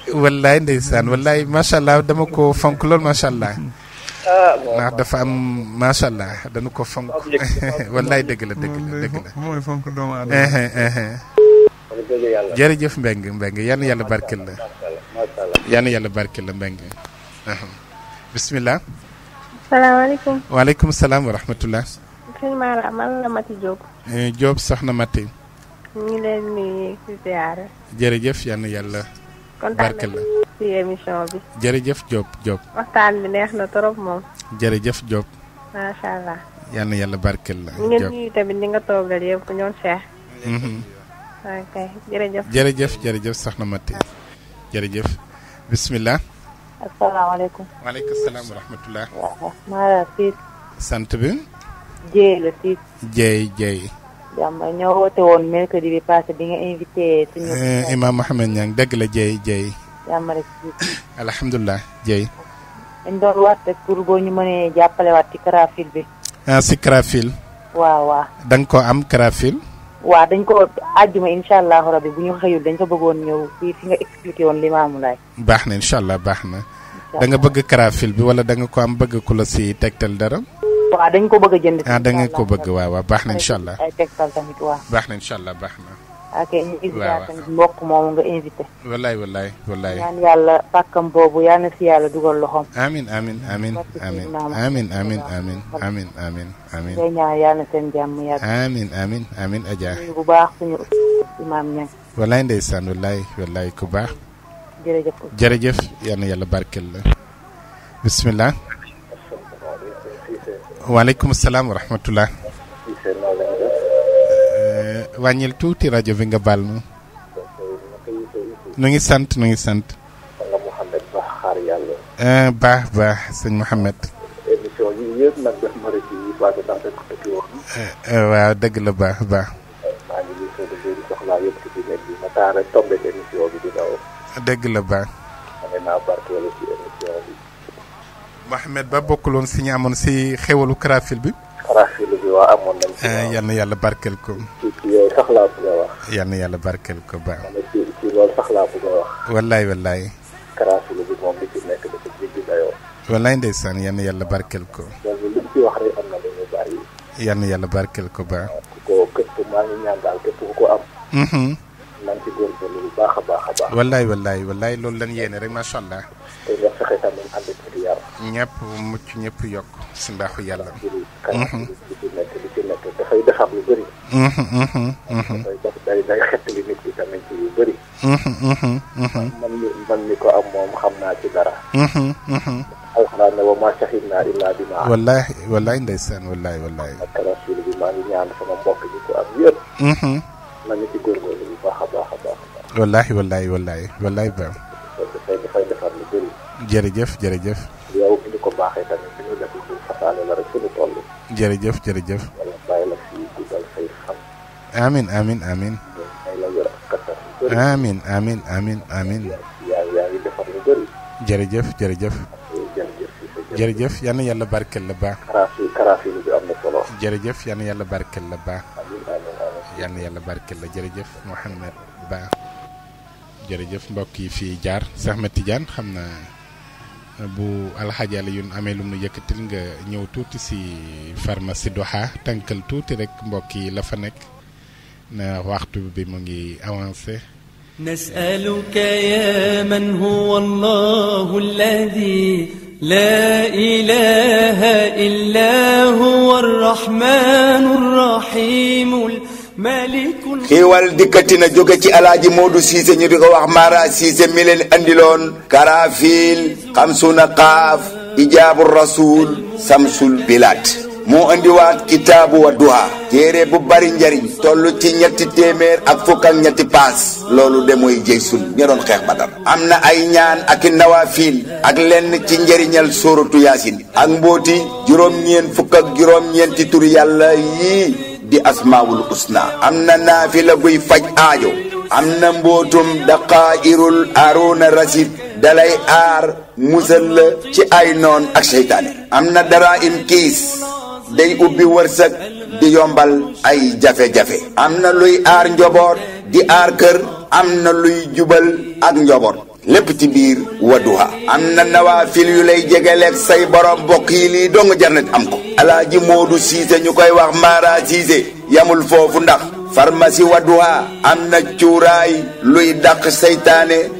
xam naa wallaay ndeysaan allah dama ko fonk lool macha allah. Ah, ndax dafa am macha allah dañu ko fonk. wallaay dëgg la dëgg la dëgg la. mooy fonk doomu aadama. Eh, eh, eh, jërëjëf Mbengue yan yàlla barkeel la. yan yàlla barkeel la Mbengue. bisimilah. salaamaaleykum. waaleykum salaam wa rahmatulah. sëñ Mara man la Mati Diop. Eh, Diop soxna Mati. ñu ngi leen nuyu ci ziyaara. jërëjëf yal na yàlla. barkel la ci émission allah. yàlla barkel la. Diop ngeen nuyu tamit ñi nga toogal yëpp ñoom mhm. Cheikh. ok Assalamualaikum. Waalaikumsalam warahmatullahi wabarakatuh. rahmatulah. waaw maa siit. sant bi. Dieye la siit. jey Dieye. jàmm ñoo woote woon mercredi bi passé bi nga invité. Eh, suñu Imam mohammed ñang dëgg la jey jey jàmm rek siit. alhamdulilah Dieye. dañ wat waat pour bo ñu jappalé wat ci crafil bi. ah si crafil waaw waaw. dang ko am crafil waaw dañ ko àjjuma incha allahu rabbi bu ñu xëyul dañ ko bëggoon ñëw fii fi nga expliqué woon Limaamu Laay baax na incha allah baax na. da nga bëgg karafil bi wala danga ko am bëgg ku la si tegtal dara. waaw dañ ko bëgg jënd. ah da nga ko bëgg waaw waaw baax na incha allah baax na incha baax na. ak invitation bi mbokk moomu nga invité wallaay wallaay wallaay ñaan yàlla bàkkam boobu yàlla na si yàlla dugal loxoom amin amin amin amin amin amin amin amin amin amin ngay ñaan yàlla seen jàmm yàgg amin amin amin aja bu baax suñu imaam ñang wallaay ndeysaan wallaay wallaay ku baax jërëjëf jërëjëf yàlla yàlla barkel la bismillah waaleykum salaam wa rahmatullah wàññil tuuti rajo bi nga baal ma. nu ngi sant nu ngi sant. Eh, baax baax sëñ Mouhamed. émission eh, eh, waaw dëgg la baax baax. dëgg la baax. ma ne naa barkeelu ba bokkuloon si ñu amoon si xéwalu Carafil bi. rafetlu bi waa amoon nañ. Eh, yàlla barkeel ko. ci na yàlla barkeel ko ba. ci ci loolu wallaay wallaay. wallaay ko. loolu li ci wax rek am na lu ñu allah. wax fexe tamit ànd ci di yàlla. ñëpp mucc ñëpp yokk si mbaaxu yàlla. kanam mhm. li ci nekk li ci nekk dafay defar lu bëri. Mhm, mhm, dafay def day yu bëri. man mi ko am moom xam naa ci dara. alxuraan ne wa maa shahidnaa illaa bimaa. wallaahi wallaahi ndeysaan wallaahi wallaahi. ak rasul bi maa ngi ñaan sama baax a a baax. wallaahi jërëjëf jërëjëf. jërëjëf jërëjëf. yàlla bàyyi la fi guddal jërëjëf jërëjëf. jërëjëf yal na yàlla barkeel la baax. karaaf yi karaaf jërëjëf yal na yàlla barkeel la jërëjëf Mouhamed Ba. jërëjëf mbokk yi fii jaar Cheikh xam na bu alhaji ala yun amé lu yëkëti nga ñëw tuuti ci pharmacie doha tankal tuuti rek mbokk yi la fa nekk na waxtu bi mu ngi avancé نسألك يا من هو الله الذي لا إله إلا هو الرحمن الرحيم الملك خيوال ديكتنا جوكتي على جمود سيزة نيريغو أحمارا سيزة ميلين أندلون كارافيل xamsuna qaaf ijaabu rasul samsul bilaat moo indiwaat kitaabu wa duha téere bu bari njariñ toll ci ñetti téeméer ak fukk ñetti paas loolu de mooy jëy sun ña doon xeex ba am na ay ñaan ak nawafiil ak lenn ci njariñal sóoratu yaasin ak mbóoti juróom-ñeen fukk juróom-ñeenti turi yàlla yii di asmaawul usna am na naafila buy faj aajo am na mbóotum daqaa'irul aruuna rasid dalay aar musal la ci ay noon ak seytaane am na dara im kiis day ubbi wërsëg di yombal ay jafe-jafe am na luy aar njaboot di aar kër am na luy jubal ak njaboot lépp ci biir Wadduha am na nawaafil yu lay say borom mbokk yi lii dong jarnet am ko alaaji Moodu Siise ñu koy wax Mara Siise yamul foofu ndax pharmacie Wadduha am na cuuraay luy dàq seytaane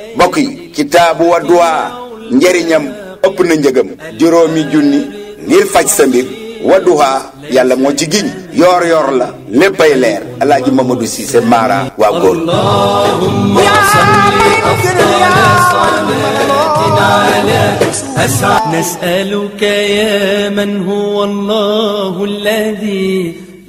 mbokk yi kitaabu Wadduha njëriñam ëpp na njëgam juróomi junni ngir faj sa mbir Wadduha yàlla moo giñ yoor yoor la léppay leer alaaji Mamadou Mara waa góor نسألك يا من هو الله الذي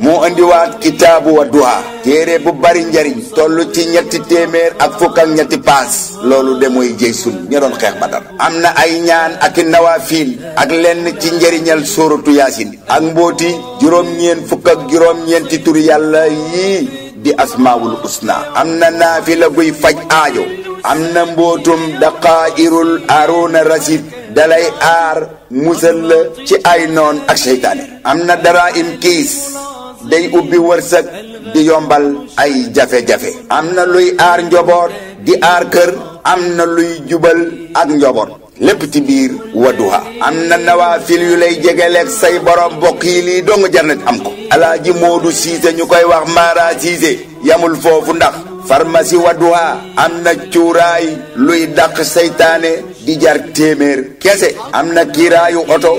moo indiwaat kitaabu Wadduha téere bu bari njariñ toll ci ñetti téeméer ak fukk ak ñetti paas loolu de mooy jëy sun ña doon xeex Badar am na ay ñaan ak i ak lenn ci njariñal sóoratu yaasin ak mbóoti juróom-ñeen fukk ak juróom-ñeenti turi yàlla yii di asmaawul usna am na naafila buy faj aajo am na mbootum daqaayirul aruuna rasid dalay aar musal ci ay noon ak seytaane am na dara im kiis day ubbi wërsëg di yombal ay jafe-jafe am na luy aar njaboot di aar kër am na luy jubal ak njaboot lépp ci biir Wadduha am na nawaafil yu lay jegeleeg say borom mbokk yi lii dong jar am ko alaaji Moodu Siise ñu koy wax Mara Siise yamul foofu ndax farmasi Wadduha am na cuuraay luy daq seytaane di jar téeméer kese am na kiiraayu oto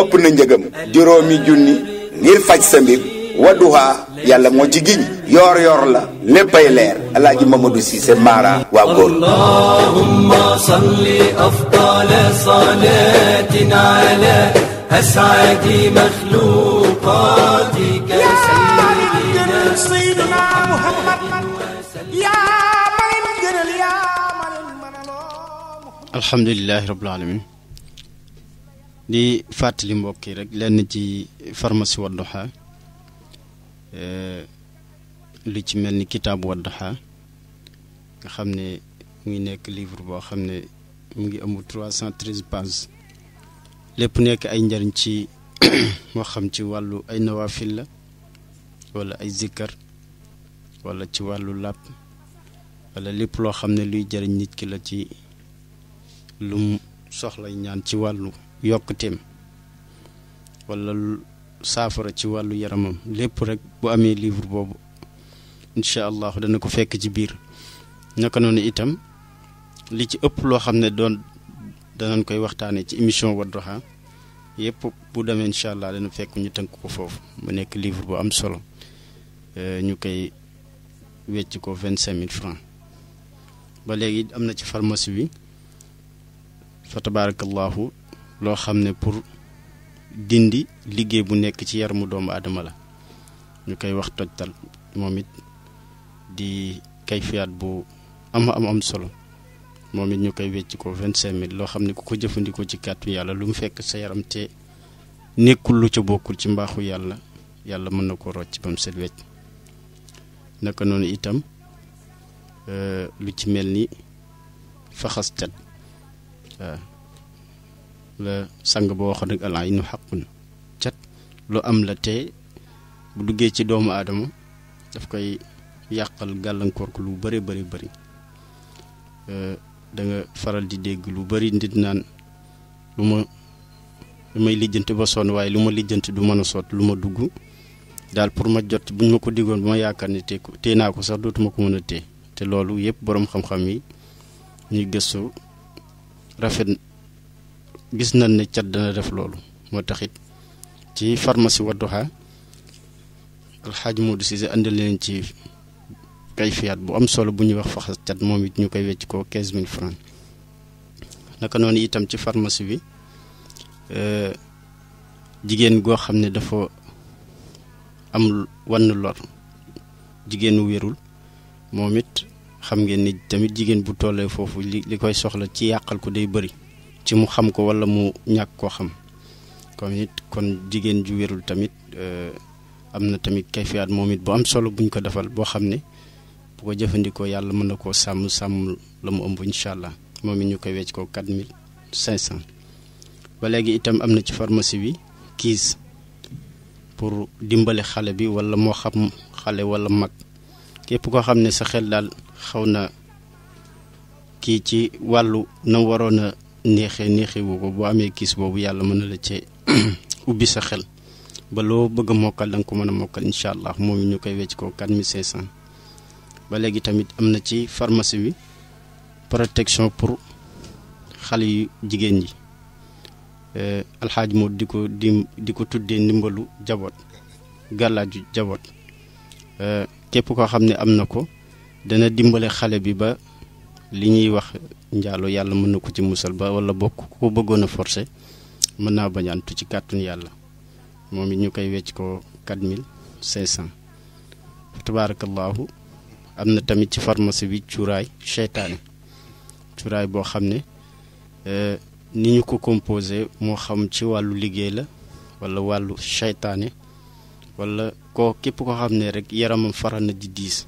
ëpp na njëgëm juróomi junni ngir faj sa mbir waduha yàlla moo ci giñ yor yor la léppay leer alaaji mamadou si cissé maara waa góor allahumma salli afdal salatin ala as'adi makhluqatika sayyidina muhammad ya man di fàttali mbokk yi rek lenn ci pharmacie Wadduha eh, lu ci mel ni kitaabu Wadduha nga xam ne mu ngi nekk livre boo xam ne mu ngi amul trois cent treize pages lépp nekk ay njariñ ci moo xam ci wàllu ay nawaafil la wala ay zikkar wala ci wàllu làpp walla lépp loo xam ne luy jariñ nit ki la ci lum soxla ñaan ci wàllu yokkuteem wala saafara ci wàllu yaramam lépp rek bu amee livre boobu incha allah dana ko fekk ci biir naka noonu itam li ci ëpp loo xam ne doon danañ koy waxtaanee ci émission Wadduha yëpp bu demee incha allah dana fekk ñu tënk ko foofu mu nekk livre bu am solo euh, ñu koy wecc ko vingt cinq mille francs ba léegi am na ci pharmacie bi fa tabarakallahu loo xam ne pour dindi liggéey bu nekk ci yaramu doomu aadama la ñu koy wax tojtal moom it di kayfiyaat bu am am am solo moom it ñu koy wecc ko vingt cinq mille loo xam ne ku ko jëfandikoo ci kàttu yàlla lu mu fekk sa yaram te nekkul lu ci bokkul ci mbaaxu yàlla yàlla mën na ko rocc ba mu set wecc naka noonu itam euh, lu ci mel ni faxastat waaw la sang ba waxoon rek alaa inu xaqun cat lu am la te bu duggee ci doomu aadama daf koy yàqal gàllankoor ko lu bëri bëri bëri euh, da nga faral di dégg lu bëri nit naan lu ma lu may lijjanti ba sonn waaye lu ma lijjant du mën a sotti lu ma dugg daal pour ma jot buñ ma ko diggoon ba ma yaakaar ni te ko tee naa ko sax dootuma ko mën a tee te loolu yëpp boroom xam-xam yi ñuy gëstu rafet gis nañ ne cat dana def loolu moo tax it ci pharmacie Wadduha alxaaj Modou Cissé andil leen ci kayfiyaat bu am solo bu ñuy wax faxas cat moom it ñu koy wecc koo quinze mille francs naka noonu itam ci pharmacie bi euh, jigéen goo xam ne dafa am wann lor jigéenu wérul moom it xam ngeen nit tamit jigéen bu tollee foofu li li koy soxla ci yàqal ko day bëri ci mu xam ko wala mu ñàkk koo xam comme it kon jigéen ju wérul tamit am na tamit kayfiyaat moom it bu am solo buñ ko defal boo xam ne bu ko jëfandikoo yàlla mën na koo sàmm sàmm la mu ëmb incha allah moom it ñu koy wecc ko 4500 ba léegi itam am na ci pharmacie bi kiis pour dimbale xale bi wala moo xam xale wala mag képp koo xam ne sa xel daal xaw na kii ci wàllu na waroon a neexee neexee woo ko boo amee kiis boobu yàlla mën na la ci ubbi sa xel ba loo bëgg a mokkal da nga ko mën a mokkal incha allah moom ñu koy wecc ko 4500 ba léegi tamit am na ci pharmacie bi protection pour xale yu jigéen yi euh, alxaaj moo di ko di di ko tuddee ndimbalu jaboot gàllaaju jaboot euh, képp koo xam ne am na ko dana dimbale xale bi ba li ñuy wax njaaloo yàlla mën na ko ci musal ba wala bokk ku ko bëggoon a forcé mën naa bañaantu ci kàttun yàlla moom it ñu koy wecc ko quatre mille cinq cent tabaarakallaahu am na tamit ci pharmacie bi cuuraay seytaane cuuraay boo xam ne euh, ni ñu ko composé moo xam ci wàllu liggéey la wala wàllu seytaane wala ko képp ko xam ne rek yaramam faral na di diis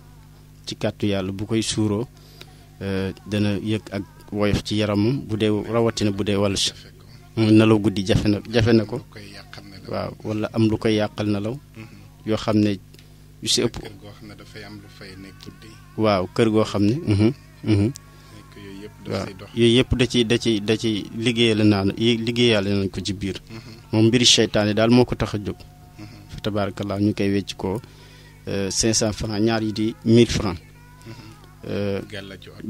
ci kàttu yàlla bu koy suuroo euh, dana yëg ak woyof ci yaramam bu dee rawatina bu dee wàllu si nelaw guddi jafe na jafe na ko waaw wala am lu koy yàqal nelaw yoo xam ne yu si ëpp waaw kër goo xam ne mhm, mhm. waaw yooyu yëpp da ci da ci da ci liggéeyal naan liggéeyal nañ ko ci biir moom mbiri seytaane daal moo ko tax a jóg fa tabaarakallaa ñu koy wecc ko euh, cinq cent francs ñaar yi di mille francs mhm. euh,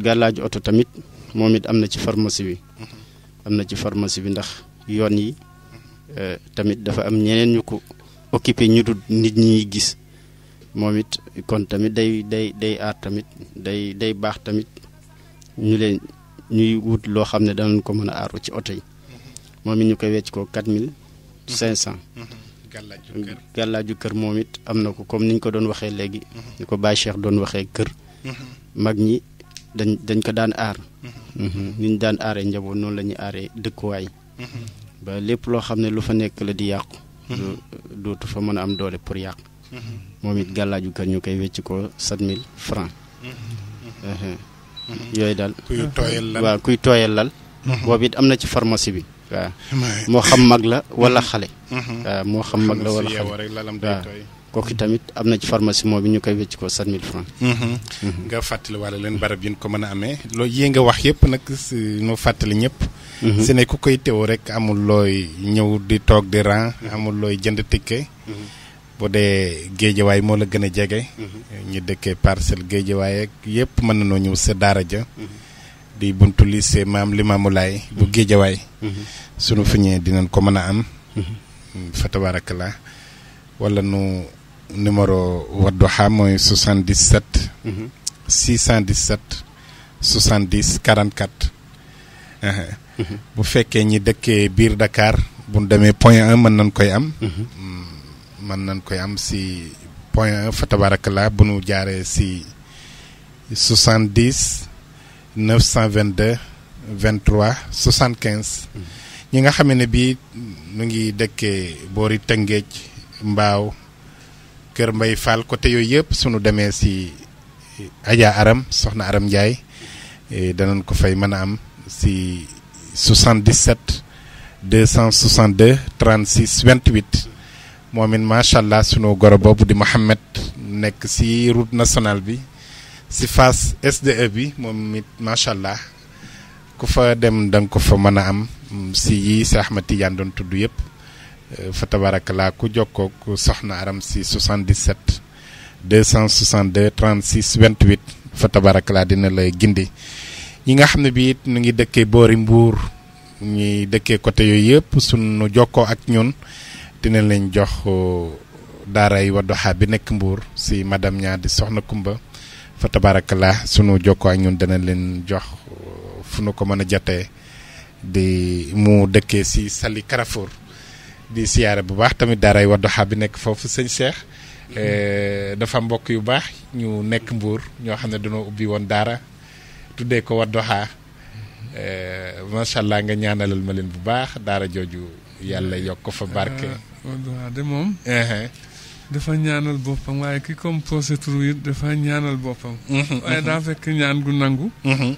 gàllaaju oto tamit moom it am na ci pharmacie bi am na ci pharmacie bi ndax yoon yi euh, tamit dafa am ñeneen ñu ko occupé ñu dul nit ñi gis moom it kon tamit day day day aar tamit day day baax tamit ñu leen ñuy wut loo xam ne danañ ko mën a aaru ci oto yi moom it ñu koy wecc ko quatre mille cinq cent gàllaaju kër moom it am na ko comme niñ ko doon waxee léegi ñu mhm. ko Baye Cheikh doon waxee kër mhm. mag ñi dañ dañ ko daan aar. Mm-hmm. Mm-hmm. ni ñu daan aaree njaboot noonu lañuy ñuy aaree dëkkuwaay. Mm-hmm. ba lépp loo xam ne lu fa nekk la di yàqu. dootu fa mën a am doole pour yàq. moom it gàllaaju kër ñu koy wecc ko sept mille francs. yooyu daal. kuy tooyal lal waaw kuy tooyal lal. boobu it am na ci pharmacie bi. waaw moo xam mag la wala xale. waaw moo xam mag la wala xale waaw. kooku tamit am na ci pharmacie moo bi ñu koy wécc ko 7000 francs mhm. Mhm. nga fàttali wala leen barab yi ñu ko mën a amee loo yee nga wax yépp nag ñu fàttali ñëpp. Mhm. su ne ku koy teew rek amul looy ñëw di toog di rang amul looy jënd tikke. bu dee géejawaay moo la gën a jege. ñu dëkkee parcelle géejawaay ak yëpp mën nañoo ñëw sa daara ja di buntu lycée maam Limaamu Laay bu géejawaay. sunu fu ñëwee dinañ ko mën a am. fa la wala nu. numéro Wadduha mooy 77. 617 70 44. bu fekkee ñi dëkkee biir Dakar bu ñu demee point 1 mën nañ koy am. Mhm. Mm, mën nañ koy am si point 1 fa tabarakallah bu nu jaaree si 70 922 23 75. ñi nga xam ne bii nu ngi dëkkee boori Tëngéej Mbaaw. Kër Mbay Fall côté yooyu yëpp sunu demee si Adja Aram soxna Aram Ndiaye e, danañ ko fay man a am si 77 262 36 28 moom it macha allah sunu goro boobu di Mouhamed nekk si route nationale bi si face SDE bi moom it macha allah ku fa dem da ko fa mën a am si yi si Ahmed Tidiane doon tudd yëpp. Euh, fa tabarakalaa ku jokkoog soxna aram si 77 262 36 28 fa tabarakalaa dina lay gindi ñi nga xam ne bi it ñu ngi dëkkee boori mbuur ñi dëkkee côté yooyu yëpp nu jokkoo ak ñun dina lañ jox daaray Wadduha bi nekk mbuur si madam ñaa di soxna kumba fa tabarakalaa sunu jokkoo ak ñun dina leen jox euh, euh, fu nu ko mën a jotee di mu dëkkee si Sali Carrefour di siyaare bu baax tamit daaray Wadduha bi nekk foofu sëñ Cheikh. Eh, dafa mbokk yu baax ñu nekk mbuur ñoo xam ne dañoo ubbi woon daara tuddee ko Wadduha eh, macha allah nga ñaanalal ma leen bu baax daara jooju yàlla yokk fa barke. Eh, Wadduha de moom. dafa ñaanal boppam waaye ki composé tur yi dafa ñaanal boppam. Mm-hmm, waaye mm-hmm. daa fekk ñaan gu nangu. Mm-hmm.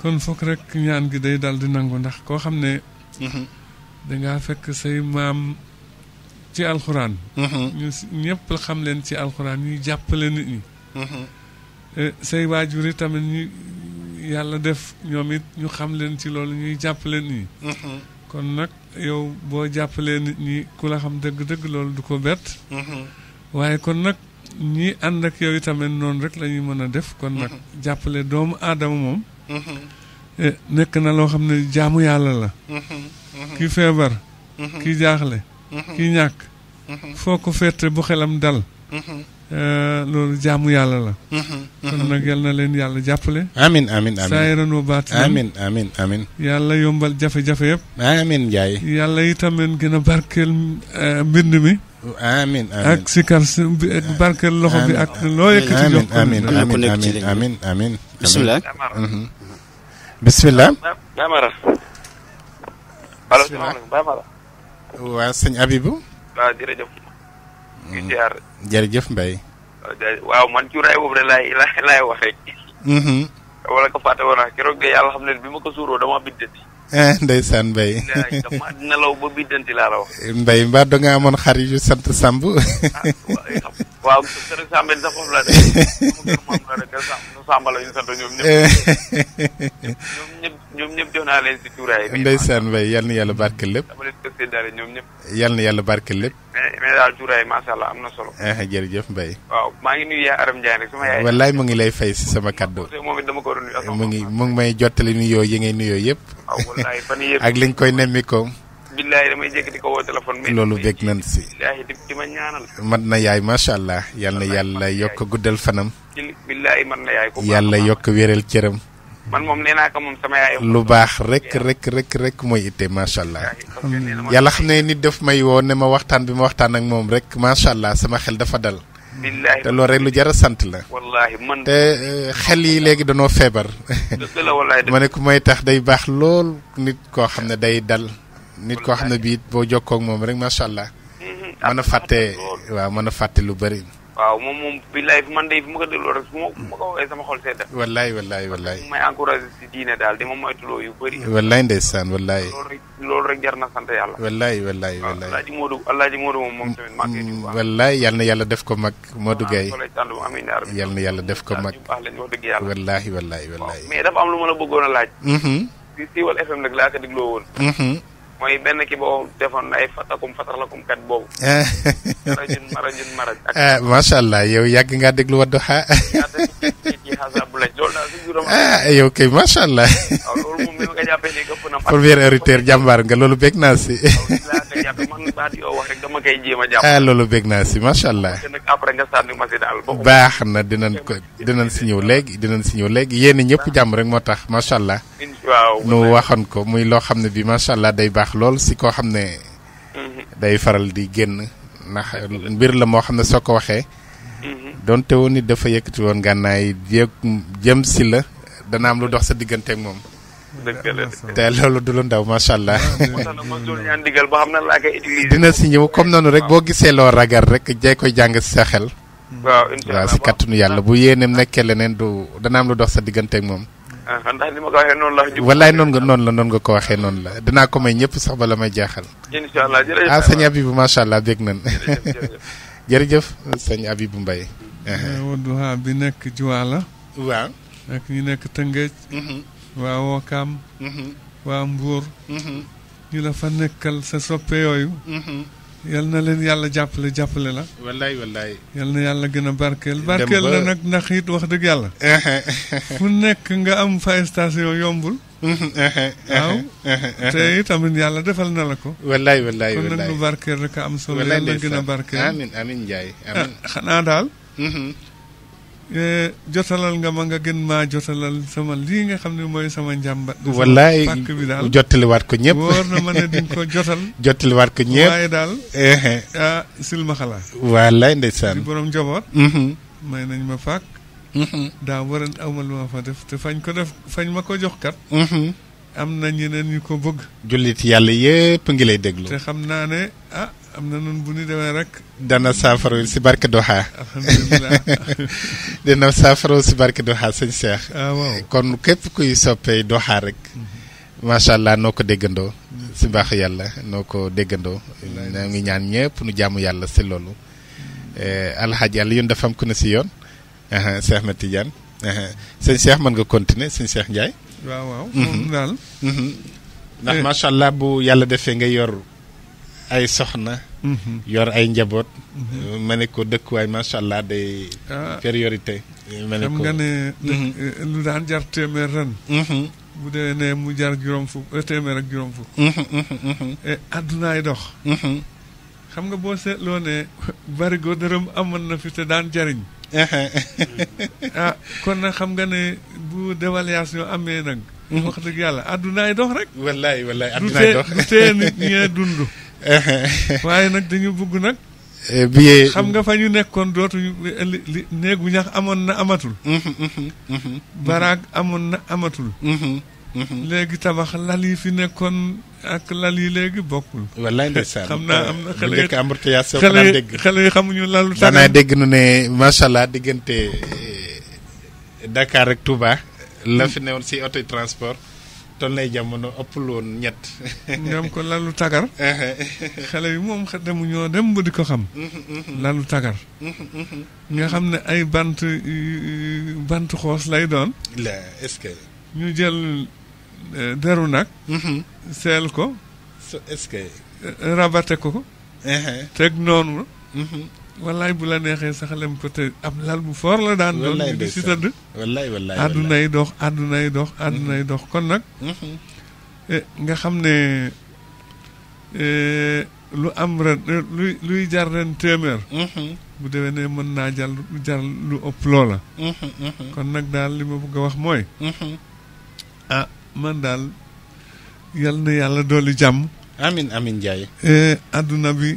kon foog rek ñaan gi day dal nangu ndax koo xam ne. dangaa fekk say maam ci alxuraan. Mm-hmm. ñu ñëpp xam leen ci alxuraan ñuy jàppale nit ñi. Mm-hmm. Eh, say waajur yi tamit ñu yàlla def ñoom it ñu xam leen ci loolu ñuy jàppale nit ñi. Mm-hmm. kon nag yow boo jàppalee nit ñi ku la xam dëgg-dëgg loolu du ko bett. waaye kon nag ñi ànd ak yow itamit noonu rek la mën a def. kon nag jàppale doomu aadama moom. Eh, nekk na loo xam ne jaamu yàlla la. kii feebar kii jaaxle kii ñàkk foo ko fette bu xelam dal eh, loolu jaamu yàlla la kon nag yal na leen yàlla jàppale amin amin amin yàlla yombal jafe-jafe yëpp amin njaay yàlla itamit gën a barkeel eh, mbind mi amin amin ak sikar si barkeel loxo bi ak loo yëkkati jox bismillah allo salaamaaleykum ma Mara. waaw sëñ Abibou. waaw jërëjëf. di mm. ziar. jërëjëf Mbaye. waaw man cuuraay boobu de laay laay laay wax rek. Mm-hmm. wala ko fàtte woon naa keroog de yàlla xam ne bi ma ko suuroo dama bindati. Eh, ndeysaan mbay dama nelaw ba biddanti laa la wax mbay mbaa da nga amoon xarit yu sant samb ah, waaw sëriñ sambe sax foofu la samba la ñu sant eh. ñoom ñëpp ñoom ñëpp jox naa leen si kelip bi ndeysaan mbay yal na yàlla barke lépp dama leen tëg seen daale ñoom ñëpp yal na yàlla barke lépp mais daal tuuraay macha allah am na solo eh, jërëjëf mbay waaw maa ngi nuyu yaa aram njaay rek sama yaay wallaay mu ngi lay fay si sama kaddu moom it dama ko doon nuyu mu ngi mu ngi may jottali nuyoo yi ngay nuyoo yëpp ak li nga koy nemmi ko loolu bég nañ si. mat na yaay macha allah. yal na yàlla yokk guddal fanam. billahi man yàlla yokk wéral cëram. man lu baax rek rek rek rek mooy itte macha allah. yàlla xam ne nit daf may woo ne ma waxtaan bi ma waxtaan ak moom rek macha allah sama xel dafa dal. te loolu rek lu jar a sant la. wallaahi man te eh, xel yi léegi danoo feebar. ma ne ku may tax day baax lool nit koo xam ne day dal. nit koo xam ne bii boo jokkoo ak moom rek macha allah. Mhm. mën a fàtte waaw mën a fàtte lu bëri. waaw moom moom billaay man de fi ma ko dégloo rek su ma ma ko waxee sama xol sedda wallaay wallaay wallaay may encouragé si diine daal ma moytuloo yu bëri loolu rek loolu rek jar na sant yàlla wallaay wallaay wallaay alaaji Modou alaaji Modou moom moom tamit manqué di wallaay yal na yàlla def ko mag Modou Gueye yal na yàlla def ko mag wallaay wallaay wallaay mais dafa am lu ma la bëggoon a laaj mhm. si siiwal FM laa ko dégloo woon mhm. mooy benn ki boo defoon ay fatakum fatalakum kat boobu. marajun marajun maraj. ak eh, macha allah yow yàgg ngaa déglu Wadduha. ah yow kay macha allah. waaw loolu moom nga loolu bég naa si. ma koy ah loolu bég naa si macha allah. nag après nga sànni ma baax na dinañ ko dinañ si ñëw léegi dinañ si ñëw léegi yéen ñëpp jàmm rek moo tax macha allah. waaw nu waxoon ko muy loo xam ne bi macha allah day baax lool si koo xam ne. Mhm. day faral di génn ndax mbir la moo xam ne soo ko waxee. Mhm. donte woon ni dafa yëkkati woon gànnaay jéeg jëm si la dana am lu dox sa diggante ak moom. dëgg la te loolu du lu ndaw macha allah. dina si ñëw comme noonu rek boo gisee loo ragal rek jay koy jàng si sa xel. Hmm. waaw incha allah waaw yàlla bu yéeneem nekkee leneen du dana am lu dox sa digganteeg moom. Ah, ah, ndax ni ma noonu la. wallaay noonu nga noonu la noonu nga ko waxee noonu la dinaa ko may ñëpp sax ba la may jaaxal. incha allah jërëjëf ah sëñ Habib macha allah dégg nañ. jërëjëf sëñ Habib Mbaye. Eh, bi nekk Juwaala. waaw ak ñi nekk Tëngéej. Mm-hmm. waa Wokam. Mm-hmm. waa Mbour. Mm-hmm. ñu la fa nekkal sa soppe yooyu. Mm-hmm. yal na leen yàlla jàppale jàppale la. wallaay wallaay. yal na yàlla gën a barkeel. barkeel la nag ndax it wax dëgg yàlla. fu nekk nga am fa station yombul. waaw. te tamit yàlla defal na la ko. wallaay wallaay wallaay kon nag lu barkeel rek a am solo. wallaay yàlla gën a barkeel amiin amiin Ndiaye ah, xanaa daal. Eh, jotalal nga ma nga gën maa jotalal sama lii nga xam ne mooy sama njàmbat. wallaay jottaliwaat ko ñëpp wóor na ma ne di ko jotal. jottaliwaat ko ñëpp waaye daal. ah silmaxala. wallaay ndeysaan di borom njaboot. Mm-hmm. may nañ ma fàkk. Mm-hmm. daa waran amal ma fa def te fañ ko def fañ ma ko jox kat. Mm-hmm. am na ñeneen ñu ko bëgg. jullit yàlla yépp ngi lay déglu. te xam naa ne ah, am na nun bu ñu demee rek. dana saafara si barke Doxa. alhamdulilah dana saafara si barke Doxa sëñ Cheikh. Ah, kon képp kuy soppee Doxa rek. Mhm. macha allah noo ko déggandoo. si mbaax yàlla noo ko déggandoo. na ngi ñaan ñëpp nu jàmm yàlla si loolu. Eh, alxaaj yàlla yoon dafa am ku si yoon. Cheikh na Tidiane. sëñ Cheikh mën nga continuer sëñ Cheikh Ndiaye. waaw waaw mhm. mhm. ndax eh. macha allah bu yàlla defee nga yor. ay soxna. Mm-hmm. yor ay njaboot. Mm-hmm. ma ne ko dëkkuwaay macha allah de ah. priorité. ma ne ko xam nga ne. Mm-hmm. lu daan jar téeméer ren. bu dee ne mu jar juróom fukk eh, téeméer ak juróom fukk. addunaay eh, dox. xam nga boo seetloo ne barigo dërëm amoon na fi te daan jariñ. ah kon nag xam nga ne bu dévaluation amee nag. wax dëgg yàlla addunaay dox rek. wallaay wallaay addunaay dox du tee du tee nit ñee dund. waaye nag dañu bëgg nag. Eh, billet xam nga fa ñu nekkoon dootuñu li néegu ñax amoon na amatul. Mhm, mhm, mhm. baraag amoon na amatul. léegi tabax lal yi fi nekkoon ak lal yi léegi bokkul. wallaay ndeysaan xam naa am na eh, xale yi xale yi xamuñu lalu. tànn daanaa dégg nu ne macha allah diggante eh, dakaar rek Touba. la fi newoon si oto transport. toll nay jamono ëppul loon ñett. ñoom ko lalu tagar. xale yi moom xam ne ñoo dem ba di ko xam. lalu tagar. nga xam ne ay bant bant xoos lay doon. la est ñu jël e, deru nag. Mhm. seel ko. est-ce que. rabate ko ko. Uh-huh. teg noonu. Mhm. wallaay bu la neexee sax lem ko te am lal bu foor la daan doon ñu di si tëdd wallaay wallaay àddunay dox àddunay dox àddunay dox kon nag mm-hmm. e, nga xam ne e, lu am ren e, luy jar ren téeméer mm-hmm. bu demee ne mën naa jar jar lu ëpp loola mm-hmm, kon nag daal li ma bëgg a wax mooy ah man daal yal na yàlla dooli jàmm amin amin Ndiaye adduna bi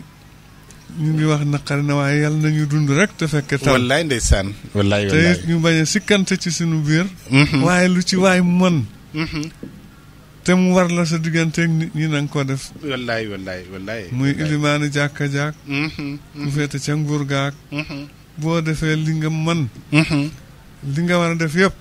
ñu ngi wax naqari na waaye yàlla nañu dund rek te fekke tal wallaay ndeysaan wallaay te ñu bañ a sikkante ci suñu biir mhm. waaye lu ci waay mën mhm. te mu war la sa digganteeg nit ñi na nga ko def wallaay wallaay wallaay muy ilimaani jàkka jàkk ku féete ca nguur gaak mhm. boo defee li nga mën li nga war a def yëpp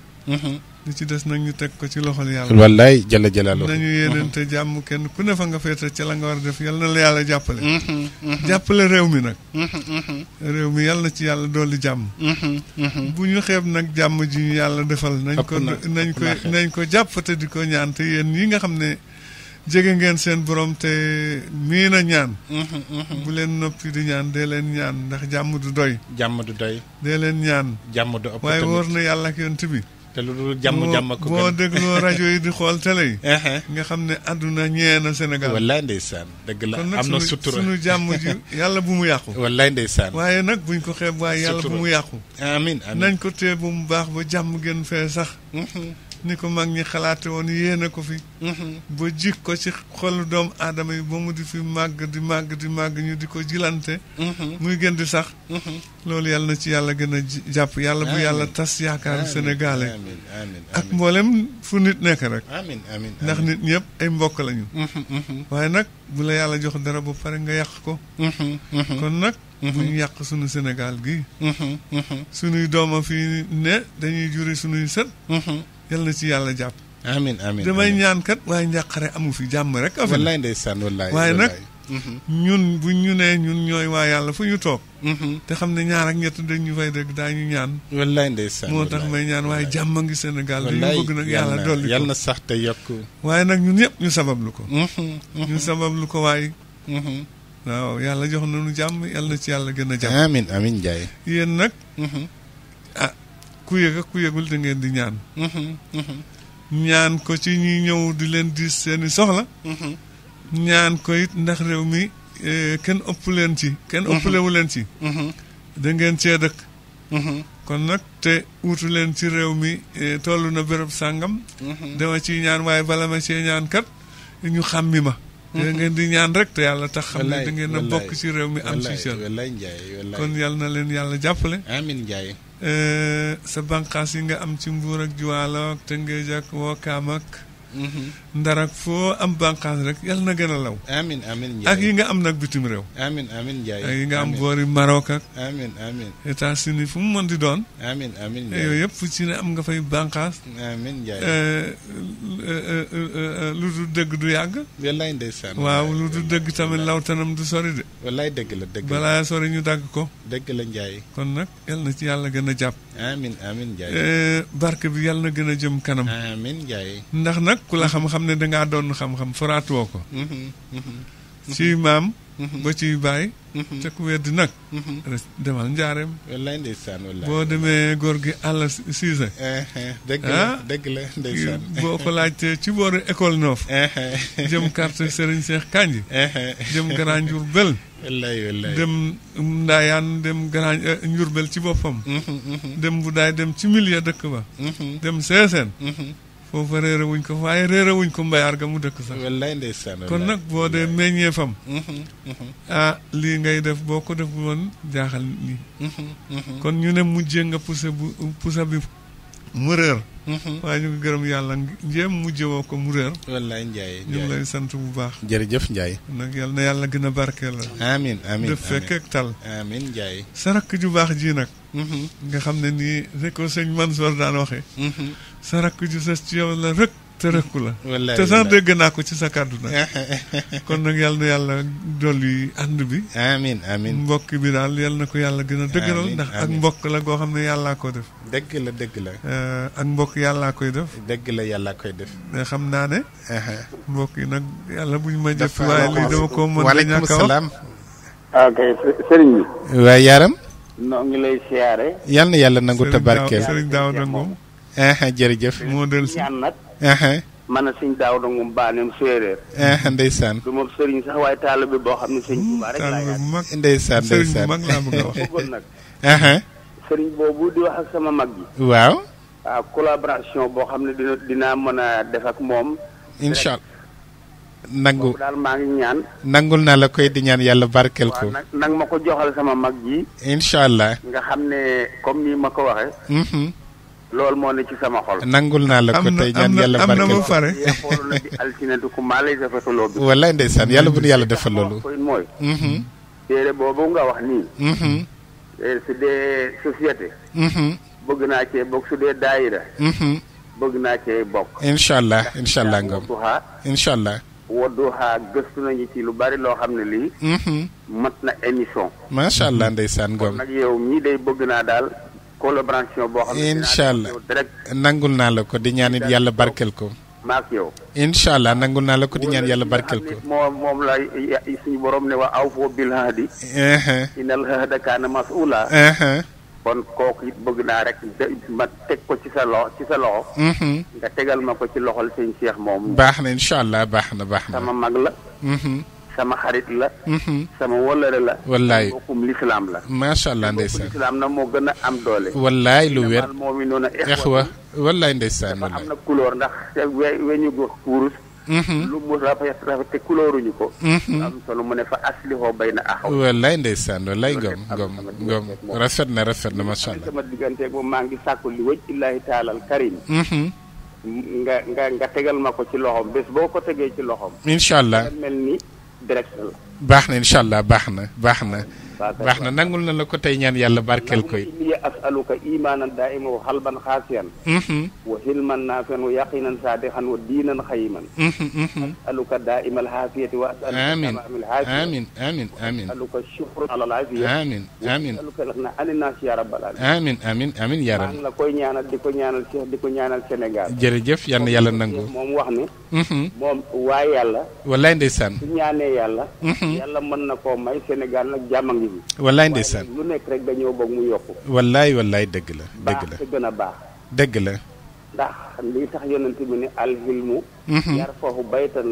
li ci des nag ñu teg ko ci loxol yàlla. wallaay jalla jalaalu nañu yéeneente jàmm kenn ku ne fa nga féete ci la nga war def yal na la yàlla jàppale. Mm-hmm, mm-hmm. jàppale réew mi nag. Mm-hmm, réew mi yàlla ci yàlla dolli jàmm. bu ñu xeeb nag jàmm ji ñu yàlla defal. nañ ko nañ ko nañ ko jàpp di ko ñaan te yéen yi nga xam ne jege ngeen seen borom te mii na ñaan. bu leen noppi di ñaan dee leen ñaan ndax jàmm du doy. jàmm du doy. dee leen ñaan. jàmm du waaye wóor na yàlla ak yonent bi te lu dul jàmm jàmm. ko boo dégloo rajo yi di xool télé yi. Uh-huh. nga xam ne àdduna ñeena Sénégal. wallaay ndeysaan dëgg la am na sutura kon nag jàmm yàlla bu mu yàqu. wallaay ndeysaan. waaye nag buñ ko xeeb waaye yàlla bu mu yàqu. amiin nañ ko téye bu mu baax ba jàmm gën fee sax. Uh-huh. ni ko mag ñi xalaate woon yéen ko fi mm-hmm. ba jik ko ci xolu doom aadama yi ba mu di fi màgg di màgg di màgg ñu di ko jilante mm-hmm. muy gën di sax mm-hmm. loolu yàlla na ci yàlla gën a jàpp yàlla bu yàlla tas yaakaaru sénégalais ak mboolem fu nit nekk rek ndax nit ñëpp ay mbokk lañu waaye nag bu la yàlla jox dara ba pare nga yàq ko kon nag bu yàq sunu senegal gi suñuy dooma fii ne dañuy juri suñuy sët yàlla na ci yàlla jàpp. amiin amiin damay ñaan kat waaye njàqare amu fi jàmm rek. affaire wallaay ndeysaan wallaay waaye nag. Mhm. ñun bu ñu nee ñun ñooy waaye yàlla fu ñu toog. Mhm. te xam ne ñaar ak ñett dañ ñu fay dëgg daañu ñaan. wallaay ndeysaan moo tax may ñaan waaye jàmm a ngi Sénégal. wallaay dañu bëgg nag yàlla dolli ko yàlla na sax te yokk. waaye nag ñun ñëpp ñu sabablu ko. Mhm, ñu sabablu ko waaye. yàlla jox nañu jàmm yàlla ci yàlla gën a jàmm. amiin nag. ku yëg ak da ngeen di ñaan. Mm-hmm, mm-hmm. ñaan ko ci ñuy ñëw di leen di seeni soxla. Mm-hmm. ñaan ko it ndax réew mi eh, kenn ëpp leen ci. kenn ëpplewu leen ci. da ngeen cee dëkk. kon nag te wutu leen ci réew mi eh, toll na béréb sàngam. dama ciy ñaan waaye bala ma cee ñaankat ñu xàmmi ma. da di ñaan rek te yàlla tax xam ne da ngeen bokk ci réew mi am. ci cër kon yàlla na leen yàlla jàppale. Eh, sa banqaas yi nga am ci mbuur ak juwaalo ak tëngéej ndar ak foo am bànqaas rek yàlla na gën a law. amiin amiin Ndiaye ak yi nga am nag bitim réew. amiin amiin Ndiaye ak yi nga am boori Maroc ak. amiin amiin États-Unis fu mu mën di doon. amiin amiin eh, yëpp fu ci ne am nga fay bànqaas. amiin Ndiaye. Eh, eh, lu du dëgg du yàgg. wallaay waaw lu du dëgg tamit lawtanam du sori de. la dëgg balaa sori ñu dagg ko. dëgg Ndiaye. kon nag yàlla na ci yàlla gën a jàpp. amiin amiin Ndiaye. bi yàlla na gën a jëm kanam. ndax nag. ku la xam-xam ne dangaa doon xam-xam foraatuwoo ko ci maam ba ciy bàyyi te ku wedd nag demal njaareem boo demee góor gi àll siise ah? boo ko laajtee ci booru école noof jëm carte Serigne Cheikh Kanji jëm Grand Diourbel wallaay wallaay dem ndaayaan dem Grand eh, Diourbel ci boppam uhuh, uhuh. dem bu daay dem ci millier dëkk ba uhuh. dem seeseen foofa réere wuñ ko waaye réere wuñ ko mbayaar ga mu dëkk sax. wallaay ndeysaan kon nag boo dee meññee fam. Mm-hmm, mm-hmm. ah lii ngay def boo ko def woon jaaxal nii. Mm-hmm, kon ñu ne mujjee nga pousse bu pousse bi. mu réer. Mhm. waaye ñu ngi gërëm yàlla njéem mujj woo ko mu réer. wallaay Ndiaye ñu lay sant bu baax. jërëjëf Ndiaye. nag yàlla na yàlla gën a barkeel la. amiin amiin def fekk ak tal. Ndiaye. sa rakk ju baax ji nag. Mhm. nga xam ne ni ne ko man Mansour daan waxee. Mhm. sa rakk ju sës ci yow la rek. tërëku la te sax dégg naa ko ci sa kàddu nag kon nag yàlla na yàlla dolli ànd bi amiin amiin mbokk bi daal yàlla na ko yàlla gën a ndax ak mbokk la goo xam ne yàllaa ko def dëgg la la eh, ak mbokk yàlla koy def dëgg la yàllaa koy def eh, xam naa ne mbokk yi nag yàlla buñ ma jëf waaye lii dama ko mën a ñàkk wax sëriñ bi waaye yaaram yàlla nagu tabarkeel sëriñ daaw nangu jërëjëf moo del si man a sëñ daaw dongum baaneem séeréer ndeysaan du moom sëriñ sax waaye taal boo xam ne sëñ Tuubaa rek laa ndeysaan a wax bëggoon sëriñ boobu di wax ak sama mag ji waaw waaw ah, collaboration boo xam ne dina dinaa mën a def ak moom incha allah nangu daal maa ngi ñaan nangul naa la koy di ñaan yàlla barkeel ko nag ma ko joxal sama mag ji incha allah nga xam ne comme ni ma ko waxe mm-hmm. loolu moo ne ci sama xol. nangul naa la ko tey ñaan yàlla barkeel ko am na am na fare. walaay ndeysaan yàlla bu nu yàlla defal loolu. Mm-hmm. téere boobu nga wax nii. Mm-hmm. Eh, su dee société. Mm-hmm. bëgg naa cee bokk su dee daayira. bëgg naa cee bokk. incha allah incha allah ngam incha allah. Wadduha gëstu nañu ci lu bari loo xam ne lii. mat na émission. macha ndeysaan ngam. nag day bëgg naa daal. collaboration boo xam ne incha allah nangul naa la ko di ñaan it yàlla barkel ko. maak yow. incha allah nangul naa la ko di ñaan yàlla barkel ko. moom moom la suñu borom ne waa aw foo bil hadi. inal hada kaana mas'uula. kon kooku naa rek ma teg ko sa loxo ko ci loxol baax na baax na baax na. sama mag la. sama xarit la. Mhm. sama wolore la. wallaay mbokkum lislaam la. macha allah ndeysaan lislaam na moo gën a am doole. wallaay lu wér moom mi noonu exwa wallaay ndeysaan wallaay am na couleur ndax we weñu ko kurus. Mhm. lu mu rafet ko. Mhm. am mu ne fa aslihoo bay na axaw. wallaay ndeysaan wallaay ngom ngom ngom rafet na rafet na macha allah. sama diggante moom maa ngi sàkku li wëj illaahi taalal karim. nga nga nga tegal ma ko ci loxoom bés boo ko tegee ci loxoom. incha allah direct la. baax na incha allah baax na baax na. baax na nangul na la ko tey ñaan yàlla barkeel koy inni asaluka imaanan daaima wa xalban xaasiyan mhm. wa xilman naafian wa yaqinan saadixan wa diinan xayiman mhm, mhm. asaluka daaima alxaafiyati wa asaluka tamaam alxaafiya amin amin amin asaluka shukran ala alaafiya amin amin asaluka la na ani naas ya rabbal alamin amin amin amin yaa rabbi maa ngi la koy ñaanal di ko ñaanal Cheikh di ko ñaanal Sénégal jërëjëf yal na yàlla nangu moom wax ne moom waa yàlla wallaay ndeysaan su ñaanee yàlla mën na koo may Sénégal nag jàmm a bi. wallaay ndeysaan lu nekk rek dañoo bëgg mu yokk wallaay wallaay dëgg la. dëgg la a baax. dëgg la. ndax li tax yonent bi ne alhilmu.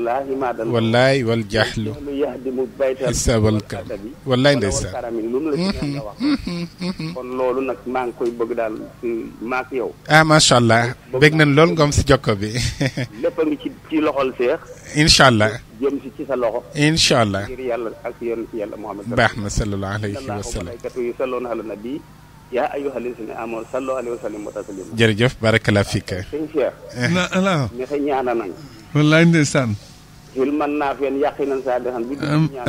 laa himaadan. wallaay wal jahlu. lu yahdimu baytan isabal kam wallaay ndeysaan lu mu la ci mhm, mhm, mhm. kon loolu nag maa ngi koy bëgg daal mm, maa ak yow. ah macha allah. bëgg nañ lool ngoom si jokko bi. lépp a ngi ci ci loxol seex. incha allah. jëm si ci sa loxo. incha allah ngir yàlla ak yoon si yàlla Muhammad. baax na sallallahu alayhi wa sallam yi salloon ala nabi yaa ayyuhal lazina amanu sallu alayhi wa sallimu taslima. jërëjëf barakallahu fiik. sëñ Cheikh. na ala. ilman naafiyan yaqinan saadiqan bi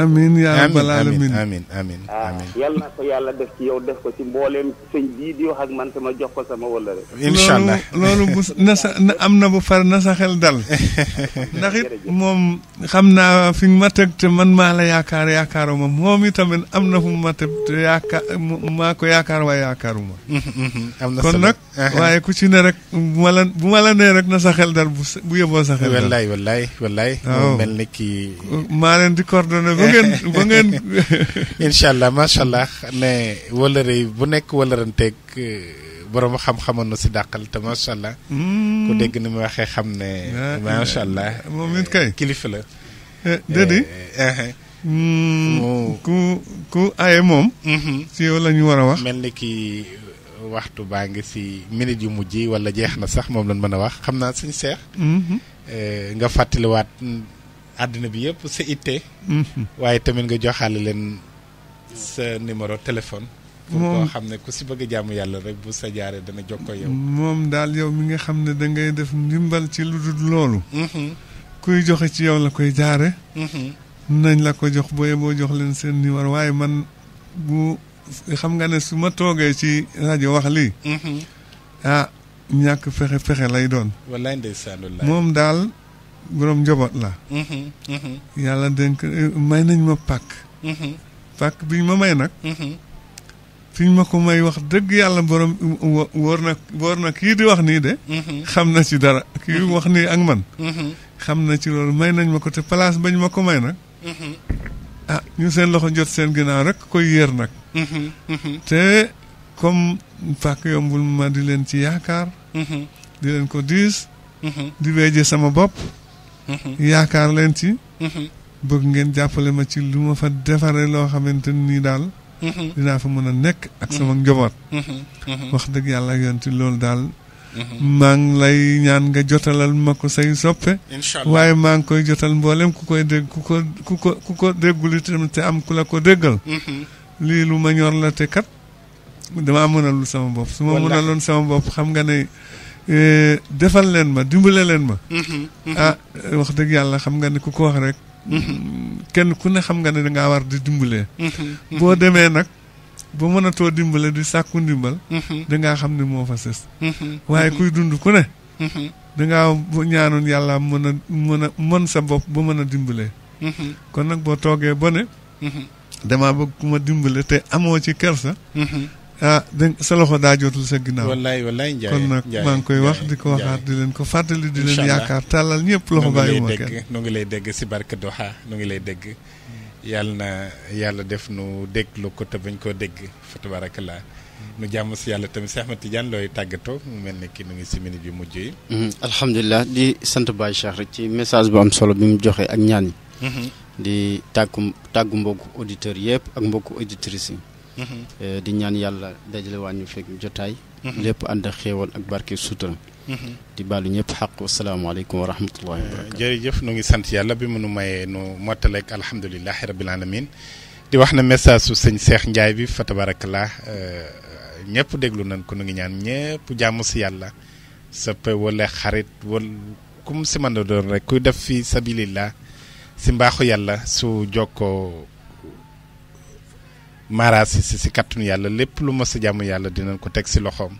amiin yaa rabbal aalamiin amiin amiin amiin ah, yàlla def yow def ko ci mbooleem ak man sama jox ko sama wala allah loolu bu na am na bu far na sa xel dal ndax moom xam naa fi ma teg te man maa la yaakaar yaakaaruma moom itamit am na fu ma teg te yaakaar maa ko yaakaar waaye yaakaaruma am nag waaye ku ci rek bu ma la bu ma la nee rek na sa xel dal bu yeboo sa xel dal waaw mel ni kii. maa leen di coordonné ba ngeen ba ngeen. incha allah macha allah ne bu nekk wëllëranteeg euh, borom xam-xamoon na si dàqal te macha allah. Hmm. ku dégg ni mu waxee xam ne. macha allah moom kay euh, kilifa la. Eh, déedéet. Euh, eh, eh. Hmm. ku ku aye moom. Mhm. si yow la war a wax. mel ni kii waxtu baa ngi si minute yu mujj wala jeex na sax moom lañ mën a wax xam naa suñu mhm. seex. nga fàttaliwaat àddina bi yëpp sa itte. Mhm. waaye tamit nga joxaale leen sa numéro téléphone. moom koo xam ne ku si bëgg jaamu yàlla rek bu sa jaaree dana jokkoo yow. moom daal yow mi nga xam ne da ngay def ndimbal ci lu dul loolu. Mhm. kuy joxe ci yow la koy jaare mhm. nañ la ko jox booyee boo jox leen seen numéro waaye man bu xam nga ne su ma toogee ci rajo wax lii. ah ñàkk fexe fexe lay doon. wallaay moom daal. borom njaboot la mm-hmm, mm-hmm. yàlla dénk may nañ ma pàkk mm-hmm. pàkk biñ ma may nag fiñ ma ko may wax dëgg yàlla borom wóor na wóor na kii di wax nii de xam na ci dara kii wax nii ak man xam na ci loolu may nañ ma ko te place bañ ma ko may nag ah ñu seen loxo jot seen ginnaaw rek koy yéer nag te comme pàkk yombul ma di leen ci yaakaar di leen ko diis di weeje sama bopp yaakaar leen ci. Mhm. bëgg ngeen jàppale ma ci lu ma fa defaree loo xamante nii daal. Mhm. dinaa fa mën a nekk ak mhm. sama njaboot. wax dëgg yàlla ak ci loolu daal. maa ngi lay ñaan nga jotalal ma ko say soppe. waaye maa ngi koy jotal mboolem ku ko dégg ku ko ku ko ku ko déggul itam te am ku la ko déggal. lii lu ma ñor la te kat damaa mënalul sama bopp. su ma mënaloon sama bopp xam nga ne. Eh, defal leen ma dimbale leen ma. Mm-hmm, mm-hmm. ah wax dëgg yàlla xam nga ne ku ko wax rek. Mm-hmm. kenn ku ne xam nga ne dangaa ngaa war di dimbalee. boo demee nag ba mënatoo dimbale di sàkku ndimbal. da ngaa xam ne moo fa sës. waaye kuy dund ku ne. da ngaa ñaanoon yàlla mën a mën a mën sa bopp ba mën a dimbalee. kon nag boo toogee ba damaa bëgg ku ma dimbale te amoo ci kersa. ah dégg sa loxo daa jotul sa ginnaaw. wallaay wallaay Ndiaye kon maa ngi koy wax di ko waxaat di leen ko fàttali di tàllal ñëpp loxo bàyyi ma ngi lay dégg si barke Doha nu ngi lay dégg yàlla na yàlla def nu déglu ko te bañ koo dégg fa tabarakallah jàmm si yàlla tamit Cheikh Ahmed Tidiane looy tàggatoo mu mel ne kii nu ngi si yu mujj yi. Mm-hmm. di sant Baye Cheikh ci message bu solo bi mu joxe ak ñaan yi. Mm-hmm. di tàggu tàggu mbokku auditeurs yëpp ak mbokku auditrices yi. Mm-hmm. Eh, di ñaan yàlla dajale waa ñu fekk jotaay. Mm-hmm. lépp ànd ak xéewal ak barke sutura. Mm-hmm. di baalu ñëpp xaq wasalaamaaleykum wa rahmatullahi wa eh, barakatu jërëjëf nu ngi sant yàlla bi mu nu mayee nu mottaleeg alhamdulilahi rabil alamin di wax na message su sëñ Cheikh Ndiaye bi fa tabarakallah eh, ñëpp déglu nañ ko nu ngi ñaan ñëpp jàmm si yàlla sëppe wala xarit wala kum si mën a doon rek kuy def fi sabilillah si mbaaxu yàlla su jokkoo Mara si kàttanu yàlla lépp lu mos a jàmm yàlla dinañ ko teg si loxoom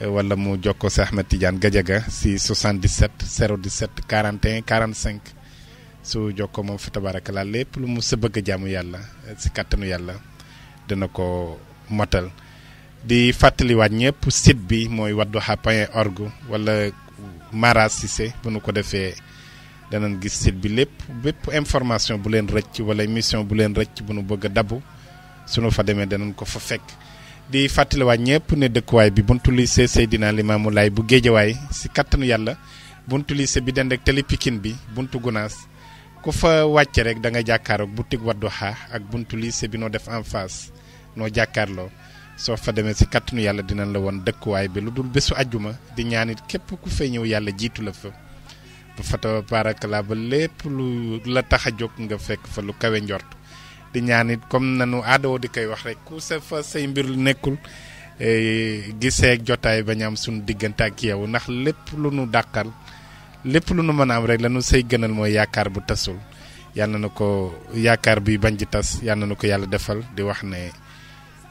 eh, wala mu jokkoo si Ahmed Tidiane Gadiaga si 77 017 41 45 su jokkoo moom fi tabaarakalaa lépp lu mos a bëgg a jàmm yàlla eh, si kàttanu yàlla dina ko motal. di fàttaliwaat ñëpp site bi mooy wadduha point org wala Mara Cissé bu nu ko defee danañ gis site bi lépp bépp information bu leen rëcc wala émission bu leen rëcc bu nu bëgg a dabu. sunu fa demee danañ ko fa fekk di fàttaliwaat ñëpp ne dëkkuwaay bi buntu lycée Seydina Limamou Laye bu Géejawaay si kattanu yàlla buntu lycée bi dend ak tali Pikine bi buntu Gunaas ku fa wàcce rek da nga jàkkaaroog boutique Wadduha ak buntu lycée bi noo def en face noo jàkkaarloo soo fa demee si kattanu yàlla dinañ la woon dëkkuwaay bi lu dul bésu ajjuma di ñaanit képp ku fay ñëw yàlla jiitu la fa. bu fa tabaaraka ba lépp lu la tax a jóg nga fekk fa lu kawe di ñaan it comme nanu aadoo di koy wax rek ku sa fa say mbir lu nekkul eh, gisee ak jotaay ba ñu am suñu diggante ak yow ndax lépp lu nu dàqal lépp lu nu mën a am rek lanu say gënal mooy yaakaar bu tasul yàlla na ko yaakaar bi bañ ci tas yàlla na ko yàlla defal di wax ne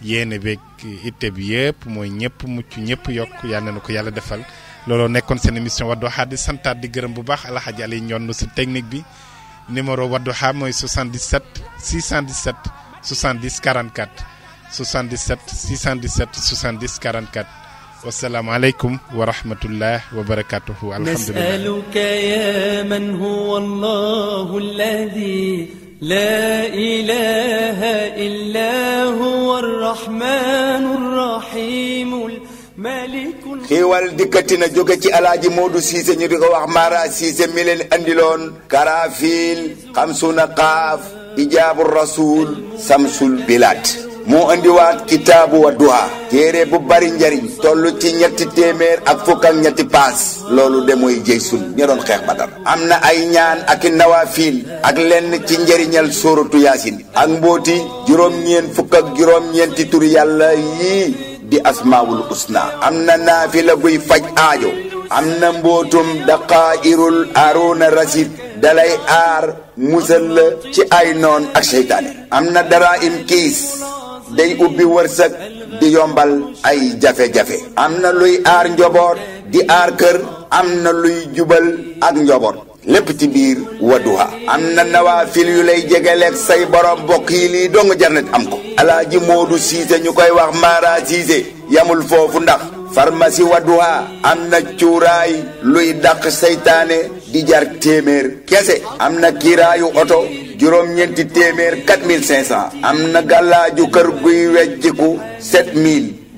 yéene beeg itte bi yëpp mooy ñëpp mucc ñëpp yokk yàlla na ko yàlla defal looloo nekkoon seen émission Wadduha di santaat di gërëm bu baax El Hadj Aliou ñoon si technique bi. numéro waddu ha moy 77 617 70 44 77 617 70 44 والسلام عليكم ورحمة الله وبركاته نسألك يا من هو الله الذي لا إله إلا هو الرحمن الرحيم xiiwal dikkati na jóge ci alaaji Moodu Siise ñu di ko wax Mara Siise mi leen andiloon karafiil xamsuna xaaf ijaabu rasul samsul bilaat moo andiwaat kitaabu wa duha téere bu bari njariñ toll ci ñetti téeméer ak fukk ak ñetti paas loolu de mooy jëy sun ña doon xeex Badar am na ay ñaan ak nawafiil ak lenn ci njariñal sóoratu yaasin ak mbóoti juróom-ñeen fukk ak juróom-ñeenti turi yàlla yii di asmaawul usna am na naafila guy faj aajo am na mbootum daqaa'irul aaroona rasid dalay aar musal la ci ay noon ak seytaane am na dara im kiis day ubbi wërsëg di yombal ay jafe-jafe am na luy aar njoboot di aar kër am na luy jubal ak njoboot lépp ci biir Wadduha am na nawaafil yu lay jegeleeg say borom mbokk yi lii dong jar am ko alaaji Moodu Siise ñu koy wax Mara Siise yamul foofu ndax pharmacie Wadduha am na cuuraay luy daq seytaane di jar téeméer kese am na kiiraayu oto juróom-ñeenti téeméer 4500 am na gàllaaju kër guy wejjiku 7000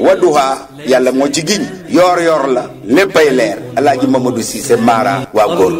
wadduha yàlla moo ci giñ yoor yor la léppay leer alaaji mamadou Cissé Mara waa góor